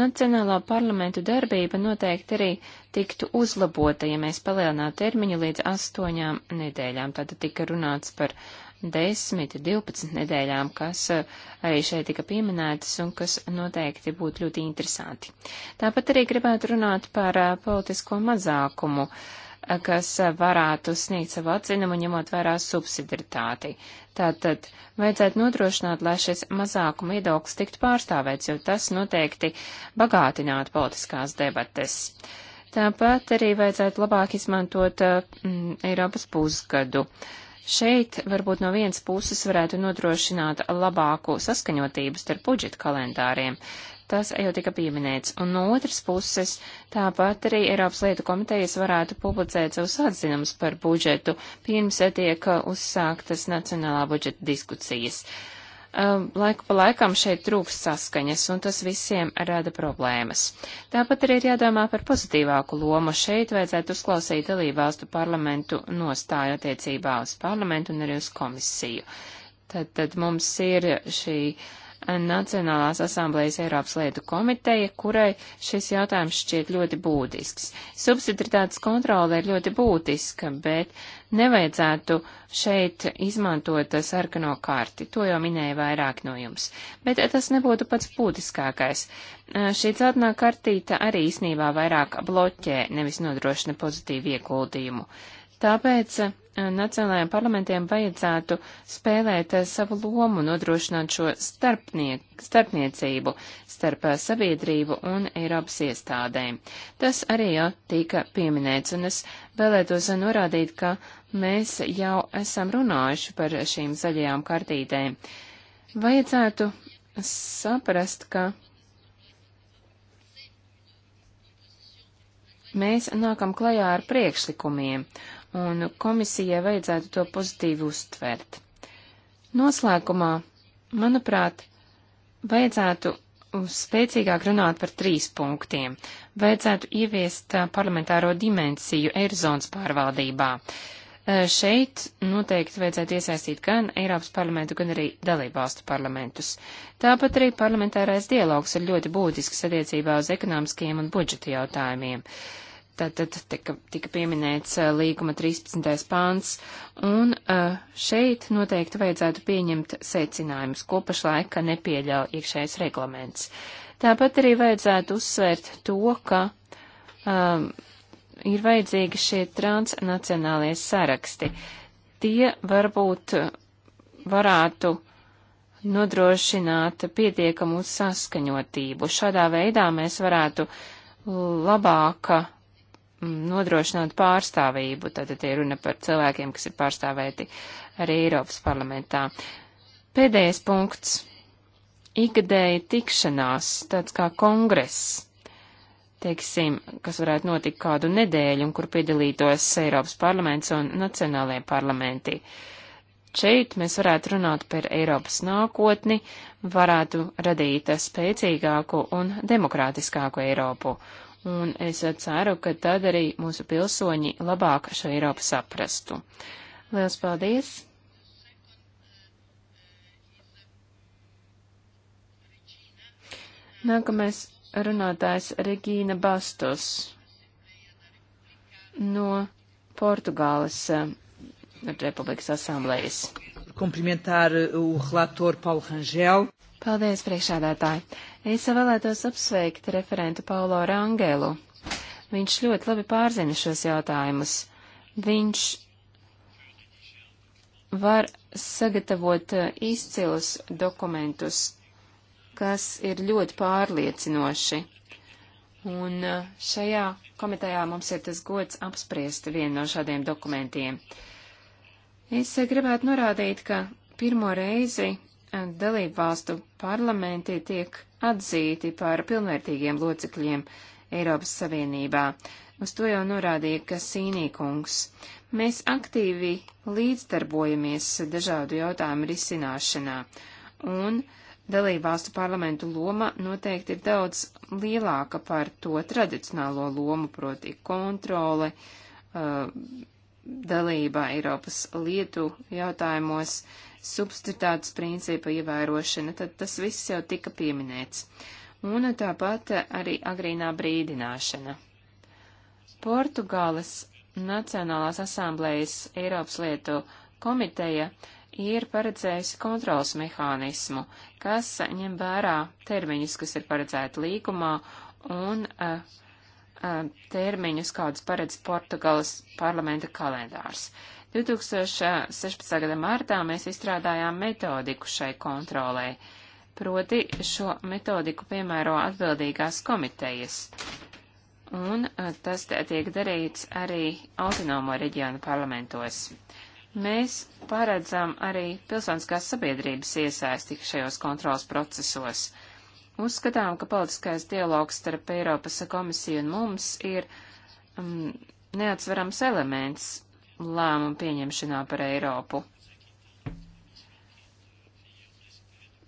Nacionālā parlamentu darbība noteikti arī tiktu uzlabota, ja mēs palielinātu termiņu līdz astoņām nedēļām. Tātad tika runāts par uh, 10, 12 nedēļām, kas eh, arī šeit tika pieminētas un kas noteikti būtu ļoti interesanti. Tāpat arī gribētu runāt par eh, politisko mazākumu eh, kas varētu sniegt savu atzinumu, ņemot vērā subsidiritāti. Tātad vajadzētu nodrošināt, lai šis mazākuma iedoklis tiktu pārstāvēts, jo tas noteikti bagātinātu politiskās debates. Tāpat arī vajadzētu labāk izmantot mm, Eiropas pusgadu. Uh, Šeit varbūt no vienas puses varētu nodrošināt labāku saskaņotību starp budžeta kalendāriem. Tas jau tika pieminēts. Un no otras puses, tāpat arī Eiropas lietu komitejas varētu publicēt savus atzinumus par budžetu, pirms tiek uzsāktas nacionālā budžeta diskusijas. Uh, Ehm, laiku pa laikam šeit trūks saskaņas, un tas visiem rada problēmas. Tāpat arī ir jādomā par pozitīvāku lomu. Šeit vajadzētu uzklausīt dalībvalstu parlamentu nostāju attiecībā uz parlamentu un arī uz komisiju. Tad, tad mums ir šī Nacionālās asamblējas Eiropas lietu komiteja, kurai šis jautājums šķiet ļoti būtisks. Subsidiaritātes kontrole ir ļoti būtiska, bet uh, nevajadzētu šeit izmantot sarkano karti. To jau minēja vairāk no jums. Bet tas nebūtu pats būtiskākais. Šī dzeltenā kartīta arī īsnībā vairāk bloķē, nevis nodrošina pozitīvu ieguldījumu. Tāpēc nacionālajiem parlamentiem vajadzētu spēlēt savu lomu, nodrošinot šo starpniecību starp sabiedrību un Eiropas iestādēm. Tas arī jau tika pieminēts, un es vēlētos norādīt, ka mēs jau esam runājuši par šīm zaļajām kartītēm. Vajadzētu saprast, ka mēs nākam klajā ar priekšlikumiem, un komisijai vajadzētu to pozitīvi uztvert. Noslēgumā, manuprāt, vajadzētu spēcīgāk runāt par trīs punktiem. Vajadzētu ieviest parlamentāro dimensiju Eirozonas pārvaldībā. Šeit noteikti vajadzētu iesaistīt gan Eiropas parlamentu, gan arī dalībvalstu parlamentus. Tāpat arī parlamentārais dialogs ir ļoti būtisks attiecībā uz ekonomiskajiem un budžeta jautājumiem. Tātad tika, tika pieminēts līguma 13. pāns, un šeit noteikti vajadzētu pieņemt secinājumus, ko pašlaika nepieļauj iekšējais reglaments. Tāpat arī vajadzētu uzsvērt to, ka um, ir vajadzīgi šie transnacionālie saraksti. Tie varbūt varētu nodrošināt pietiekamu saskaņotību. Šādā veidā mēs varētu labāk mm, nodrošināt pārstāvību, tātad ir runa par cilvēkiem, kas ir pārstāvēti arī Eiropas parlamentā. Pēdējais punkts - ikdēja tikšanās, tāds kā kongress teiksim, kas varētu notikt kādu nedēļu un kur piedalītos Eiropas parlaments un nacionālajie parlamenti. Šeit mēs varētu runāt par Eiropas nākotni, varētu radīt spēcīgāku un demokrātiskāku Eiropu. Un es ceru, ka tad arī mūsu pilsoņi labāk šo Eiropu saprastu. Lielas paldies! Nākamais runātājs Regīna Bastos no Portugāles eh, Republikas asamblējas. Komplimentāri uh, eh, relatoru Paulu Rangelu. Paldies, priekšādātāji. Es vēlētos apsveikt referentu Paulo Rangelu. Viņš ļoti labi pārzina šos jautājumus. Viņš var sagatavot eh, izcilus dokumentus kas ir ļoti pārliecinoši. Un eh, šajā komitejā mums ir tas gods apspriest vienu no šādiem dokumentiem. Es eh, gribētu norādīt, ka pirmo reizi eh, dalību valstu parlamenti tiek atzīti par pilnvērtīgiem locekļiem Eiropas Savienībā. Uz to jau norādīja Kasīnī kungs. Mēs aktīvi līdzdarbojamies dažādu jautājumu risināšanā, un uh, dalībvalstu parlamentu loma noteikti ir daudz lielāka par to tradicionālo lomu, proti kontrole, uh, dalība Eiropas lietu jautājumos, substitātes principa ievērošana, tad tas viss jau tika pieminēts. Un tāpat arī agrīnā brīdināšana. Portugāles Nacionālās asamblējas Eiropas lietu komiteja uh, ir paredzējusi kontrols mehānismu, kas ņem vērā termiņus, kas ir paredzēti līgumā, un uh, uh, termiņus, kādus paredz Portugāles parlamenta kalendārs. 2016. gada martā mēs izstrādājām metodiku šai kontrolē, proti šo metodiku piemēro atbildīgās komitejas. Un uh, tas tiek darīts arī autonomo reģionu parlamentos. Uh, Mēs paredzam arī pilsoniskās sabiedrības iesaisti šajos kontrols procesos. Uzskatām, ka politiskais dialogs starp Eiropas komisiju un mums ir um, neatsverams elements lēmumu pieņemšanā par Eiropu.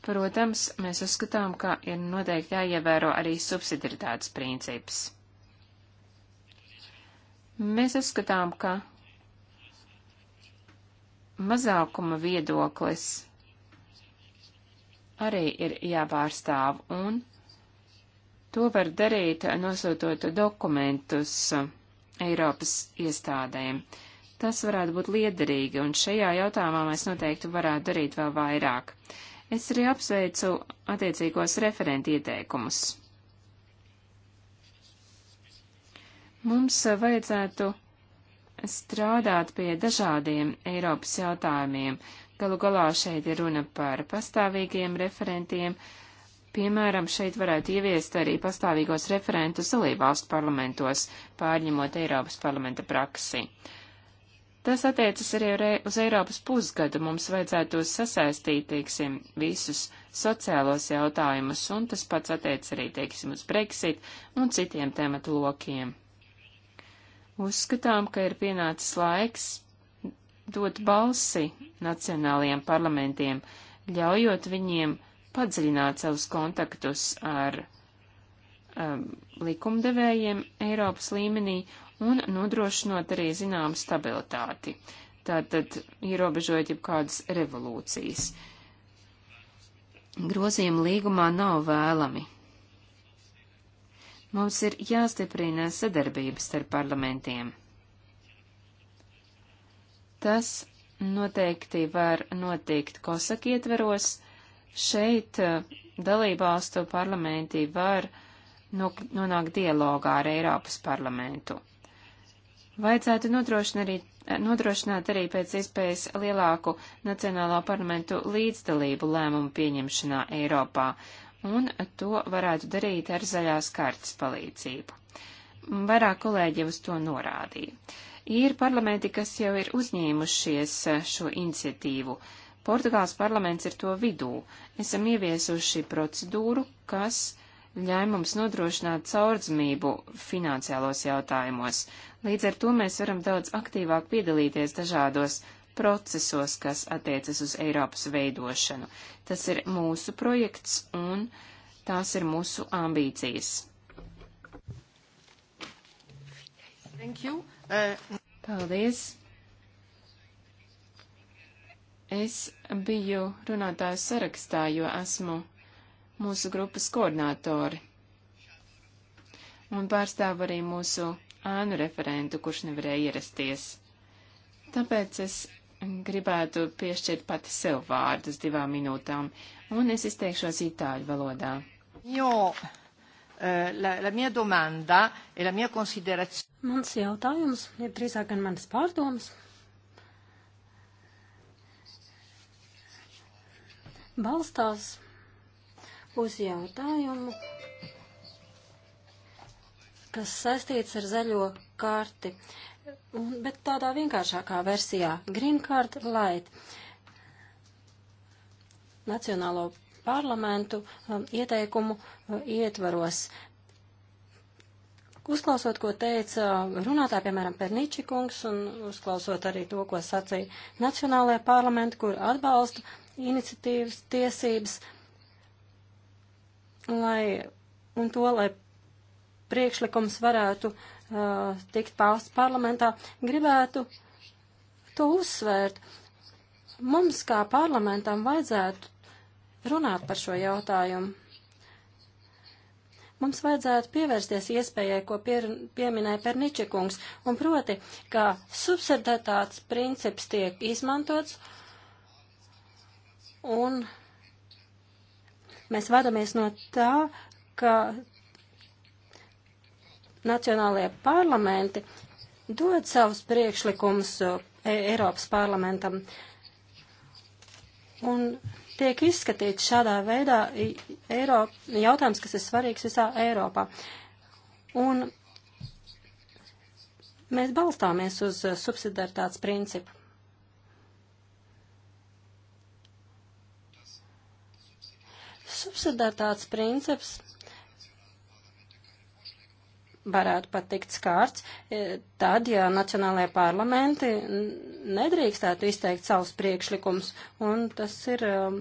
Protams, mēs uzskatām, ka ir noteikti jāievēro arī subsidiaritātes princips. Mēs uzskatām, ka mazākuma viedoklis arī ir jāpārstāv, un to var darīt nosūtot dokumentus Eiropas iestādēm. Tas varētu būt liederīgi, un šajā jautājumā mēs noteikti varētu darīt vēl vairāk. Es arī apsveicu attiecīgos referentu ieteikumus. Mums vajadzētu strādāt pie dažādiem Eiropas jautājumiem. Galu galā šeit ir runa par pastāvīgiem referentiem. Piemēram, šeit varētu ieviest arī pastāvīgos referentus dalībvalstu parlamentos, pārņemot Eiropas parlamenta praksi. Tas attiecas arī uz Eiropas pusgadu. Mums vajadzētu sasaistīt, teiksim, visus sociālos jautājumus, un tas pats attiec arī, teiksim, uz Brexit un citiem tematu lokiem. Uzskatām, ka ir pienācis laiks dot balsi nacionālajiem parlamentiem, ļaujot viņiem padziļināt savus kontaktus ar um, likumdevējiem Eiropas līmenī un nodrošinot arī zināmu stabilitāti, tātad ierobežojot jau kādas revolūcijas. Grozījumi līgumā nav vēlami, Mums ir jāstiprina sadarbības starp parlamentiem. Tas noteikti var notikt Kosak ietveros. Šeit eh, dalībvalstu parlamenti var nonākt dialogā ar Eiropas parlamentu. Vajadzētu nodrošināt arī, eh, nodrošināt arī pēc iespējas lielāku Nacionālā parlamentu līdzdalību lēmumu pieņemšanā Eiropā un to varētu darīt ar zaļās kartas palīdzību. Vairāk kolēģi uz to norādīja. Ir parlamenti, kas jau ir uzņēmušies šo iniciatīvu. Portugāls parlaments ir to vidū. Esam ieviesuši procedūru, kas ļauj mums nodrošināt caurdzmību finansiālos jautājumos. Līdz ar to mēs varam daudz aktīvāk piedalīties dažādos procesos, kas attiecas uz Eiropas veidošanu. Tas ir mūsu projekts un tās ir mūsu ambīcijas. Uh, Paldies! Es biju runātāju sarakstā, jo esmu mūsu grupas koordinātori un pārstāv arī mūsu ānu referentu, kurš nevarēja ierasties. Tāpēc es gribētu piešķirt pati sev vārdus divām minūtām, un es izteikšos itāļu valodā. Jo, eh, la, la mia domanda e la mia considerazione. Mans jautājums, ja drīzāk gan manas pārdomas, balstās uz jautājumu, kas saistīts ar zaļo karti. Uh, bet tādā vienkāršākā versijā - Green Card Light. Nacionālo parlamentu um, ieteikumu uh, ietvaros. Uzklausot, ko teica runātāji, piemēram, Perniči kungs, un uzklausot arī to, ko sacīja Nacionālajā parlamentu, kur atbalsta iniciatīvas tiesības, lai, un to, lai priekšlikums varētu uh, tikt pausts parlamentā, gribētu to uzsvērt. Mums kā parlamentam vajadzētu runāt par šo jautājumu. Mums vajadzētu pievērsties iespējai, ko pier, pieminēja Perničikungs, un proti, ka subsidētāts princips tiek izmantots un mēs vadamies no tā, ka nacionālajie parlamenti dod savus priekšlikumus uh, e, Eiropas parlamentam. Un tiek izskatīts šādā veidā Eiropa, jautājums, kas ir svarīgs visā Eiropā. Un mēs balstāmies uz uh, subsidiaritātes principu. Subsidiaritātes princips varētu pat tikt skārts, e, tad, ja nacionālajie parlamenti nedrīkstētu izteikt savus priekšlikumus, un tas ir, um,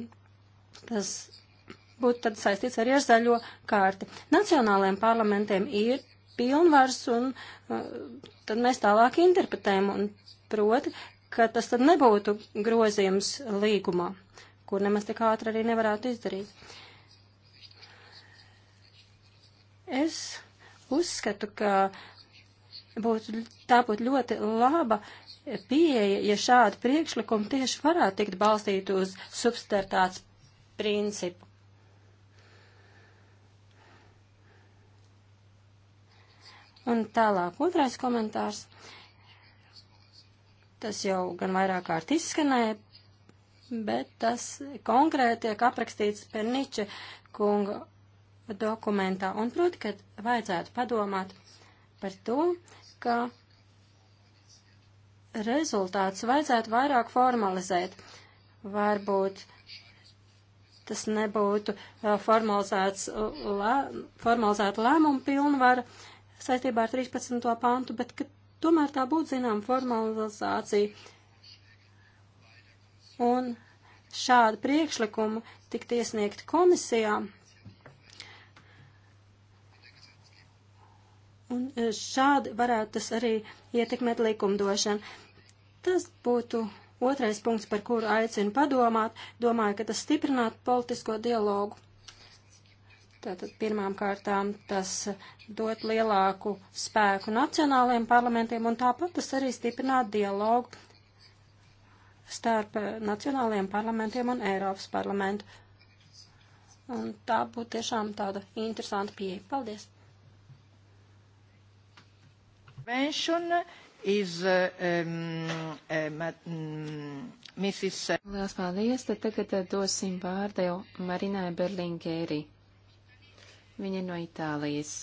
tas būtu tad saistīts arī ar zaļo kārti. Nacionālajiem parlamentiem ir pilnvars, un uh, tad mēs tālāk interpretējam, un proti, ka tas tad nebūtu grozījums līgumā, kur nemaz tik ātri arī nevarētu izdarīt. Es uzskatu, ka būtu, tā būtu ļoti laba pieeja, ja šādi priekšlikumi tieši varētu tikt balstīti uz subsidiaritātes principu. Un tālāk otrais komentārs. Tas jau gan vairāk kārt izskanēja, bet tas konkrēti tiek aprakstīts Perniče kunga dokumentā, un proti, ka vajadzētu padomāt par to, ka rezultātus vajadzētu vairāk formalizēt. Varbūt tas nebūtu uh, formalizēts, uh, lē, formalizēta lēmuma pilnvara saistībā ar 13. pantu, bet ka tomēr tā būtu zinām formalizācija. Un šādu priekšlikumu tikt iesniegt komisijām Un e, šādi varētu tas arī ietekmēt likumdošanu. Tas būtu otrais punkts, par kuru aicinu padomāt. Domāju, ka tas stiprinātu politisko dialogu. Tātad pirmām kārtām tas dot lielāku spēku nacionālajiem parlamentiem un tāpat tas arī stiprināt dialogu starp e, nacionālajiem parlamentiem un Eiropas parlamentu. Un tā būtu tiešām tāda interesanta pieeja. Paldies! mention is uh, um, uh, um, mm, Mrs. Uh, Lielas paldies, tad tagad uh, dosim vārdu Marinai Berlingeri. Viņa ir no Itālijas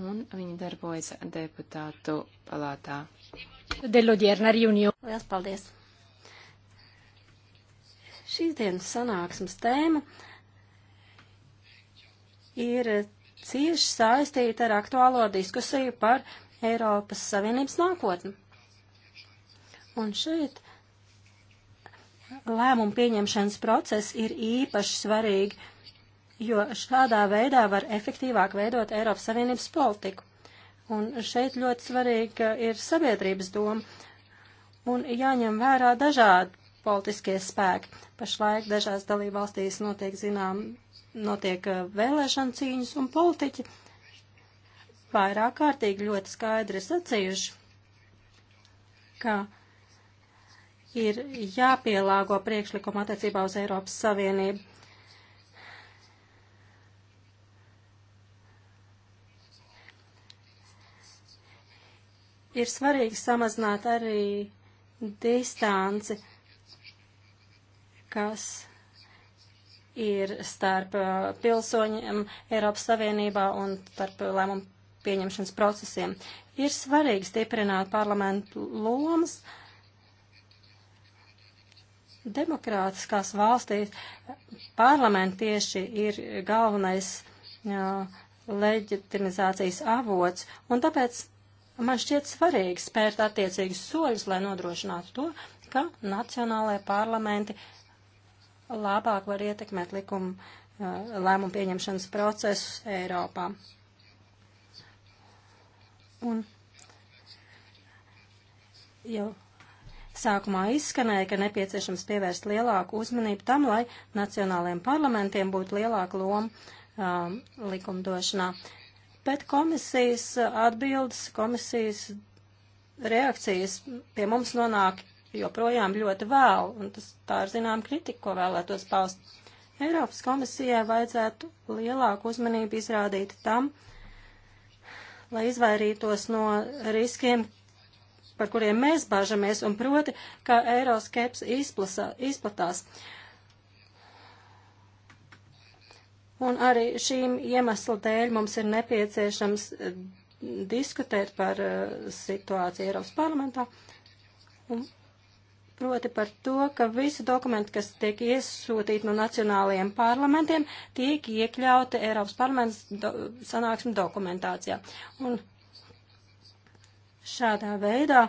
un viņa darbojas deputātu palātā. Dell'odierna riunione. Lielas paldies. Šīs dienas sanāksmes tēma ir cieši saistīta ar aktuālo diskusiju par Eiropas Savienības nākotni. Un šeit lēmumu pieņemšanas process ir īpaši svarīgi, jo šādā veidā var efektīvāk veidot Eiropas Savienības politiku. Un šeit ļoti svarīga ir sabiedrības doma un jāņem vērā dažādi politiskie spēki. Pašlaik dažās dalībvalstīs notiek, zinām, notiek eh, vēlēšana cīņas un politiķi vairāk kārtīgi ļoti skaidri sacījuši, ka ir jāpielāgo priekšlikumu attiecībā uz Eiropas Savienību. Ir svarīgi samazināt arī distanci, kas ir starp uh, pilsoņiem Eiropas Savienībā un starp lēmumu pieņemšanas procesiem. Ir svarīgi stiprināt parlamentu lomas. Demokrātiskās valstīs parlamentieši ir galvenais jā, leģitimizācijas avots, un tāpēc man šķiet svarīgi spērt attiecīgus soļus, lai nodrošinātu to, ka nacionālajie parlamenti labāk var ietekmēt likumu lēmumu pieņemšanas procesus Eiropā. Un jau sākumā izskanēja, ka nepieciešams pievērst lielāku uzmanību tam, lai nacionālajiem parlamentiem būtu lielāka loma um, likumdošanā. Bet komisijas atbildes, komisijas reakcijas pie mums nonāk joprojām ļoti vēl, un tas tā ir zinām kritika, ko vēlētos paust. Eiropas komisijai vajadzētu lielāku uzmanību izrādīt tam, uh, lai izvairītos no riskiem, par kuriem mēs bažamies, un proti, ka eiroskepsi izplatās. Un arī šīm iemeslu dēļ mums ir nepieciešams eh, diskutēt par eh, situāciju Eiropas parlamentā. Un proti par to, ka visi dokumenti, kas tiek iesūtīti no nacionālajiem parlamentiem, tiek iekļauti Eiropas parlaments do, sanāksmi dokumentācijā. Un šādā veidā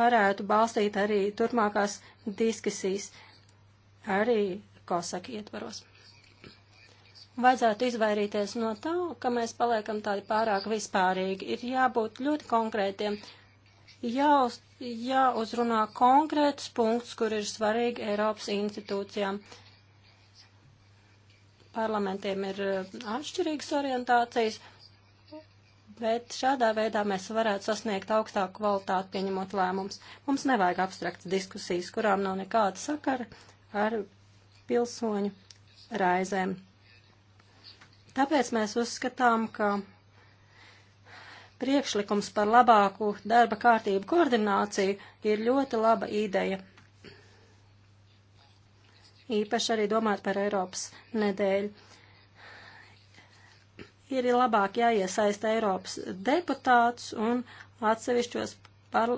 varētu balstīt arī turpmākās diskusijas arī kosaka ietvaros. Vajadzētu izvairīties no tā, ka mēs paliekam tādi pārāk vispārīgi. Ir jābūt ļoti konkrētiem. Uh, jāuz, jāuzrunā konkrēts punkts, kur ir svarīgi Eiropas institūcijām. Parlamentiem ir eh, atšķirīgas orientācijas, bet šādā veidā mēs varētu sasniegt augstāku kvalitāti pieņemot lēmumus. Mums nevajag abstrakts diskusijas, kurām nav nekāda sakara ar pilsoņu raizēm. Tāpēc mēs uzskatām, ka priekšlikums par labāku darba kārtību koordināciju ir ļoti laba ideja. Īpaši arī domāt par Eiropas nedēļu. Ir labāk jāiesaista Eiropas deputāts un atsevišķos par,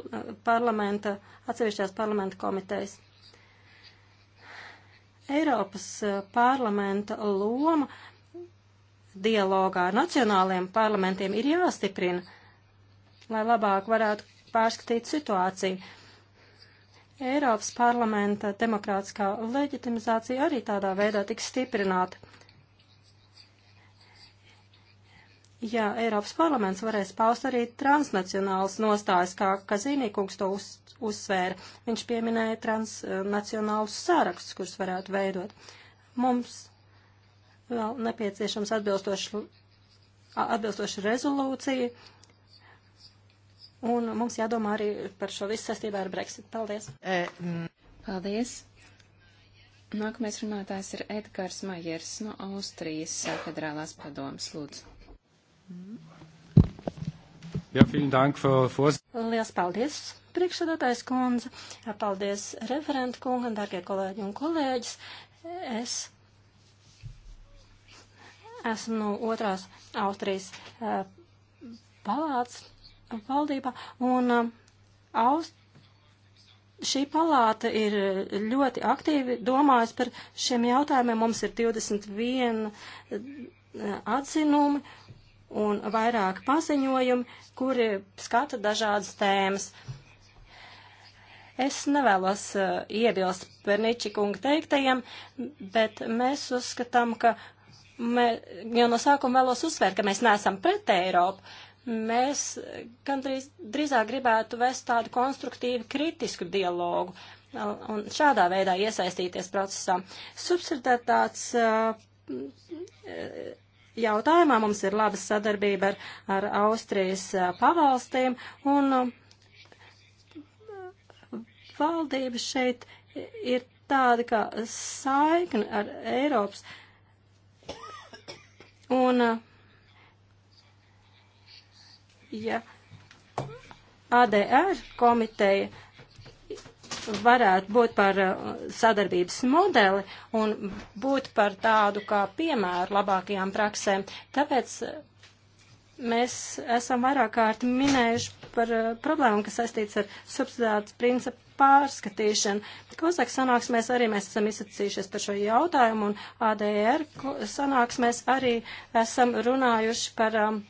parlamenta, atsevišķās parlamenta komitejas. Eiropas eh, parlamenta loma dialogā ar nacionāliem parlamentiem ir jāstiprina, lai labāk varētu pārskatīt situāciju. Eiropas parlamenta demokrātiskā leģitimizācija arī tādā veidā tiks stiprināta. Jā, Eiropas parlaments varēs paust arī transnacionālas nostājas, kā Kazīnīkungs to uz, uzsvēra. Viņš pieminēja transnacionālus sārakstus, kurus varētu veidot. Mums vēl nepieciešams atbilstoša rezolūcija. Un mums jādomā arī par šo visu saistībā ar Brexit. Paldies! E, paldies! Nākamais runātājs ir Edgars Majers no Austrijas federālās padomas. Lūdzu! Jā, vielen dank, Fos. Lielas paldies, priekšsēdētājs kundze. Paldies referentu kungam, darbie kolēģi un kolēģis. Es Esmu no otrās Austrijas eh, palāts valdībā, un eh, Austrija šī palāta ir ļoti aktīvi domājusi par šiem jautājumiem. Mums ir 21 eh, atzinumi un vairāk paziņojumi, kuri skata dažādas tēmas. Es nevēlos iebilst Perniči kunga teiktajiem, bet mēs uzskatām, ka mē, jau no sākuma vēlos uzsvērt, ka mēs neesam pret Eiropu. Mēs gandrīz drīzāk gribētu vest tādu konstruktīvu, kritisku dialogu un šādā veidā iesaistīties procesā. Subsidētāts eh, jautājumā mums ir laba sadarbība ar, ar Austrijas eh, pavalstīm un valdība šeit ir tāda kā saikne ar Eiropas uh, Un, eh, ja ADR komiteja varētu būt par eh, sadarbības modeli un būt par tādu kā piemēru labākajām praksēm. Tāpēc eh, mēs esam vairāk kārt minējuši par uh, problēmu, kas saistīts ar subsidētas principu pārskatīšanu. Kozak sanāksmēs arī mēs esam izsacījušies par šo jautājumu, un ADR sanāksmēs arī esam runājuši par. Um,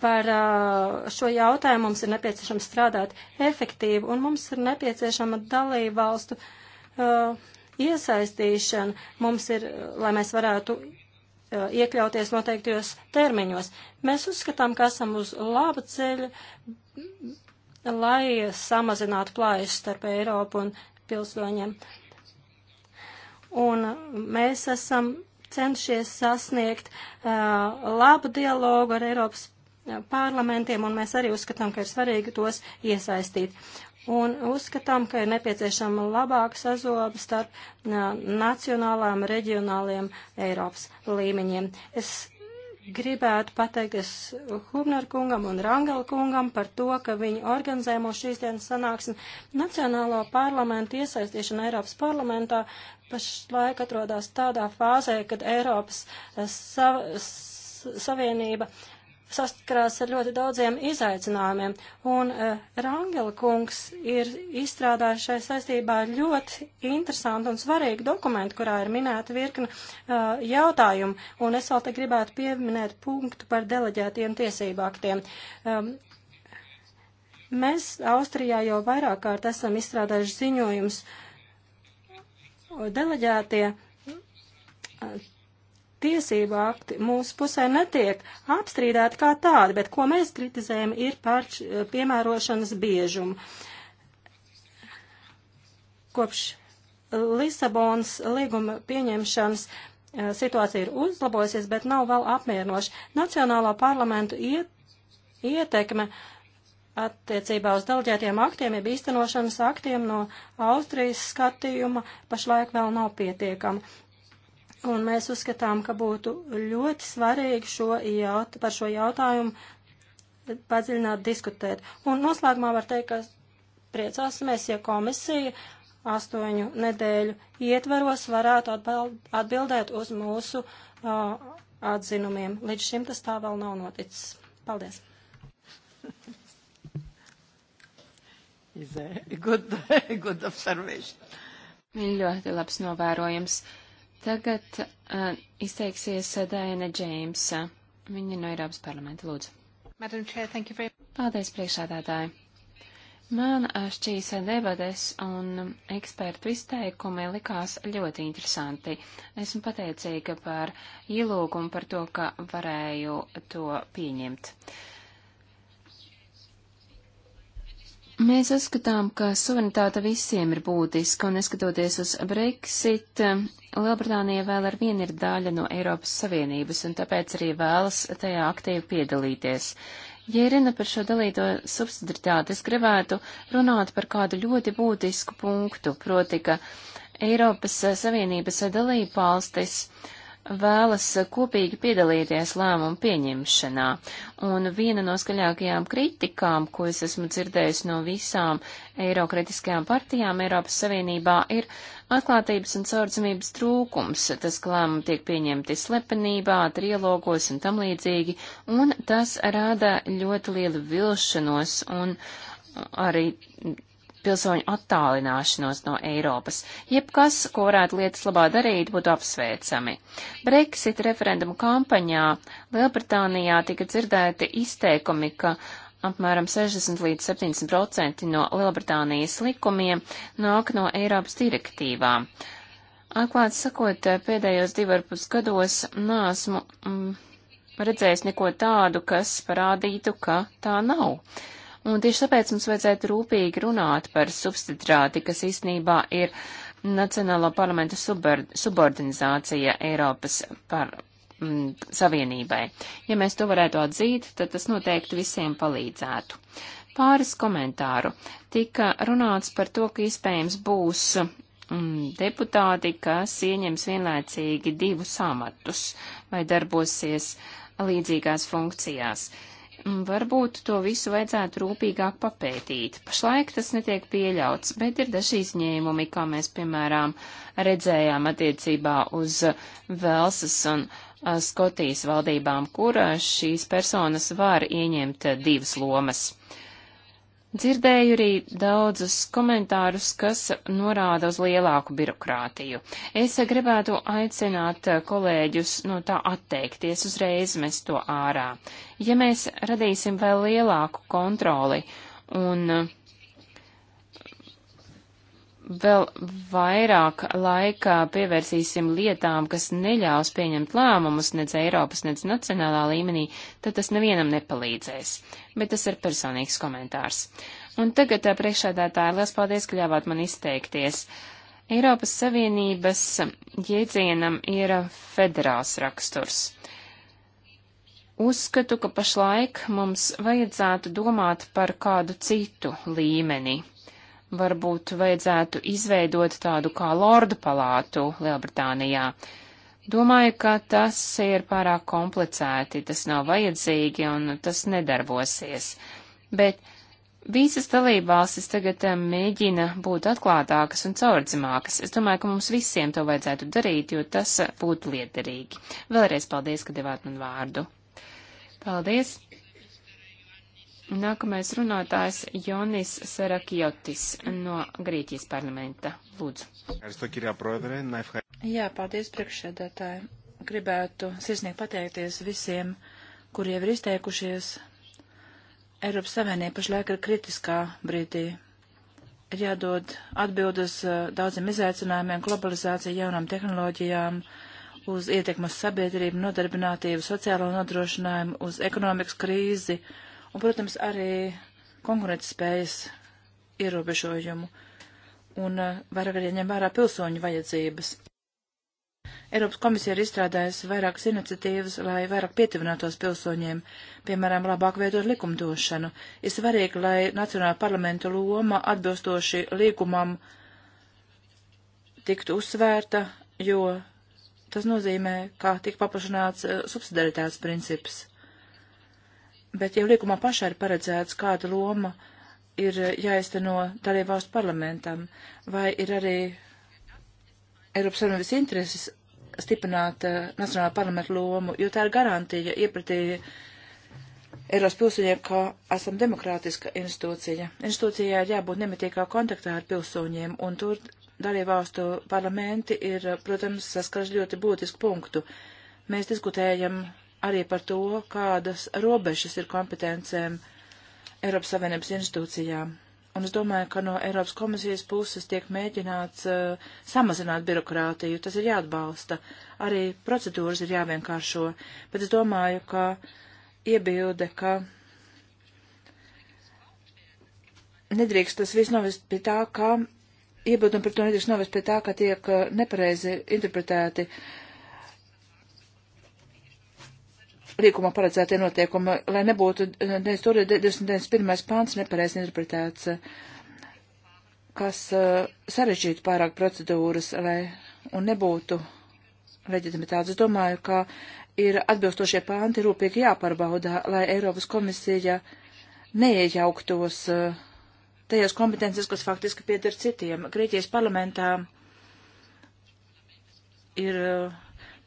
par uh, šo jautājumu mums ir nepieciešams strādāt efektīvi, un mums ir nepieciešama dalību valstu uh, iesaistīšana. Mums ir, lai mēs varētu Eh, iekļauties noteiktajos termiņos. Mēs uzskatām, ka esam uz laba ceļa, lai samazinātu plājas starp Eiropu un pilsoņiem. Un mēs esam cenšies sasniegt uh, labu dialogu ar Eiropas eh, parlamentiem, un mēs arī uzskatām, ka ir svarīgi tos iesaistīt un uzskatām, ka ir nepieciešama labāka sazoba starp nacionālām, reģionāliem Eiropas līmeņiem. Es gribētu pateikties Hubner kungam un Rangela kungam par to, ka viņi organizē mūsu šīs dienas sanāksmi. Nacionālo parlamentu iesaistīšana Eiropas parlamentā pašlaik atrodas tādā fāzē, kad Eiropas sav, Savienība uh, saskarās ar ļoti daudziem izaicinājumiem, un uh, Rangela kungs ir izstrādājis šai saistībā ļoti interesantu un svarīgu dokumentu, kurā ir minēta virkna uh, e, jautājumu, un es vēl te gribētu pieminēt punktu par deleģētiem tiesību aktiem. Um, mēs Austrijā jau vairāk kārt esam izstrādājuši ziņojums deleģētie uh, tiesība akti mūsu pusē netiek apstrīdēti kā tādi, bet ko mēs kritizējam ir par eh, piemērošanas biežumu. Kopš eh, Lisabonas līguma pieņemšanas eh, situācija ir uzlabojusies, bet nav vēl apmierinoša. Nacionālā parlamentu iet, ietekme attiecībā uz delģētiem aktiem, jeb īstenošanas aktiem no Austrijas skatījuma pašlaik vēl nav pietiekama. Un mēs uzskatām, ka būtu ļoti svarīgi šo jaut, par šo jautājumu padziļināt diskutēt. Un noslēgumā var teikt, ka priecāsimies, ja komisija astoņu nedēļu ietvaros varētu atbildēt uz mūsu uh, atzinumiem. Līdz šim tas tā vēl nav noticis. Paldies! Good, [LAUGHS] good observation. Ļoti labs novērojums. Uh, Tagad uh, izteiksies Diana Džeimsa. Viņa no Eiropas parlamenta lūdzu. Madam Chair, thank you very much. Paldies, priekšādātāji. Man uh, šķīs debates un ekspertu izteikumi likās ļoti interesanti. Esmu pateicīga par ielūgumu par to, ka varēju to pieņemt. Uh, Mēs uzskatām, ka suverenitāte visiem ir būtiska, un neskatoties uz Brexit, Lielbritānija vēl ar vienu ir daļa no Eiropas Savienības, un tāpēc arī vēlas tajā aktīvi piedalīties. Ja runa par šo dalīto subsidiaritāti, es gribētu runāt par kādu ļoti būtisku punktu, proti, ka Eiropas Savienības dalība valstis uh, vēlas kopīgi piedalīties lēmumu pieņemšanā, un viena no skaļākajām kritikām, ko es esmu dzirdējis no visām eirokritiskajām partijām Eiropas Savienībā, ir atklātības un caurdzamības trūkums. Tas, ka lēmumi tiek pieņemti slepenībā, trilogos un tam līdzīgi, un tas rada ļoti lielu vilšanos un arī pilsoņu attālināšanos no Eiropas. Jebkas, ko varētu lietas labā darīt, būtu apsveicami. Brexit referendumu kampaņā Lielbritānijā tika dzirdēti izteikumi, ka apmēram 60 līdz 70% no Lielbritānijas likumiem nāk no Eiropas direktīvām. Atklāt sakot, pēdējos divarpus gados nāsmu mm, redzējis neko tādu, kas parādītu, ka tā nav. Uh, Un tieši tāpēc mums vajadzētu rūpīgi runāt par substitrāti, kas īstenībā ir Nacionālo parlamentu subordinizācija Eiropas par, mm, Savienībai. Ja mēs to varētu atzīt, tad tas noteikti visiem palīdzētu. Pāris komentāru. Tika runāts par to, ka iespējams būs mm, deputāti, kas ieņems vienlaicīgi divus amatus vai darbosies līdzīgās funkcijās. Uh, Mm, varbūt to visu vajadzētu rūpīgāk papētīt. Pašlaik tas netiek pieļauts, bet ir daži izņēmumi, kā mēs, piemēram, redzējām attiecībā uz Velsas un Skotijas valdībām, kur šīs personas var ieņemt divas lomas. Uh, Dzirdēju arī daudzus komentārus, kas norāda uz lielāku birokrātiju. Es gribētu aicināt kolēģus no tā atteikties, uzreiz mēs to ārā. Ja mēs radīsim vēl lielāku kontroli un uh, vēl vairāk laikā pievērsīsim lietām, kas neļaus pieņemt lēmumus nec Eiropas, nec nacionālā līmenī, tad tas nevienam nepalīdzēs. Bet tas ir personīgs komentārs. Un tagad priekšādātāji, liels paldies, ka ļāvāt man izteikties. Eiropas Savienības jēdzienam ir federāls raksturs. Uzskatu, ka pašlaik mums vajadzētu domāt par kādu citu līmeni varbūt vajadzētu izveidot tādu kā lordu palātu Lielbritānijā. Domāju, ka tas ir pārāk komplicēti, tas nav vajadzīgi un tas nedarbosies. Bet visas dalībvalstis tagad eh, mēģina būt atklātākas un caurdzimākas. Es domāju, ka mums visiem to vajadzētu darīt, jo tas eh, būtu liederīgi. Vēlreiz paldies, ka devāt man vārdu. Paldies! Nākamais runātājs Jonis Sarakiotis no Grieķijas parlamenta. Lūdzu. Jā, paldies priekšsēdētāji. Gribētu sirsnīgi pateikties visiem, kuri jau ir izteikušies. Eiropas Savienība pašlaik ir kritiskā brīdī. Ir jādod atbildes eh, daudziem izaicinājumiem, globalizācija, jaunām tehnoloģijām uz ietekmu uz sabiedrību, nodarbinātību, sociālo nodrošinājumu, uz ekonomikas krīzi, uh, un, protams, arī konkurētspējas ierobežojumu un eh, vairāk arī ņem vērā pilsoņu vajadzības. Eiropas komisija ir izstrādājusi vairākas iniciatīvas, lai vairāk pietuvinātos pilsoņiem, piemēram, labāk veidot likumdošanu. Ir svarīgi, lai Nacionāla parlamenta loma atbilstoši līgumam tiktu uzsvērta, jo tas nozīmē, kā tik paplašināts eh, subsidaritātes princips bet jau likumā pašā ir paredzēts, kāda loma ir jāizteno dalībvalstu parlamentam, vai ir arī Eiropas Savienības intereses stiprināt uh, eh, Nacionālā parlamenta lomu, jo tā ir garantija iepratī Eiropas pilsoņiem, ka esam demokrātiska institūcija. Institūcijā ir jābūt nemitīgā kontaktā ar pilsoņiem, un tur dalībvalstu parlamenti ir, protams, saskars ļoti būtisku punktu. Mēs diskutējam arī par to, kādas robežas ir kompetencēm Eiropas Savienības institūcijām. Un es domāju, ka no Eiropas komisijas puses tiek mēģināts uh, samazināt birokrātiju. Tas ir jāatbalsta. Arī procedūras ir jāvienkāršo. Bet es domāju, ka iebilde, ka nedrīkst tas viss novest pie tā, ka iebildumi par to nedrīkst novest pie tā, ka tiek eh, nepareizi interpretēti uh, līguma paredzētie notiekumi, lai nebūtu 21. pāns nepareizi interpretēts, kas eh, sarežģītu pārāk procedūras, lai un nebūtu leģitimitātes. Es domāju, ka ir atbilstošie pānti rūpīgi jāparbauda, lai Eiropas komisija neiejauktos eh, tajās kompetences, kas faktiski pieder citiem. Grieķijas parlamentā ir uh,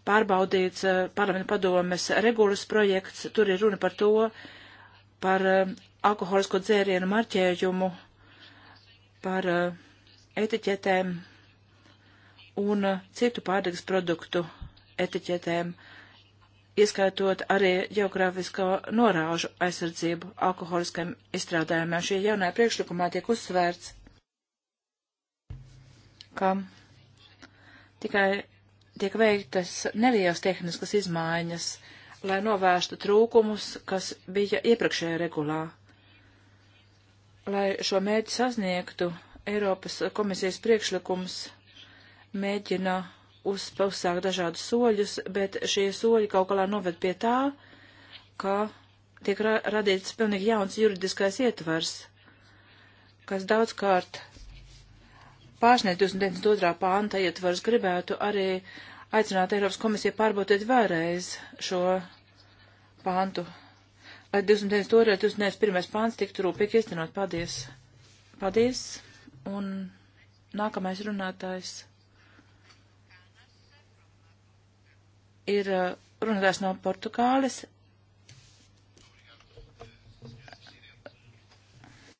pārbaudīts eh, parlamentu padomes regulas projekts. Tur ir runa par to, par eh, alkoholisko dzērienu marķējumu, par eh, etiķetēm un citu pārdegas produktu etiķetēm, ieskaitot arī geogrāfisko norāžu aizsardzību alkoholiskiem izstrādājumiem. Šie jaunajā priekšlikumā tiek uzsvērts, ka tikai tiek veiktas nelielas tehniskas izmaiņas, lai novērstu trūkumus, kas bija iepriekšējā regulā. Lai šo mērķi sasniegtu, Eiropas komisijas priekšlikums mēģina uzsākt dažādus soļus, bet šie soļi kaut kādā noved pie tā, ka tiek ra radīts pilnīgi jauns juridiskais ietvers, kas daudzkārt pārsniegt 22. pānta ietvaru, gribētu arī aicināt Eiropas komisiju pārbaudīt vēlreiz šo pāntu, lai 22. un 21. pāns tiktu rūpīgi iztenot. Paldies! Paldies! Un nākamais runātājs ir uh, runātājs no Portugāles.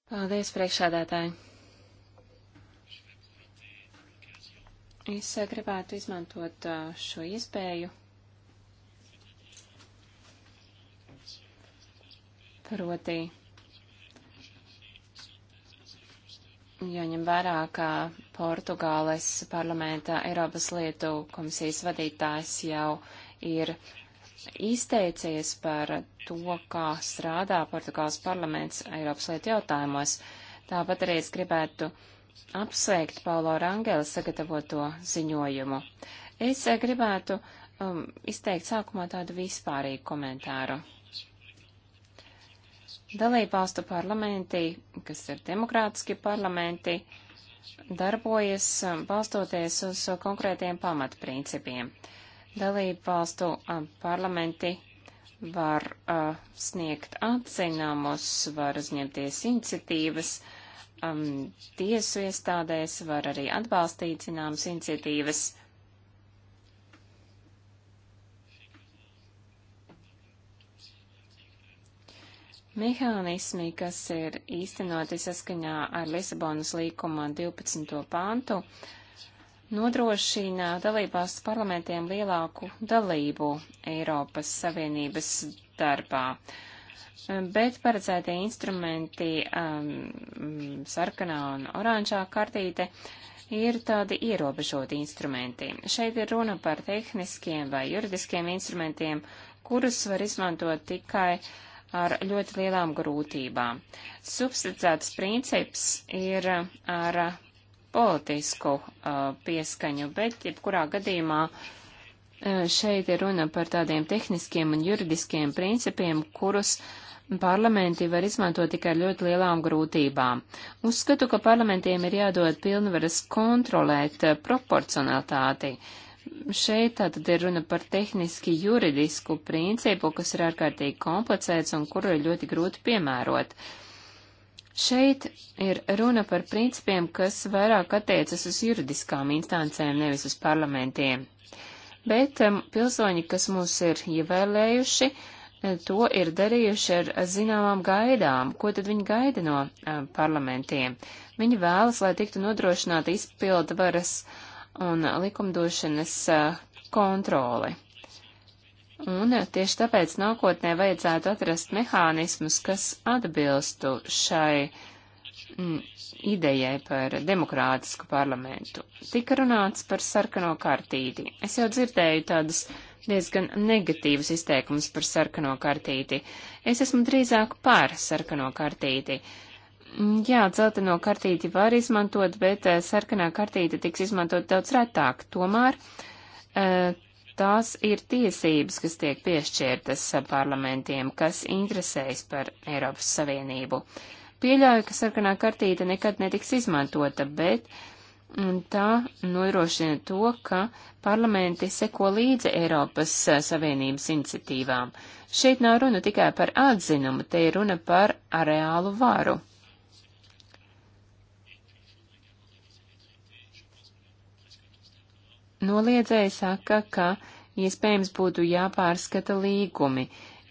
Paldies, priekšādātāji! Es eh, gribētu izmantot eh, šo iespēju. Proti, jāņem vērā, ka Portugāles parlamenta Eiropas lietu komisijas vadītājs jau ir izteicies par to, kā strādā Portugāles parlaments Eiropas lietu jautājumos. Tāpat arī es gribētu uh, apsveikt Paulo Rangela sagatavoto ziņojumu. Es eh, gribētu um, izteikt sākumā tādu vispārīgu komentāru. Dalībvalstu parlamenti, kas ir demokrātiski parlamenti, darbojas um, balstoties uz konkrētiem pamatprincipiem. Dalībvalstu um, parlamenti var uh, sniegt atzināmus, var uzņemties iniciatīvas, uh, um, tiesu iestādēs, var arī atbalstīt zināmas iniciatīvas. Mehānismi, kas ir īstenoti saskaņā ar Lisabonas līkuma 12. pantu, nodrošina dalībās parlamentiem lielāku dalību Eiropas Savienības darbā. Uh, bet paredzētie instrumenti um, sarkanā un oranžā kartīte ir tādi ierobežoti instrumenti. Šeit ir runa par tehniskiem vai juridiskiem instrumentiem, kurus var izmantot tikai ar ļoti lielām grūtībām. Subsidizētas princips ir ar politisku uh, pieskaņu, bet jebkurā gadījumā uh, šeit ir runa par tādiem tehniskiem un juridiskiem principiem, kurus uh, parlamenti var izmantot tikai ar ļoti lielām grūtībām. Uzskatu, ka parlamentiem ir jādod pilnvaras kontrolēt eh, proporcionalitāti. Šeit tātad ir runa par tehniski juridisku principu, kas ir ārkārtīgi komplicēts un kuru ir ļoti grūti piemērot. Šeit ir runa par principiem, kas vairāk attiecas uz juridiskām instancēm, nevis uz parlamentiem. Bet um, pilsoņi, kas mūs ir ievēlējuši, uh, to ir darījuši ar zināmām gaidām. Ko tad viņi gaida no uh, parlamentiem? Viņi vēlas, lai tiktu nodrošināta izpilda varas un likumdošanas uh, kontrole. Un tieši tāpēc nākotnē vajadzētu atrast mehānismus, kas atbilstu šai mm, idejai par demokrātisku parlamentu. Tika runāts par sarkano kartīti. Es jau dzirdēju tādas uh, diezgan negatīvas izteikumas par sarkano kartīti. Es esmu drīzāk par sarkano kartīti. Jā, dzelteno kartīti var izmantot, bet eh, sarkanā kartīte tiks izmantot daudz retāk. Tomēr eh, tās ir tiesības, kas tiek piešķirtas parlamentiem, kas interesējas par Eiropas Savienību. Pieļauju, ka sarkanā kartīte nekad netiks izmantota, bet uh, un tā nodrošina to, ka parlamenti seko līdzi Eiropas Savienības iniciatīvām. Šeit nav runa tikai par atzinumu, te ir runa par reālu varu. Noliedzēja saka, ka iespējams būtu jāpārskata līgumi.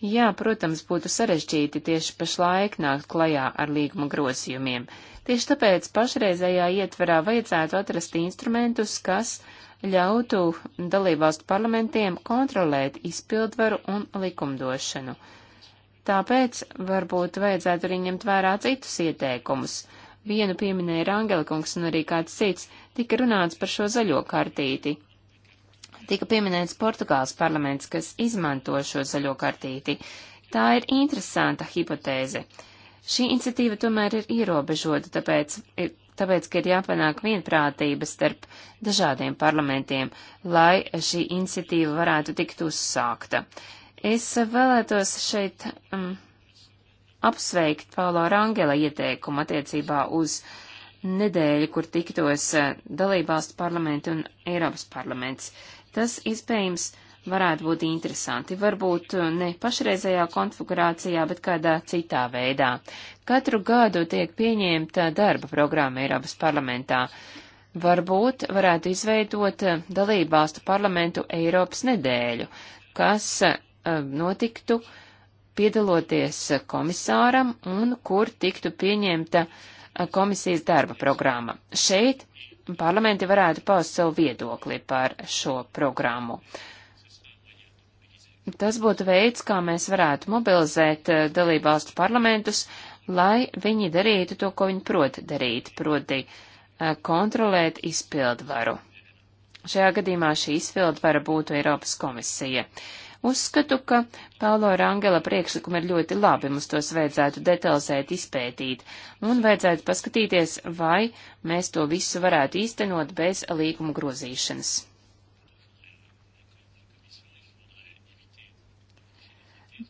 Jā, protams, būtu sarežģīti tieši pašlaik nākt klajā ar līguma grozījumiem. Uh, Tieši tāpēc pašreizējā ietverā vajadzētu atrast instrumentus, kas ļautu dalībvalstu parlamentiem kontrolēt izpildvaru un likumdošanu. Tāpēc varbūt vajadzētu arī ņemt vērā citus ieteikumus. Vienu pieminēja Rangelkungs un arī kāds cits tika runāts par šo zaļo kartīti. Tika pieminēts Portugāls parlaments, kas izmanto šo zaļo kartīti. Tā ir interesanta hipotēze. Uh, Šī iniciatīva tomēr ir ierobežota, tāpēc, ir, tāpēc ka ir jāpanāk vienprātība starp dažādiem parlamentiem, lai šī iniciatīva varētu tikt uzsākta. Es vēlētos šeit um, apsveikt Paulo Rangela ieteikumu attiecībā uz nedēļu, kur tiktos uh, dalībvalstu parlamenti un Eiropas parlaments. Tas, iespējams, uh, varētu būt interesanti. Varbūt uh, ne pašreizējā konfigurācijā, bet kādā citā veidā. Katru gadu tiek pieņemta darba programma Eiropas parlamentā. Varbūt varētu izveidot uh, dalību valstu parlamentu Eiropas nedēļu, kas uh, notiktu piedaloties komisāram un kur tiktu pieņemta komisijas darba programma. Šeit parlamenti varētu paust savu viedokli par šo programmu. Uh, Tas būtu veids, kā mēs varētu mobilizēt eh, dalībvalstu parlamentus, lai viņi darītu to, ko viņi prot darīt, proti eh, kontrolēt izpildvaru. Šajā gadījumā šī izpildvara būtu Eiropas komisija. Uzskatu, ka Paulo Rangela priekšlikumi ir ļoti labi, mums tos vajadzētu detalizēt izpētīt, un vajadzētu paskatīties, vai mēs to visu varētu īstenot bez līguma grozīšanas.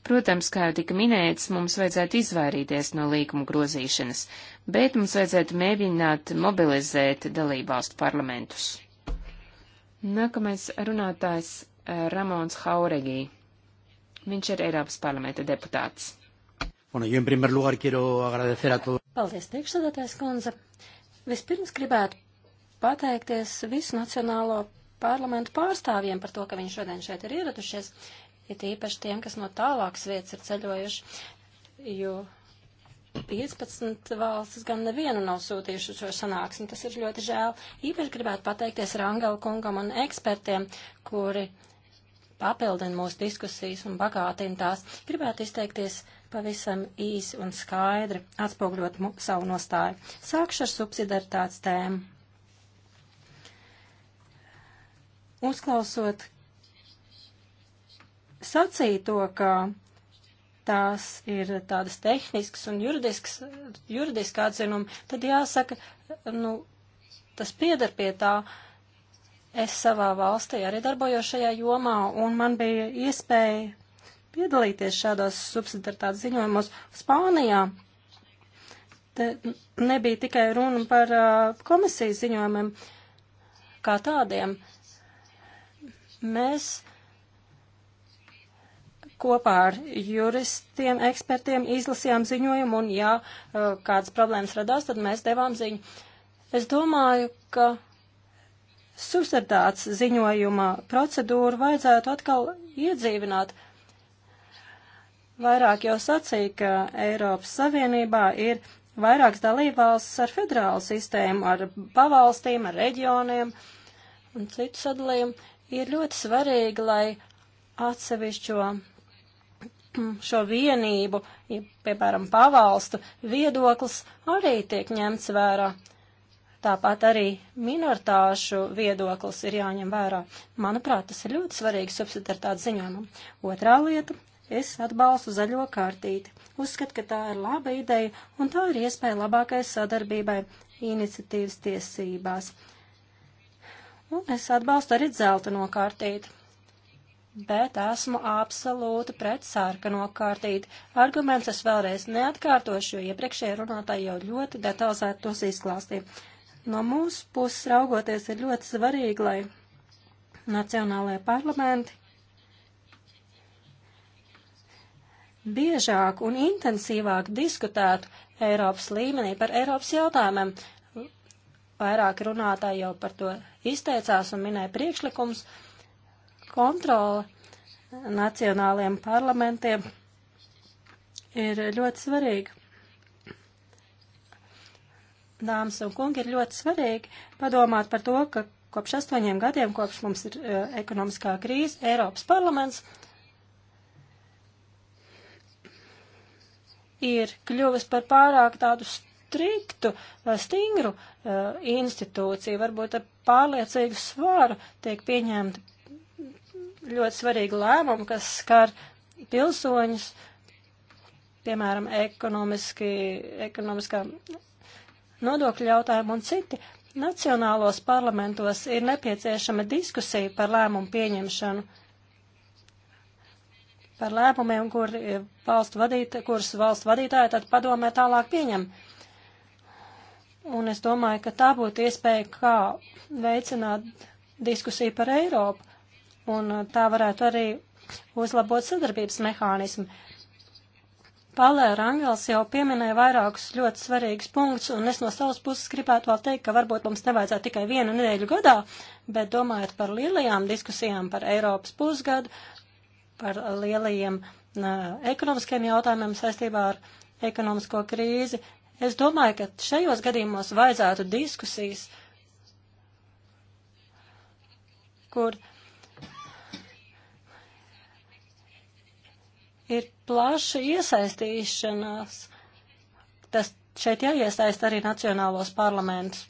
Protams, kā jau tika minēts, mums vajadzētu izvairīties no līkuma grozīšanas, bet mums vajadzētu mēģināt mobilizēt dalībvalstu parlamentus. Nākamais runātājs eh, Ramons Hauregī. Viņš ir Eiropas parlamenta deputāts. Bueno, yo en primer lugar quiero agradecer a todos. Paldies, priekšsēdētājs Konza. Vispirms gribētu pateikties visu nacionālo parlamentu pārstāvjiem par to, ka viņi šodien šeit ir ieradušies, ir tīpaši tiem, kas no tālākas vietas ir ceļojuši, jo 15 valstis gan nevienu nav sūtījuši šo sanāksmi. Tas ir ļoti žēl. Īpaši gribētu pateikties Rangela kungam un ekspertiem, kuri papildina mūsu diskusijas un bagātina tās. Gribētu izteikties pavisam īsi un skaidri, atspogļot savu nostāju. Sākšu ar subsidaritātes tēmu. Uzklausot sacīto, ka tās ir tādas tehniskas un juridiskas, juridiskā atzinuma, tad jāsaka, nu, tas piedar pie tā. Es savā valstī arī darbojos šajā jomā, un man bija iespēja piedalīties šādos subsidiartātes ziņojumos Spānijā. Te nebija tikai runa par uh, komisijas ziņojumiem kā tādiem. Mēs kopā ar juristiem, ekspertiem izlasījām ziņojumu, un ja uh, kādas problēmas radās, tad mēs devām ziņu. Es domāju, ka subsidēts ziņojuma procedūru vajadzētu atkal iedzīvināt. Vairāk jau sacīja, ka Eiropas Savienībā ir vairākas dalībvalstis ar federālu sistēmu, ar pavalstīm, ar reģioniem un citu sadalījumu. Ir ļoti svarīgi, lai atsevišķo šo vienību, ja, piemēram, pavalstu viedoklis arī tiek ņemts vērā. Tāpat arī minoritāšu viedoklis ir jāņem vērā. Manuprāt, tas ir ļoti svarīgi subsidiaritātes ziņojumam. Otrā lieta - es atbalstu zaļo kārtīti. Uzskatu, ka tā ir laba ideja un tā ir iespēja labākai sadarbībai iniciatīvas tiesībās. Un es atbalstu arī dzelteno kārtīti bet esmu absolūti pret sārkano kārtīti. Arguments es vēlreiz neatkārtošu, jo iepriekšējie runātāji jau ļoti detalizēti tos izklāstīja. No mūsu puses raugoties ir ļoti svarīgi, lai nacionālajie parlamenti biežāk un intensīvāk diskutētu Eiropas līmenī par Eiropas jautājumiem. Vairāk runātāji jau par to izteicās un minēja priekšlikums. Uh, kontrole nacionāliem parlamentiem ir ļoti svarīga. Dāmas un kungi, ir ļoti svarīgi padomāt par to, ka kopš astoņiem gadiem, kopš mums ir uh, ekonomiskā krīze, Eiropas parlaments ir kļuvis par pārāk tādu striktu, e, stingru uh, institūciju, varbūt ar pārliecīgu svaru tiek pieņemti ļoti svarīgu lēmumu, kas skar pilsoņus, piemēram, ekonomiski, ekonomiskā nodokļu jautājumu un citi. Nacionālos parlamentos ir nepieciešama diskusija par lēmumu pieņemšanu, par lēmumiem, kur valstu vadīt, kuras valstu vadītāji tad padomē tālāk pieņem. Un es domāju, ka tā būtu iespēja, kā veicināt diskusiju par Eiropu un uh, tā varētu arī uzlabot sadarbības mehānismu. Palēra Angels jau pieminēja vairākus ļoti svarīgus punktus, un es no savas puses gribētu vēl teikt, ka varbūt mums nevajadzētu tikai vienu nedēļu gadā, bet domājot par lielajām diskusijām par Eiropas pusgadu, par lielajiem nā, uh, ekonomiskiem jautājumiem saistībā ar ekonomisko krīzi, es domāju, ka šajos gadījumos vajadzētu diskusijas, kur ir plaša iesaistīšanās. Tas šeit jāiesaist arī nacionālos parlamentus.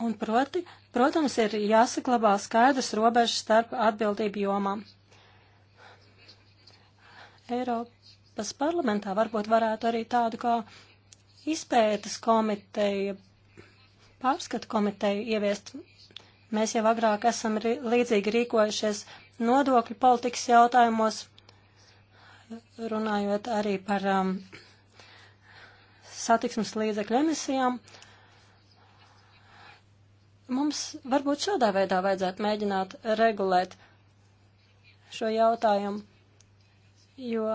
Un proti, protams, ir jāsaklabā skaidrs robežas starp atbildību jomām. Eiropas parlamentā varbūt varētu arī tādu kā izpētes komiteja, pārskatu komiteju ieviest. Mēs jau agrāk esam rī, līdzīgi rīkojušies nodokļu politikas jautājumos, runājot arī par um, satiksmes līdzekļu emisijām. Mums varbūt šādā veidā vajadzētu mēģināt regulēt šo jautājumu, jo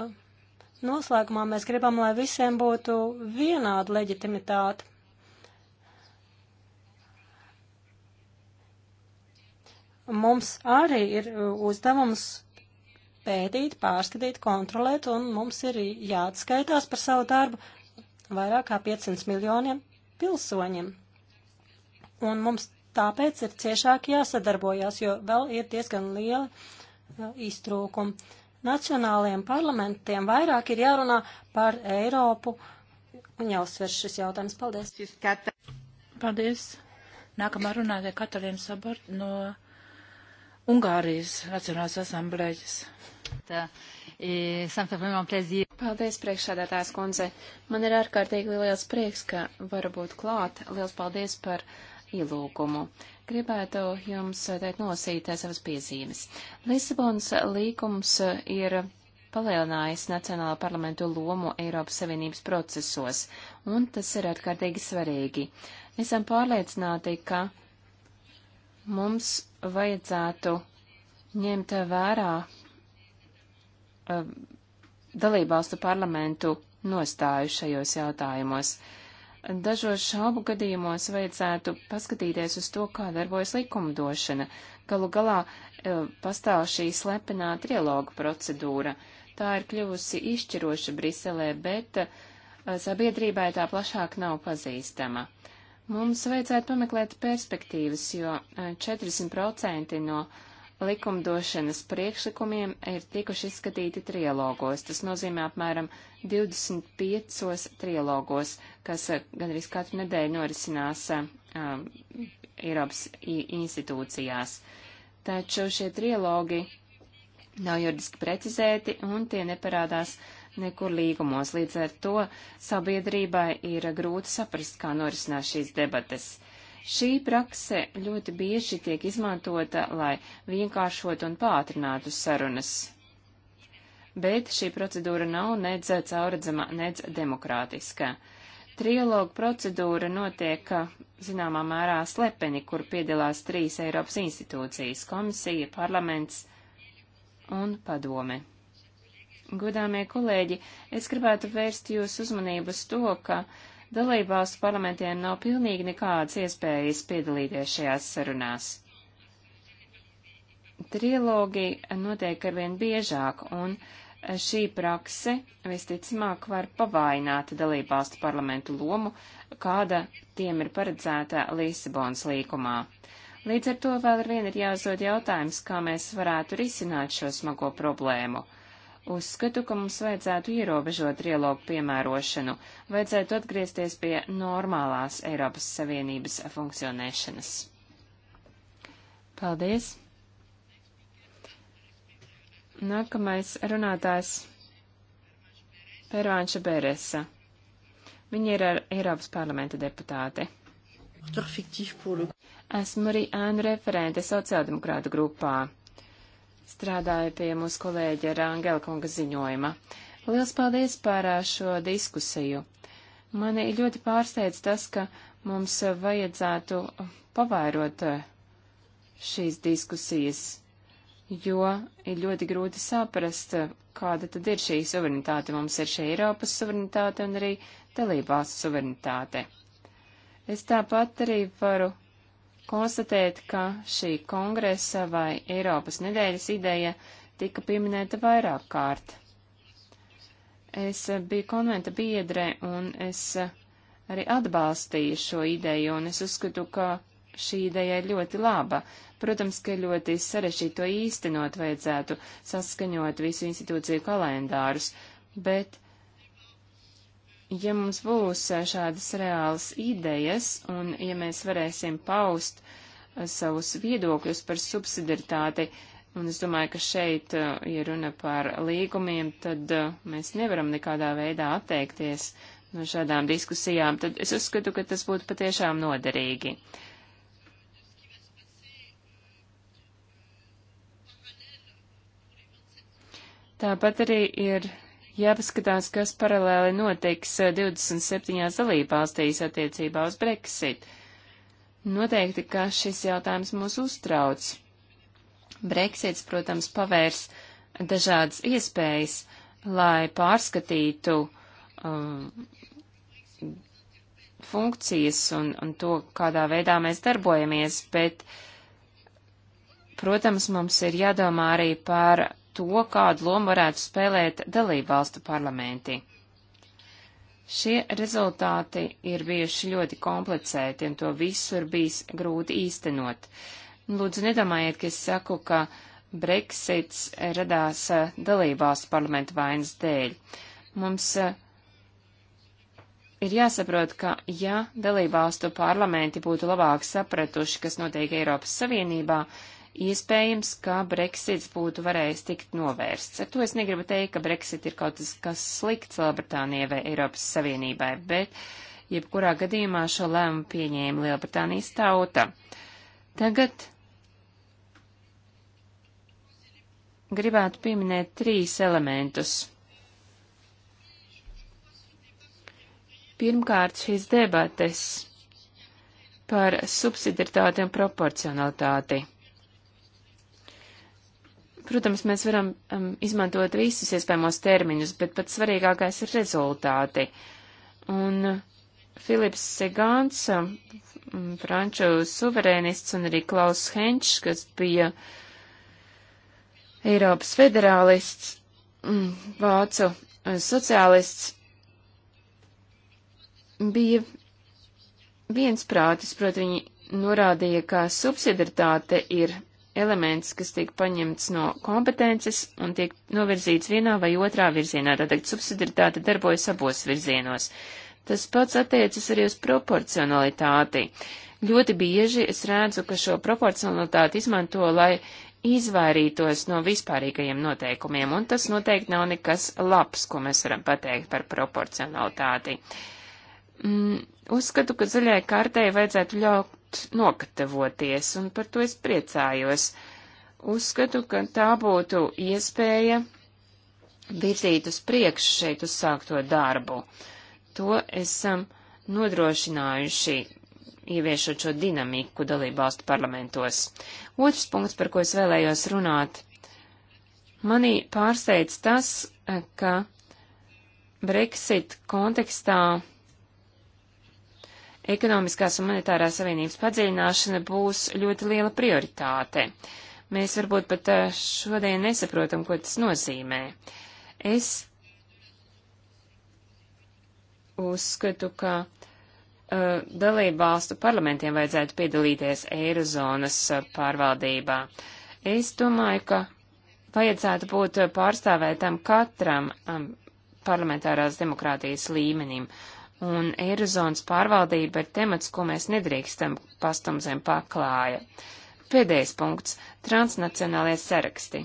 noslēgumā mēs gribam, lai visiem būtu vienāda leģitimitāte. mums arī ir uh, uzdevums pētīt, pārskatīt, kontrolēt, un mums ir jāatskaitās par savu darbu vairāk kā 500 miljoniem pilsoņiem. Un mums tāpēc ir ciešāk jāsadarbojās, jo vēl ir diezgan liela uh, iztrūkuma. Nacionālajiem parlamentiem vairāk ir jārunā par Eiropu un jāuzsver šis jautājums. Paldies! Paldies! Nākamā runātāja Katalīna Sabart no Ungārijas Nacionālās asamblēģis. Tā. E, paldies, priekšsādātājs kundze. Man ir ārkārtīgi liels prieks, ka varu būt klāt. Liels paldies par ielūgumu. Gribētu jums teikt nosīt savas piezīmes. Lisabons līgums ir palielinājis Nacionālo parlamentu lomu Eiropas Savienības procesos, un tas ir atkārtīgi svarīgi. Esam pārliecināti, ka mums vajadzētu ņemt vērā uh, dalībvalstu parlamentu nostāju šajos jautājumos. Dažos šaubu gadījumos vajadzētu paskatīties uz to, kā darbojas likumdošana. Galu galā uh, pastāv šī slepenā trialoga procedūra. Tā ir kļuvusi izšķiroša Briselē, bet uh, sabiedrībai tā plašāk nav pazīstama. Uh, Mums vajadzētu pameklēt perspektīvas, jo 40% eh, no likumdošanas priekšlikumiem ir tikuši izskatīti trilogos. Tas nozīmē apmēram 25 trilogos, kas eh, gandrīz katru nedēļu norisinās um, Eiropas institūcijās. Taču šie trilogi nav juridiski precizēti un tie neparādās nekur līgumos. Līdz ar to sabiedrībai ir grūti saprast, kā norisinās šīs debates. Šī prakse ļoti bieži tiek izmantota, lai vienkāršotu un pātrinātu sarunas. Bet šī procedūra nav nedz cauradzama, nedz demokrātiska. Trialogu procedūra notiek zināmā mērā slepeni, kur piedalās trīs Eiropas institūcijas - komisija, parlaments un padome. Godāmie kolēģi, es gribētu vērst jūs uzmanību uz to, ka dalībvalstu parlamentiem nav pilnīgi nekādas iespējas piedalīties šajās sarunās. Trilogi notiek arvien biežāk, un šī prakse visticamāk var pavaināt dalībvalstu parlamentu lomu, kāda tiem ir paredzēta Lisabonas līkumā. Līdz ar to vēl ar vienu ir jāuzdod jautājums, kā mēs varētu risināt šo smago problēmu. Uzskatu, ka mums vajadzētu ierobežot trilogu piemērošanu, vajadzētu atgriezties pie normālās Eiropas Savienības funkcionēšanas. Paldies! Nākamais runātājs - Pervānša Bēresa. Viņa ir ar Eiropas parlamenta deputāte. Esmu arī ēnu referente sociāldemokrāta grupā strādāju pie mūsu kolēģa Rāngela kunga ziņojuma. Liels paldies par šo diskusiju. Mani ļoti pārsteidz tas, ka mums vajadzētu pavairot šīs diskusijas, jo ir ļoti grūti saprast, kāda tad ir šī suverenitāte. Mums ir šī Eiropas suverenitāte un arī dalībās suverenitāte. Es tāpat arī varu konstatēt, ka šī kongresa vai Eiropas nedēļas ideja tika pieminēta vairāk kārt. Es biju konventa biedre un es arī atbalstīju šo ideju, un es uzskatu, ka šī ideja ir ļoti laba. Protams, ka ļoti sarežģīto īstenot vajadzētu saskaņot visu institūciju kalendārus, bet ja mums būs eh, šādas reālas idejas un ja mēs varēsim paust eh, savus viedokļus par subsidiritāti, un es domāju, ka šeit, eh, ja runa par līgumiem, tad mēs nevaram nekādā veidā atteikties no šādām diskusijām, tad es uzskatu, ka tas būtu patiešām noderīgi. Tāpat arī ir Jāpaskatās, kas paralēli notiks 27 eh, dalībvalstīs attiecībā uz Brexit. Noteikti, ka šis jautājums mūs uztrauc. Brexits, protams, pavērs dažādas iespējas, lai pārskatītu um, funkcijas un, un to, kādā veidā mēs darbojamies, bet, protams, mums ir jādomā arī par to, kādu lomu varētu spēlēt dalību valstu parlamenti. Šie rezultāti ir bijuši ļoti komplicēti, un to visu ir bijis grūti īstenot. Lūdzu, nedomājiet, ka es saku, ka Brexits radās eh, dalībvalstu parlamentu vainas dēļ. Mums eh, ir jāsaprot, ka ja dalībvalstu parlamenti būtu labāk sapratuši, kas notiek Eiropas Savienībā, uh, Iespējams, ka Brexits būtu varējis tikt novērsts. Ar to es negribu teikt, ka Brexit ir kaut kas slikts Lielbritānijai vai Eiropas Savienībai, bet jebkurā gadījumā šo lēmumu pieņēma Lielbritānijas tauta. Tagad gribētu pieminēt trīs elementus. Pirmkārt, šīs debates par subsidiaritāti un proporcionalitāti. Protams, mēs varam um, izmantot visus iespējamos terminus, bet pats svarīgākais ir rezultāti. Un uh, Filips Segāns, um, franču suverēnists, un arī Klaus Henčs, kas bija Eiropas federālists, um, vācu uh, sociālists, bija viensprātis, proti viņi norādīja, ka subsidaritāte ir elements, kas tiek paņemts no kompetences un tiek novirzīts vienā vai otrā virzienā, tātad subsidiritāte darbojas abos virzienos. Tas pats attiecas arī uz proporcionalitāti. Ļoti bieži es redzu, ka šo proporcionalitāti izmanto, lai izvairītos no vispārīgajiem noteikumiem, un tas noteikti nav nekas labs, ko mēs varam pateikt par proporcionalitāti. Mm, uzskatu, ka zaļai kartei vajadzētu ļaut ļaut nokatavoties, un par to es priecājos. Uzskatu, ka tā būtu iespēja virzīt uz priekšu šeit uzsākto darbu. To esam nodrošinājuši ieviešot šo dinamiku dalībvalstu parlamentos. Otrs punkts, par ko es vēlējos runāt, manī pārsteidz tas, ka Brexit kontekstā Ekonomiskās un monetārās savienības padziļināšana būs ļoti liela prioritāte. Mēs varbūt pat eh, šodien nesaprotam, ko tas nozīmē. Es uzskatu, ka uh, dalībvalstu parlamentiem vajadzētu piedalīties Eirozonas eh, pārvaldībā. Es domāju, ka vajadzētu būt pārstāvētam katram um, parlamentārās demokrātijas līmenim, un Eirozonas pārvaldība ir temats, ko mēs nedrīkstam pastumzēm paklāja. Pēdējais punkts - transnacionālie saraksti.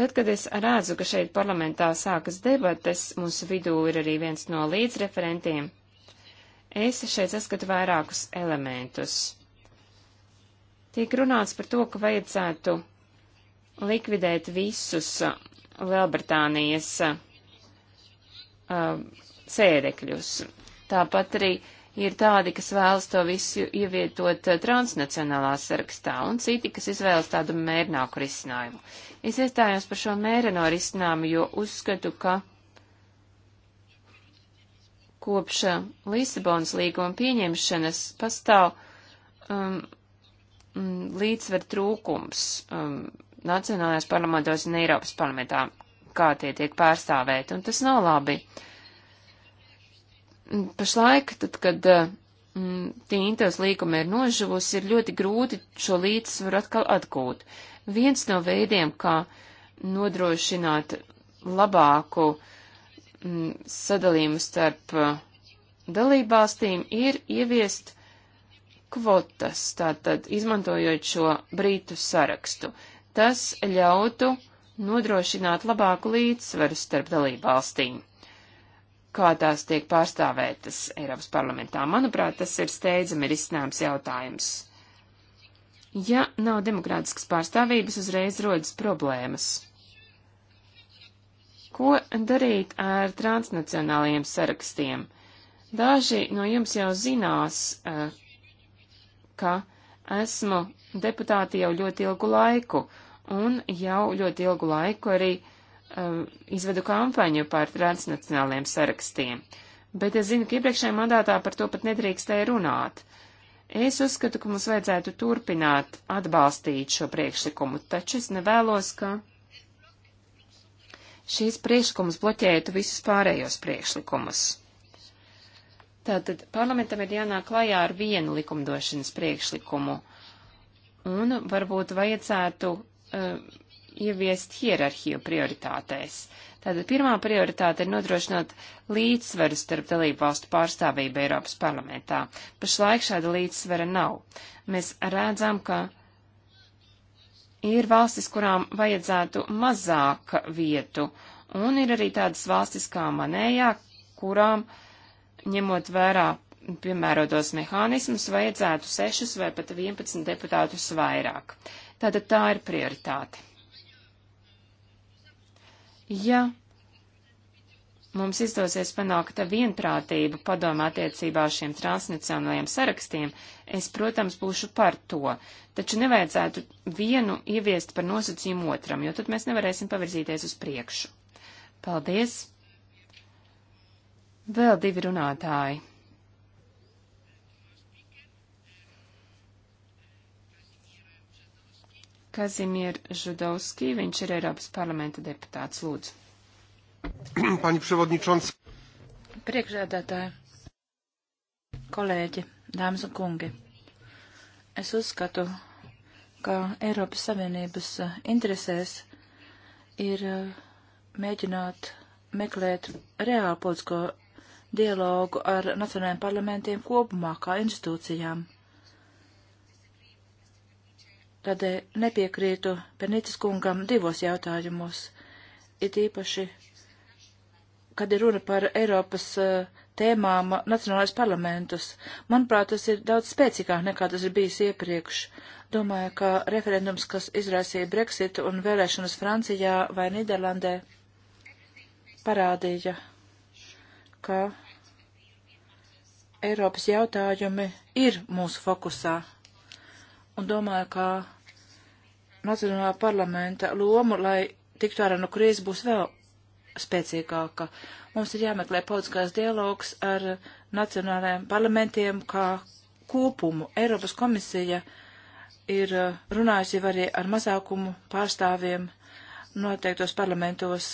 Tad, kad es rādzu, ka šeit parlamentā sākas debates, mūsu vidū ir arī viens no līdzreferentiem, es šeit saskatu vairākus elementus. Tiek runāts par to, ka vajadzētu likvidēt visus Lielbritānijas um, sēdekļus. Tāpat arī ir tādi, kas vēlas to visu ievietot uh, transnacionālā sarakstā, un citi, kas izvēlas tādu mērnāku risinājumu. Es iestājos par šo mēreno risinājumu, jo uzskatu, ka kopš uh, Lisabonas līguma pieņemšanas pastāv um, mm, līdzsver trūkums um, nacionālajās parlamentos un Eiropas parlamentā kā tie tiek pārstāvēti, un tas nav labi. Mm, pašlaik, tad, kad eh, mm, tīntas līkuma ir nožuvusi, ir ļoti grūti šo līdzsvaru atkal atgūt. Viens no veidiem, kā nodrošināt labāku mm, sadalījumu starp eh, dalībvalstīm, ir ieviest kvotas, tātad izmantojot šo brītu sarakstu. Tas ļautu uh, nodrošināt labāku līdzsvaru starp dalībvalstīm, kā tās tiek pārstāvētas Eiropas parlamentā. Manuprāt, tas ir steidzami risināms jautājums. Ja nav demokrātiskas pārstāvības, uzreiz rodas problēmas. Ko darīt ar transnacionālajiem sarakstiem? Daži no jums jau zinās, eh, ka esmu deputāti jau ļoti ilgu laiku, un jau ļoti ilgu laiku arī um, izvedu kampaņu par transnacionāliem sarakstiem. Bet es zinu, ka iepriekšējā mandātā par to pat nedrīkstēja runāt. Es uzskatu, ka mums vajadzētu turpināt atbalstīt šo priekšlikumu, taču es nevēlos, ka šīs priekšlikumus bloķētu visus pārējos priekšlikumus. Tātad parlamentam ir jānāk klajā ar vienu likumdošanas priekšlikumu, un varbūt vajadzētu uh, ieviest hierarhiju prioritātēs. Tātad pirmā prioritāte ir nodrošināt līdzsveru starp dalību valstu pārstāvību Eiropas parlamentā. Pašlaik šāda līdzsvera nav. Mēs redzam, ka ir valstis, kurām vajadzētu mazāk vietu, un ir arī tādas valstis kā manējā, kurām, ņemot vērā piemērotos mehānismus, vajadzētu 6 vai pat 11 deputātus vairāk. Uh, Tātad tā ir prioritāte. Ja mums izdosies panākt vienprātību padomā attiecībā uz šiem transnacionālajiem sarakstiem, es, protams, būšu par to, taču nevajadzētu vienu ieviest par nosacījumu otram, jo tad mēs nevarēsim pavirzīties uz priekšu. Paldies! Vēl divi runātāji. Kazimier Žudovski, viņš ir Eiropas parlamenta deputāts. Lūdzu. [CLEARS THROAT] Pani Prevodničons. Priekšēdētāji, kolēģi, dāmas un kungi. Es uzskatu, ka Eiropas Savienības eh, interesēs ir eh, mēģināt meklēt reālu politisko dialogu ar nacionālajiem parlamentiem kopumā kā institūcijām Tādēļ eh, nepiekrītu Pernītis kungam divos jautājumos. Ir īpaši, kad ir runa par Eiropas eh, tēmām nacionālais parlamentus. Manuprāt, tas ir daudz spēcīgāk nekā tas ir bijis iepriekš. Domāju, ka referendums, kas izraisīja Brexitu un vēlēšanas Francijā vai Nīderlandē, parādīja, ka Eiropas jautājumi ir mūsu fokusā. Un domāju, ka Nacionālā parlamenta lomu, lai tiktu ārā no krīzes, būs vēl spēcīgāka. Mums ir jāmeklē politiskās dialogs ar nacionālajiem parlamentiem kā kopumu. Eiropas komisija ir eh, runājusi arī ar mazākumu pārstāvjiem noteiktos parlamentos,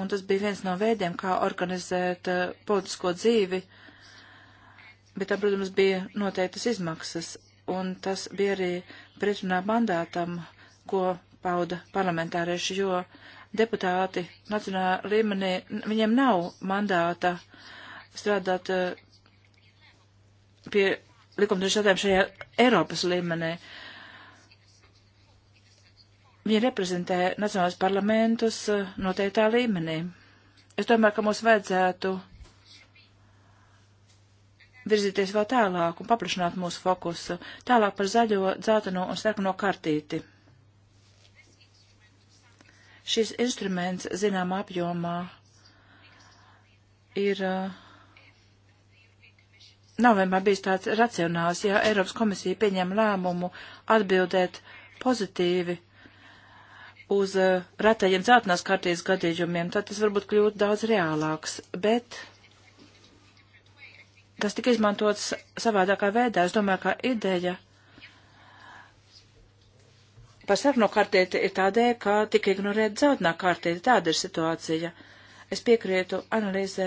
un tas bija viens no veidiem, kā organizēt uh, politisko dzīvi, bet tam, protams, bija noteiktas izmaksas, un tas bija arī pretrunā mandātam, ko pauda parlamentārieši, jo deputāti nacionālā līmenī, viņiem nav mandāta strādāt eh, pie likumdošanas jautājumiem šajā Eiropas līmenī. Viņi reprezentē nacionālos parlamentus eh, noteiktā līmenī. Es domāju, ka mums vajadzētu virzīties vēl tālāk un paplašināt mūsu fokusu, tālāk par zaļo, dzelteno un sarkano kartīti. Šis instruments zinām apjomā ir. Nav vienmēr bijis tāds racionāls, ja Eiropas komisija pieņem lēmumu atbildēt pozitīvi uz retajiem dzeltenās kārtības gadījumiem, tad tas varbūt kļūt daudz reālāks, bet tas tika izmantots savādākā veidā. Es domāju, ka ideja Par sarunu kārtēti ir tādēļ, ka tika ignorēta dzeltenā kārtēti. Tāda ir situācija. Es piekrietu analīzē,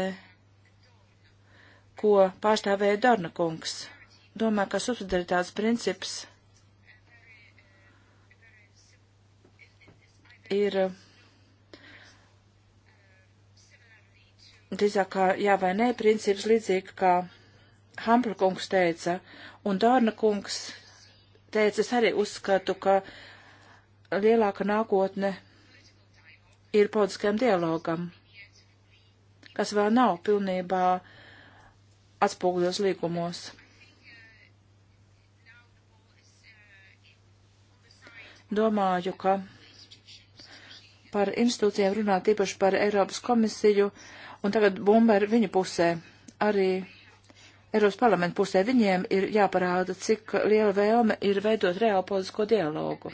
ko pārstāvēja Dorna kungs. Domāju, ka subsidaritātes princips ir drīzāk kā jā vai nē princips līdzīgi kā Hampra kungs teica, un Dārna kungs teica, es arī uzskatu, ka lielāka nākotne ir politiskajam dialogam, kas vēl nav pilnībā atspoguļos līgumos. Domāju, ka par institūcijām runāt īpaši par Eiropas komisiju, un tagad bumba ir viņu pusē. Arī Eiropas parlamentu pusē viņiem ir jāparāda, cik liela vēlme ir veidot reālu politisko dialogu.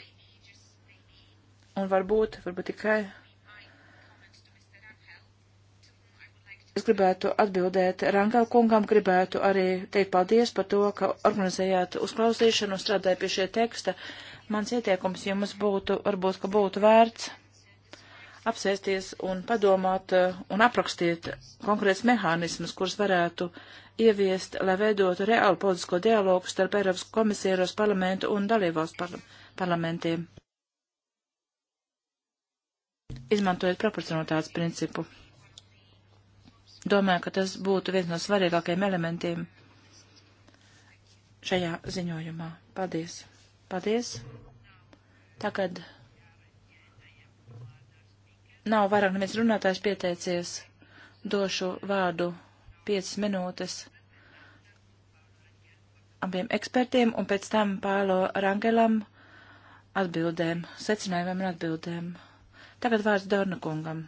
Un varbūt, varbūt tikai Es gribētu atbildēt Rangala kungam, gribētu arī teikt paldies par to, ka organizējāt uzklausīšanu un strādāju pie šie teksta. Mans ieteikums jums būtu, varbūt, ka būtu vērts apsēsties un padomāt eh, un aprakstīt konkrēts mehānismus, kurus varētu ieviest, lai veidotu reālu politisko dialogu starp Eiropas komisiju, Eiropas parlamentu un dalībvalstu par parlamentiem izmantojot proporcionalitātes principu. Domāju, ka tas būtu viens no svarīgākajiem elementiem šajā ziņojumā. Paldies! Paldies! Tagad nav vairāk neviens runātājs pieteicies. Došu vārdu 5 minūtes abiem ekspertiem un pēc tam Pālo Rangelam atbildēm, secinājumiem un atbildēm. Tagad vārds Dorna kungam.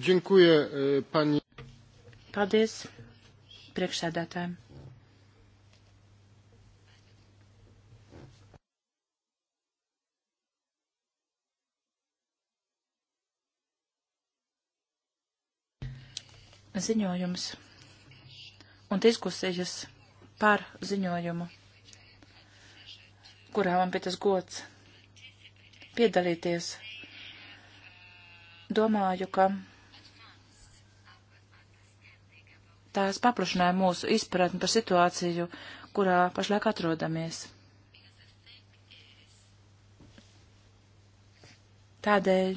Džinkuja, e, paņi. Paldies priekšsēdētājiem. Ziņojums un diskusijas par ziņojumu, kurā man bija tas gods piedalīties. Domāju, ka tās paplašināja mūsu izpratni par situāciju, kurā pašlaik atrodamies. Tādēļ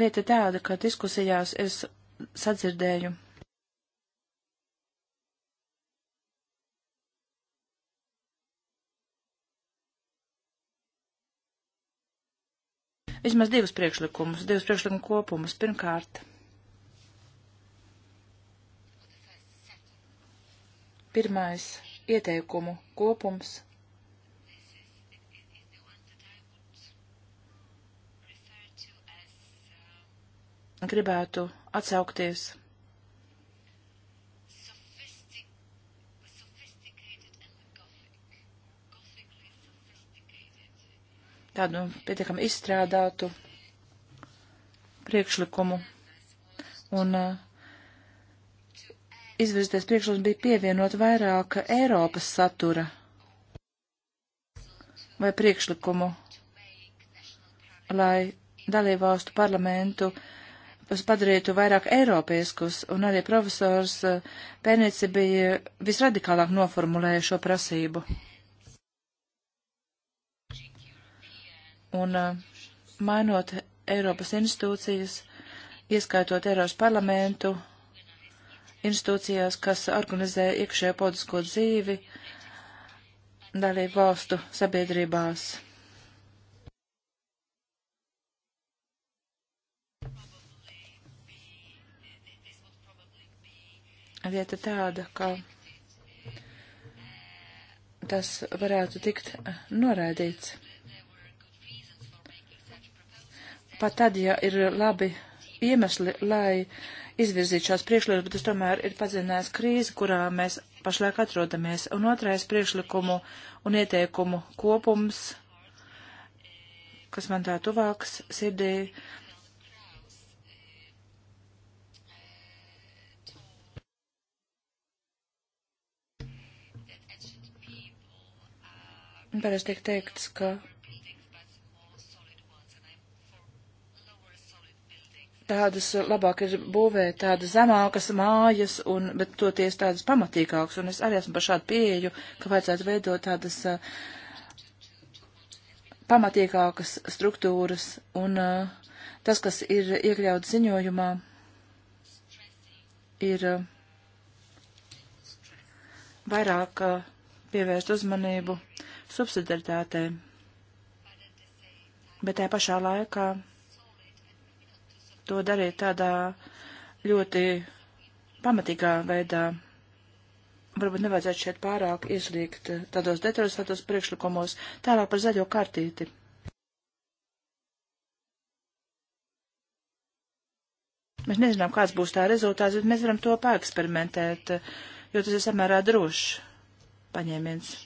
lieta tāda, ka diskusijās es sadzirdēju vismaz divus priekšlikumus, divus priekšlikumu kopumus. Pirmkārt, pirmais ieteikumu kopums. Gribētu atsaukties tādu pietiekami izstrādātu priekšlikumu. Un uh, izvirzīties priekšlikums bija pievienot vairāk Eiropas satura vai priekšlikumu, lai dalībvalstu parlamentu padarītu vairāk eiropieskus, un arī profesors uh, Pēnici bija visradikālāk noformulēja šo prasību. un uh, mainot Eiropas institūcijas, ieskaitot Eiropas parlamentu, institūcijās, kas organizē iekšējo politisko dzīvi dalību valstu sabiedrībās. Lieta tāda, ka tas varētu tikt noraidīts. Pat tad, ja ir labi iemesli, lai izvirzītu šās priekšlikumus, bet tas tomēr ir padziļinājis krīzi, kurā mēs pašlaik atrodamies. Un otrais priekšlikumu un ieteikumu kopums, kas man tā tuvāks sirdī, Parasti tiek teikts, ka tādus labāk ir būvēt tādas zemākas mājas, un, bet toties tādas pamatīgākas, un es arī esmu par šādu pieeju, ka vajadzētu veidot tādas uh, pamatīgākas struktūras, un uh, tas, kas ir iekļauts ziņojumā, ir uh, vairāk pievērst uzmanību subsidaritātei, bet tajā pašā laikā to darīt tādā ļoti pamatīgā veidā. Varbūt nevajadzētu šeit pārāk ieslīgt tādos detalizētos priekšlikumos, tālāk par zaļo kartīti. Mēs nezinām, kāds būs tā rezultāts, bet mēs varam to pāreksperimentēt, jo tas ir samērā drošs paņēmiens.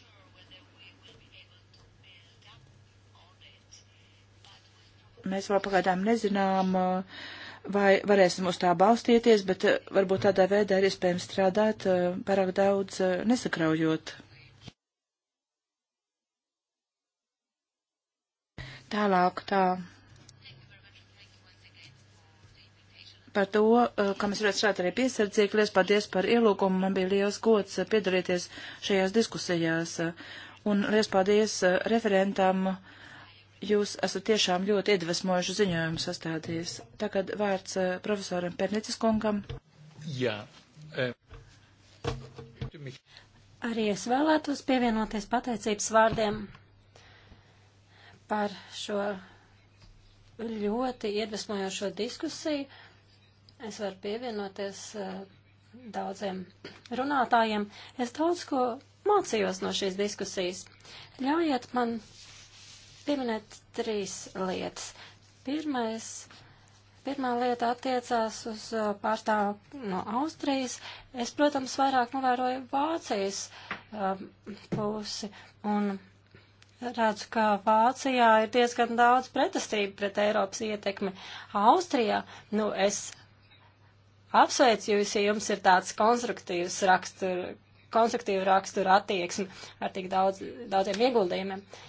Mēs vēl pagaidām nezinām, eh, vai varēsim uz tā balstīties, bet eh, varbūt tādā veidā ir iespējams strādāt eh, pārāk daudz nesakraujot. Tālāk tā. par to, ka mēs varētu strādāt arī piesardzīgi. Lies paldies par ielūgumu. Man bija liels gods piedalīties šajās diskusijās. Un lies paldies referentam Jūs esat tiešām ļoti iedvesmojuši ziņojumu sastādījis. Tagad vārds eh, profesoram Pernicis kungam. Jā. E. Arī es vēlētos pievienoties pateicības vārdiem par šo ļoti iedvesmojošo diskusiju. Es varu pievienoties uh, daudziem runātājiem. Es daudz ko mācījos no šīs diskusijas. Ļaujiet man pieminēt trīs lietas. Pirmais, pirmā lieta attiecās uz pārstāvu no Austrijas. Es, protams, vairāk novēroju Vācijas um, pusi un redzu, ka Vācijā ir diezgan daudz pretestību pret Eiropas ietekmi. Austrijā, nu, es apsveicu jūs, ja jums ir tāds konstruktīvs rakstur, konstruktīva rakstura attieksme ar tik daudz, daudziem ieguldījumiem. Uh,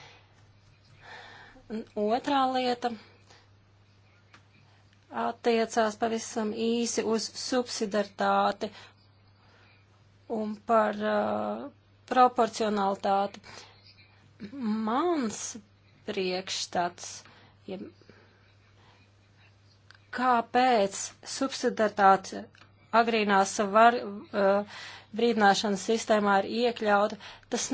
Otrā lieta attiecās pavisam īsi uz subsidartāti un par uh, proporcionalitāti. Mans priekšstats, ja kāpēc subsidartāte agrīnās var, uh, brīdināšanas sistēmā ir iekļauta, tas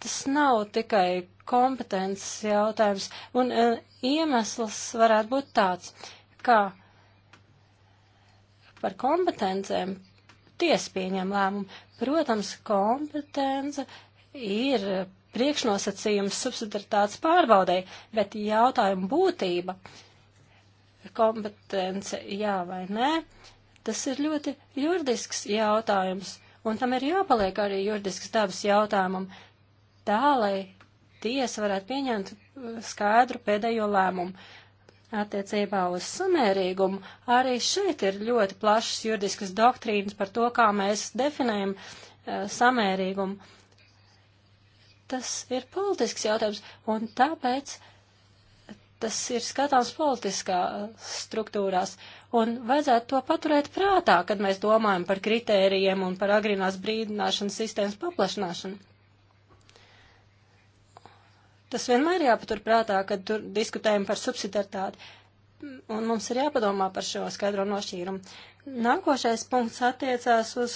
tas nav tikai kompetences jautājums, un uh, iemesls varētu būt tāds, ka par kompetencēm tiesa pieņem lēmumu. Protams, kompetence ir priekšnosacījums subsidaritātes pārbaudai, bet jautājuma būtība, kompetence jā vai nē, tas ir ļoti juridisks jautājums, un tam ir jāpaliek arī juridisks dabas jautājumam. Uh, tā, lai tiesa varētu pieņemt skaidru pēdējo lēmumu. Attiecībā uz samērīgumu arī šeit ir ļoti plašas juridiskas doktrīnas par to, kā mēs definējam uh, samērīgumu. Tas ir politisks jautājums, un tāpēc tas ir skatāms politiskā eh, struktūrās, un vajadzētu to paturēt prātā, kad mēs domājam par kritērijiem un par agrīnās brīdināšanas sistēmas paplašināšanu. Tas vienmēr jāpatur prātā, kad tur diskutējam par subsidiartāti, un mums ir jāpadomā par šo skaidro nošķīrumu. Nākošais punkts attiecās uz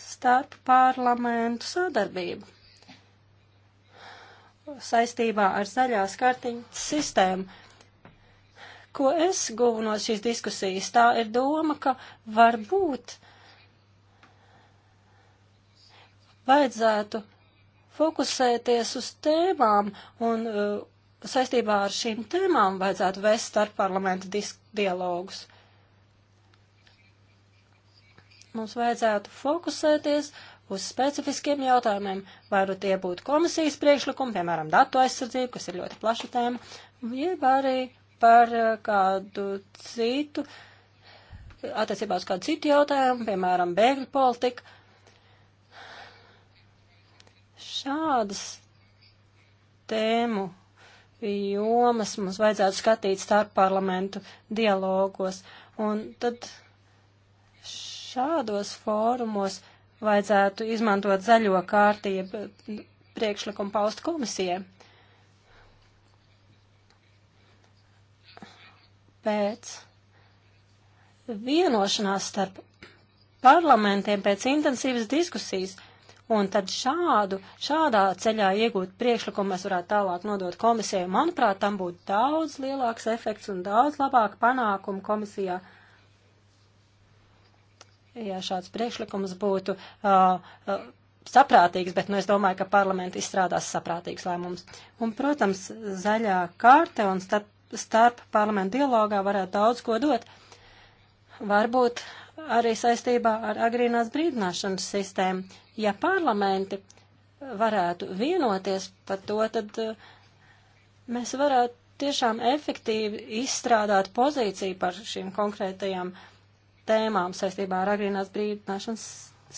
starp parlamentu sadarbību saistībā ar zaļās kartiņas sistēmu. Ko es guvu no šīs diskusijas? Tā ir doma, ka varbūt vajadzētu fokusēties uz tēmām un uh, saistībā ar šīm tēmām vajadzētu vest starp parlamenta dialogus. Mums vajadzētu fokusēties uz specifiskiem jautājumiem, vai nu tie būtu komisijas priekšlikumi, piemēram, datu aizsardzība, kas ir ļoti plaša tēma, jeb arī par uh, kādu citu, attiecībā uz kādu citu jautājumu, piemēram, bēgļu politika. Šādas tēmu jomas mums vajadzētu skatīt starp parlamentu dialogos. Un tad šādos fórumos vajadzētu izmantot zaļo kārtību priekšlikumu paust komisijai. Pēc vienošanās starp parlamentiem, pēc intensīvas diskusijas Un tad šādu, šādā ceļā iegūt priekšlikumu mēs varētu tālāk nodot komisijai. Manuprāt, tam būtu daudz lielāks efekts un daudz labāk panākumu komisijā. Ja šāds priekšlikums būtu uh, uh, saprātīgs, bet nu, es domāju, ka parlamenti izstrādās saprātīgs lēmums. Un, protams, zaļā kārte un starp, starp parlamentu dialogā varētu daudz ko dot. Varbūt arī saistībā ar agrīnās brīdināšanas sistēmu. Ja parlamenti varētu vienoties par to, tad eh, mēs varētu tiešām efektīvi izstrādāt pozīciju par šīm konkrētajām tēmām saistībā ar agrīnās brīdināšanas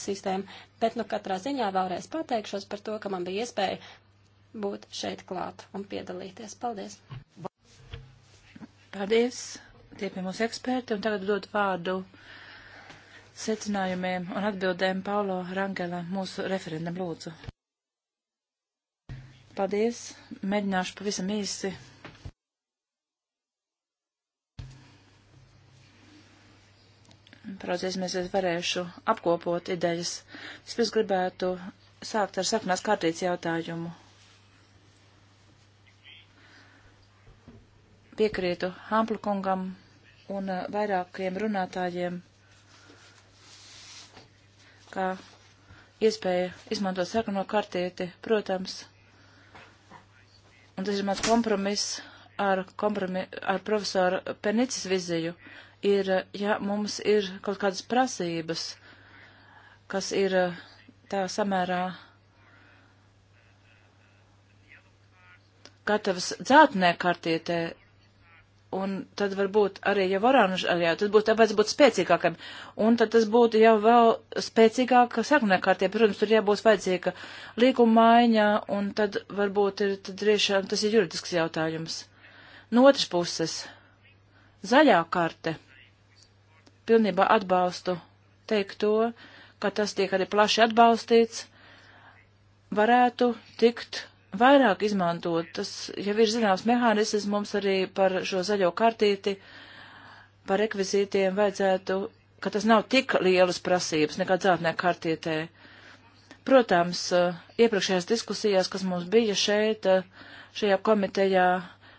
sistēmu. Bet nu katrā ziņā vēlreiz pateikšos par to, ka man bija iespēja būt šeit klāt un piedalīties. Paldies! Paldies! Tie pie mums eksperti un tagad dod vārdu secinājumiem un atbildēm Paulo Rangela mūsu referendam lūdzu. Paldies, mēģināšu pavisam īsi. Paraudzēsimies, es varēšu apkopot idejas. Vispirms gribētu sākt ar sarkanās kārtīts jautājumu. Piekrītu Hamplu kungam un eh, vairākiem runātājiem kā iespēja izmantot sarkano kartīti, protams, un tas ir mans kompromiss ar, kompromi ar profesoru Pernicis viziju, ir, ja mums ir kaut kādas prasības, kas ir eh, tā samērā gatavas dzeltenē kartītē, un tad varbūt arī jau oranžajā, tad būtu tāpēc būtu spēcīgākam, un tad tas būtu jau vēl spēcīgāk sarunēkārtie, protams, tur jābūt vajadzīga līguma maiņa, un tad varbūt ir, tad riešām, tas ir juridisks jautājums. No otras puses, zaļā karte pilnībā atbalstu teikt to, ka tas tiek arī plaši atbalstīts, varētu tikt vairāk izmantot. Tas jau ir zināms mehānisms mums arī par šo zaļo kartīti, par rekvizītiem vajadzētu, ka tas nav tik lielas prasības nekā dzeltenē kartītē. Protams, eh, iepriekšējās diskusijās, kas mums bija šeit, eh, šajā komitejā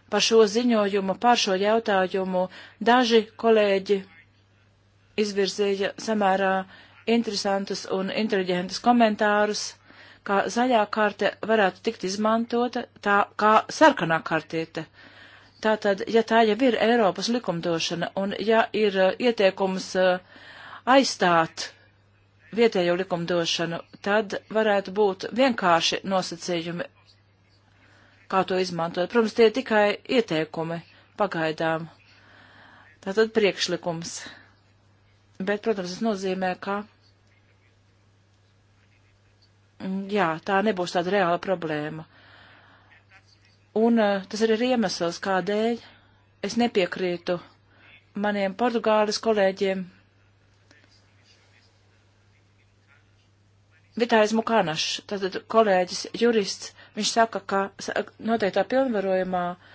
par šo ziņojumu, par šo jautājumu, daži kolēģi izvirzīja samērā interesantus un inteliģentus komentārus kā zaļā karte varētu tikt izmantota tā kā sarkanā kartīte. Tātad, ja tā jau ir Eiropas likumdošana un ja ir uh, ieteikums uh, aizstāt vietējo likumdošanu, tad varētu būt vienkārši nosacījumi, kā to izmantot. Protams, tie ir tikai ieteikumi pagaidām. Tātad priekšlikums. Bet, protams, tas nozīmē, ka jā, tā nebūs tāda reāla problēma. Un eh, tas ir iemesls, kādēļ es nepiekrītu maniem portugāles kolēģiem. Vitājas Mukānašs, tātad kolēģis, jurists, viņš saka, ka noteiktā pilnvarojumā uh,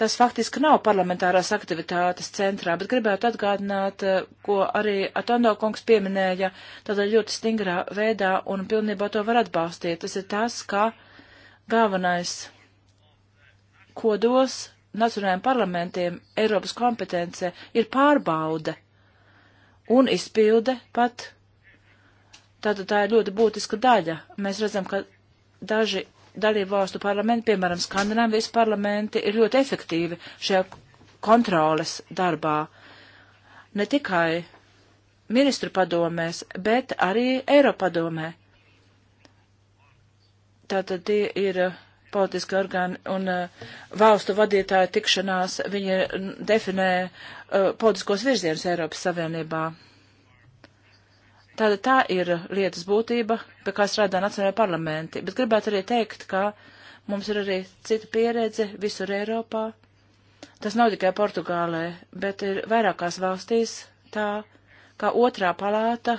tas faktiski nav parlamentārās aktivitātes centrā, bet gribētu atgādināt, eh, ko arī Atondo kungs pieminēja tādā ļoti stingrā veidā un pilnībā to var atbalstīt. Tas ir tas, ka galvenais, ko dos nacionālajiem parlamentiem Eiropas kompetence, ir pārbaude un izpilde pat. Tātad tā ir ļoti būtiska daļa. Mēs redzam, ka daži dalību valstu parlamenti, piemēram, Skandināvijas parlamenti, ir ļoti efektīvi šajā kontroles darbā. Ne tikai ministru padomēs, bet arī Eiropadomē. Tātad tie ir uh, politiski orgāni un uh, valstu vadītāja tikšanās, viņi definē uh, politiskos virzienus Eiropas Savienībā. Tāda tā ir lietas būtība, pie kā strādā Nacionālajā parlamenti. Bet gribētu arī teikt, ka mums ir arī cita pieredze visur Eiropā. Tas nav tikai Portugālē, bet ir vairākās valstīs tā, kā otrā palāta,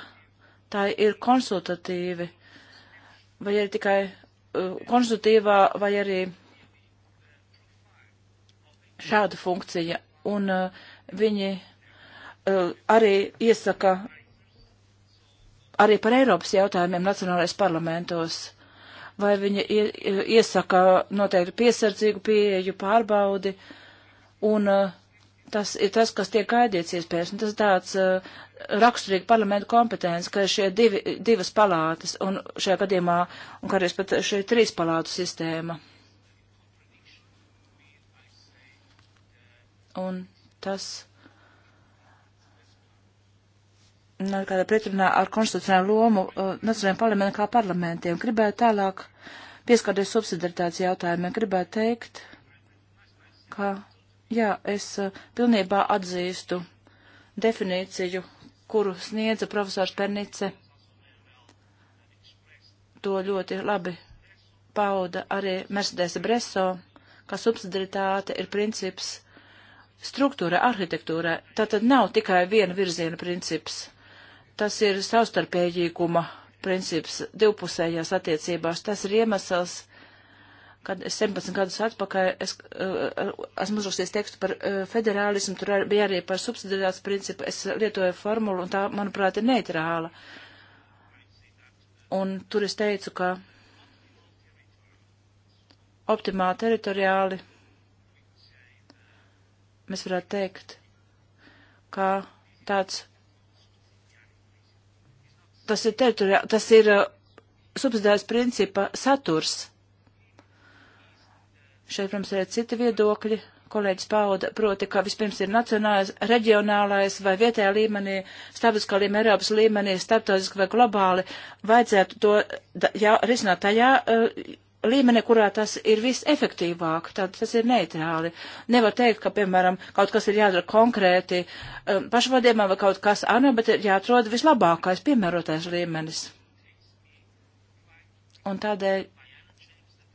tā ir konsultatīvi, vai arī tikai uh, konsultatīvā, vai arī šāda funkcija. Un uh, viņi uh, arī iesaka arī par Eiropas jautājumiem nacionālais parlamentos. Vai viņa iesaka noteikti piesardzīgu pieeju, pārbaudi, un uh, tas ir tas, kas tiek gaidīts iespējas, un tas tāds uh, raksturīgi parlamentu kompetence, ka ir šie divi, divas palātas, un šajā gadījumā, un kādreiz pat šī trīs palātu sistēma. Un tas nav kādā pretrunā ar konstitucionālu lomu uh, nacionālajiem parlamentiem kā parlamentiem. Gribētu tālāk pieskarties subsidaritātes jautājumiem. Gribētu teikt, ka, jā, es uh, pilnībā atzīstu definīciju, kuru sniedza profesors Pernice. To ļoti labi pauda arī Mercedes Breso, ka subsidaritāte ir princips struktūra, arhitektūra. Tā tad nav tikai viena virziena princips Tas ir savstarpējīguma princips divpusējās attiecībās. Tas ir iemesls, kad es 17 gadus atpakaļ es, uh, esmu uzrakstījis tekstu par uh, federālismu, tur ar, bija arī par subsidiārās principu, es lietoju formulu, un tā, manuprāt, ir neitrāla. Un tur es teicu, ka optimāli teritoriāli mēs varētu teikt, ka tāds tas ir teritorijā, tas ir uh, subsidējas principa saturs. Šeit, protams, ir citi viedokļi, kolēģis pauda, proti, ka vispirms ir nacionālais, reģionālais vai vietējā līmenī, starptautiskā līmenī, Eiropas līmenī, starptautiski vai globāli, vajadzētu to ja, risināt tajā uh, līmenī, kurā tas ir visefektīvāk, tad tas ir neitrāli. Nevar teikt, ka, piemēram, kaut kas ir jādara konkrēti um, pašvadībā vai kaut kas ārā, bet ir jāatrod vislabākais, piemērotais līmenis. Un tādēļ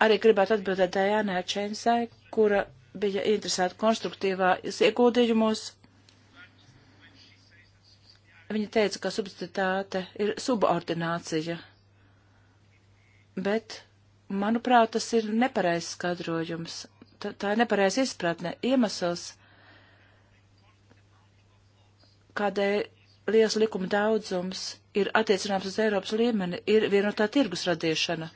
arī gribētu atbildēt Dājānai Čēnsai, kura bija interesēta konstruktīvās ieguldījumos. Viņa teica, ka substitāte ir subordinācija, bet Manuprāt, tas ir nepareizs skatrojums. Tā, tā ir nepareiz izpratne. Iemesls, kādēļ liels likuma daudzums ir attiecināms uz Eiropas līmeni, ir vienotā tirgus radīšana.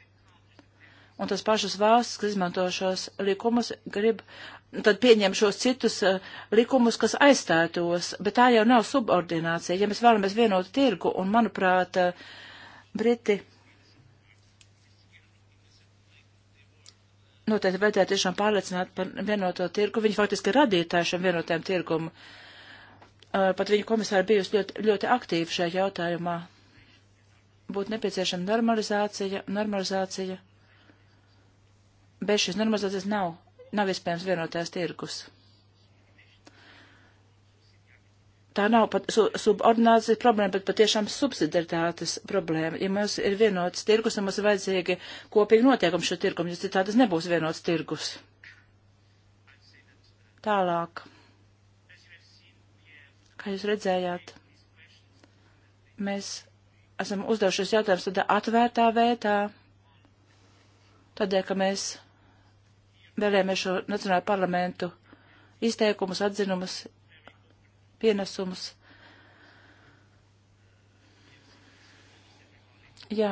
Un tas pašas valsts, kas izmanto šos likumus, grib nu, tad pieņem šos citus uh, likumus, kas aizstātos, bet tā jau nav subordinācija. Ja mēs vēlamies vienotu tirgu, un manuprāt, uh, Briti noteikti vajadzētu tiešām pārliecināt par vienoto tirgu. Viņi faktiski radīja tā šiem vienotajam tirgumu. Pat viņa komisāra bijusi ļoti, ļoti aktīva šajā jautājumā. Būtu nepieciešama normalizācija, normalizācija. Bez šīs normalizācijas nav, nav iespējams vienotais tirgus. tā nav pat su, subordinācijas problēma, bet patiešām subsidaritātes problēma. Ja mums ir vienots tirgus, tad mums ir vajadzīgi kopīgi notiekumi šo tirgumu, jo citādi tas nebūs vienots tirgus. Tālāk. Kā jūs redzējāt, mēs esam uzdevušies jautājumus tādā atvērtā vērtā, tādēļ, ka mēs vēlējāmies šo Nacionālo parlamentu izteikumus, atzinumus pienesumus. Jā,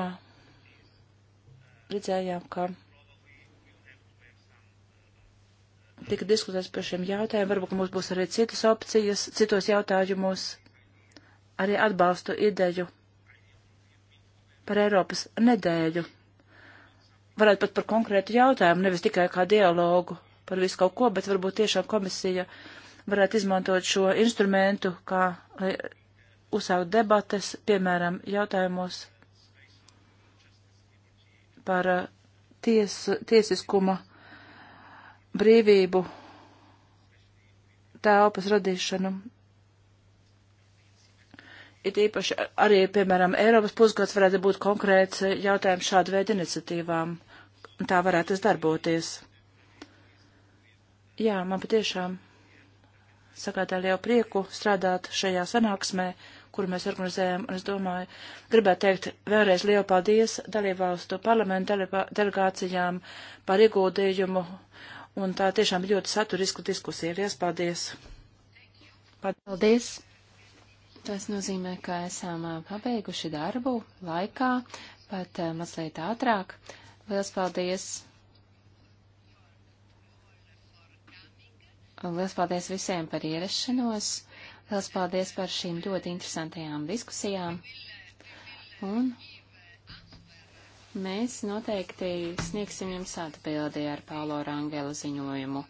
redzējām, ka tika diskutēts par šiem jautājumiem. Varbūt mums būs arī citas opcijas, citos jautājumos. Arī atbalstu ideju par Eiropas nedēļu. Varētu pat par konkrētu jautājumu, nevis tikai kā dialogu par visu kaut ko, bet varbūt tiešām komisija uh, varētu izmantot šo instrumentu, kā lai uzsākt debates, piemēram, jautājumos par uh, ties, tiesiskuma brīvību telpas radīšanu. It īpaši arī, piemēram, Eiropas pusgads varētu būt konkrēts jautājums šādu veidu iniciatīvām. Tā varētu es darboties. Jā, man patiešām sagādāja lielu prieku strādāt šajā sanāksmē, kuru mēs organizējam, un es domāju, gribētu teikt vēlreiz lielu paldies dalībvalstu parlamentu delegācijām par ieguldījumu, un tā tiešām ļoti saturiska diskusija. Lies paldies! Paldies! Tas nozīmē, ka esam pabeiguši darbu laikā, pat mazliet ātrāk. Liels paldies! Liels paldies visiem par ierašanos. Liels paldies par šīm ļoti interesantajām diskusijām. Un mēs noteikti sniegsim jums atbildi ar Paulo Rangela ziņojumu.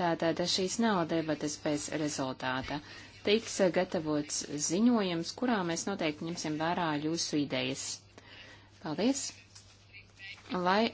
Tātad šīs nav debatas bez rezultāta. Tiks gatavots ziņojums, kurā mēs noteikti ņemsim vērā jūsu idejas. Paldies! Lai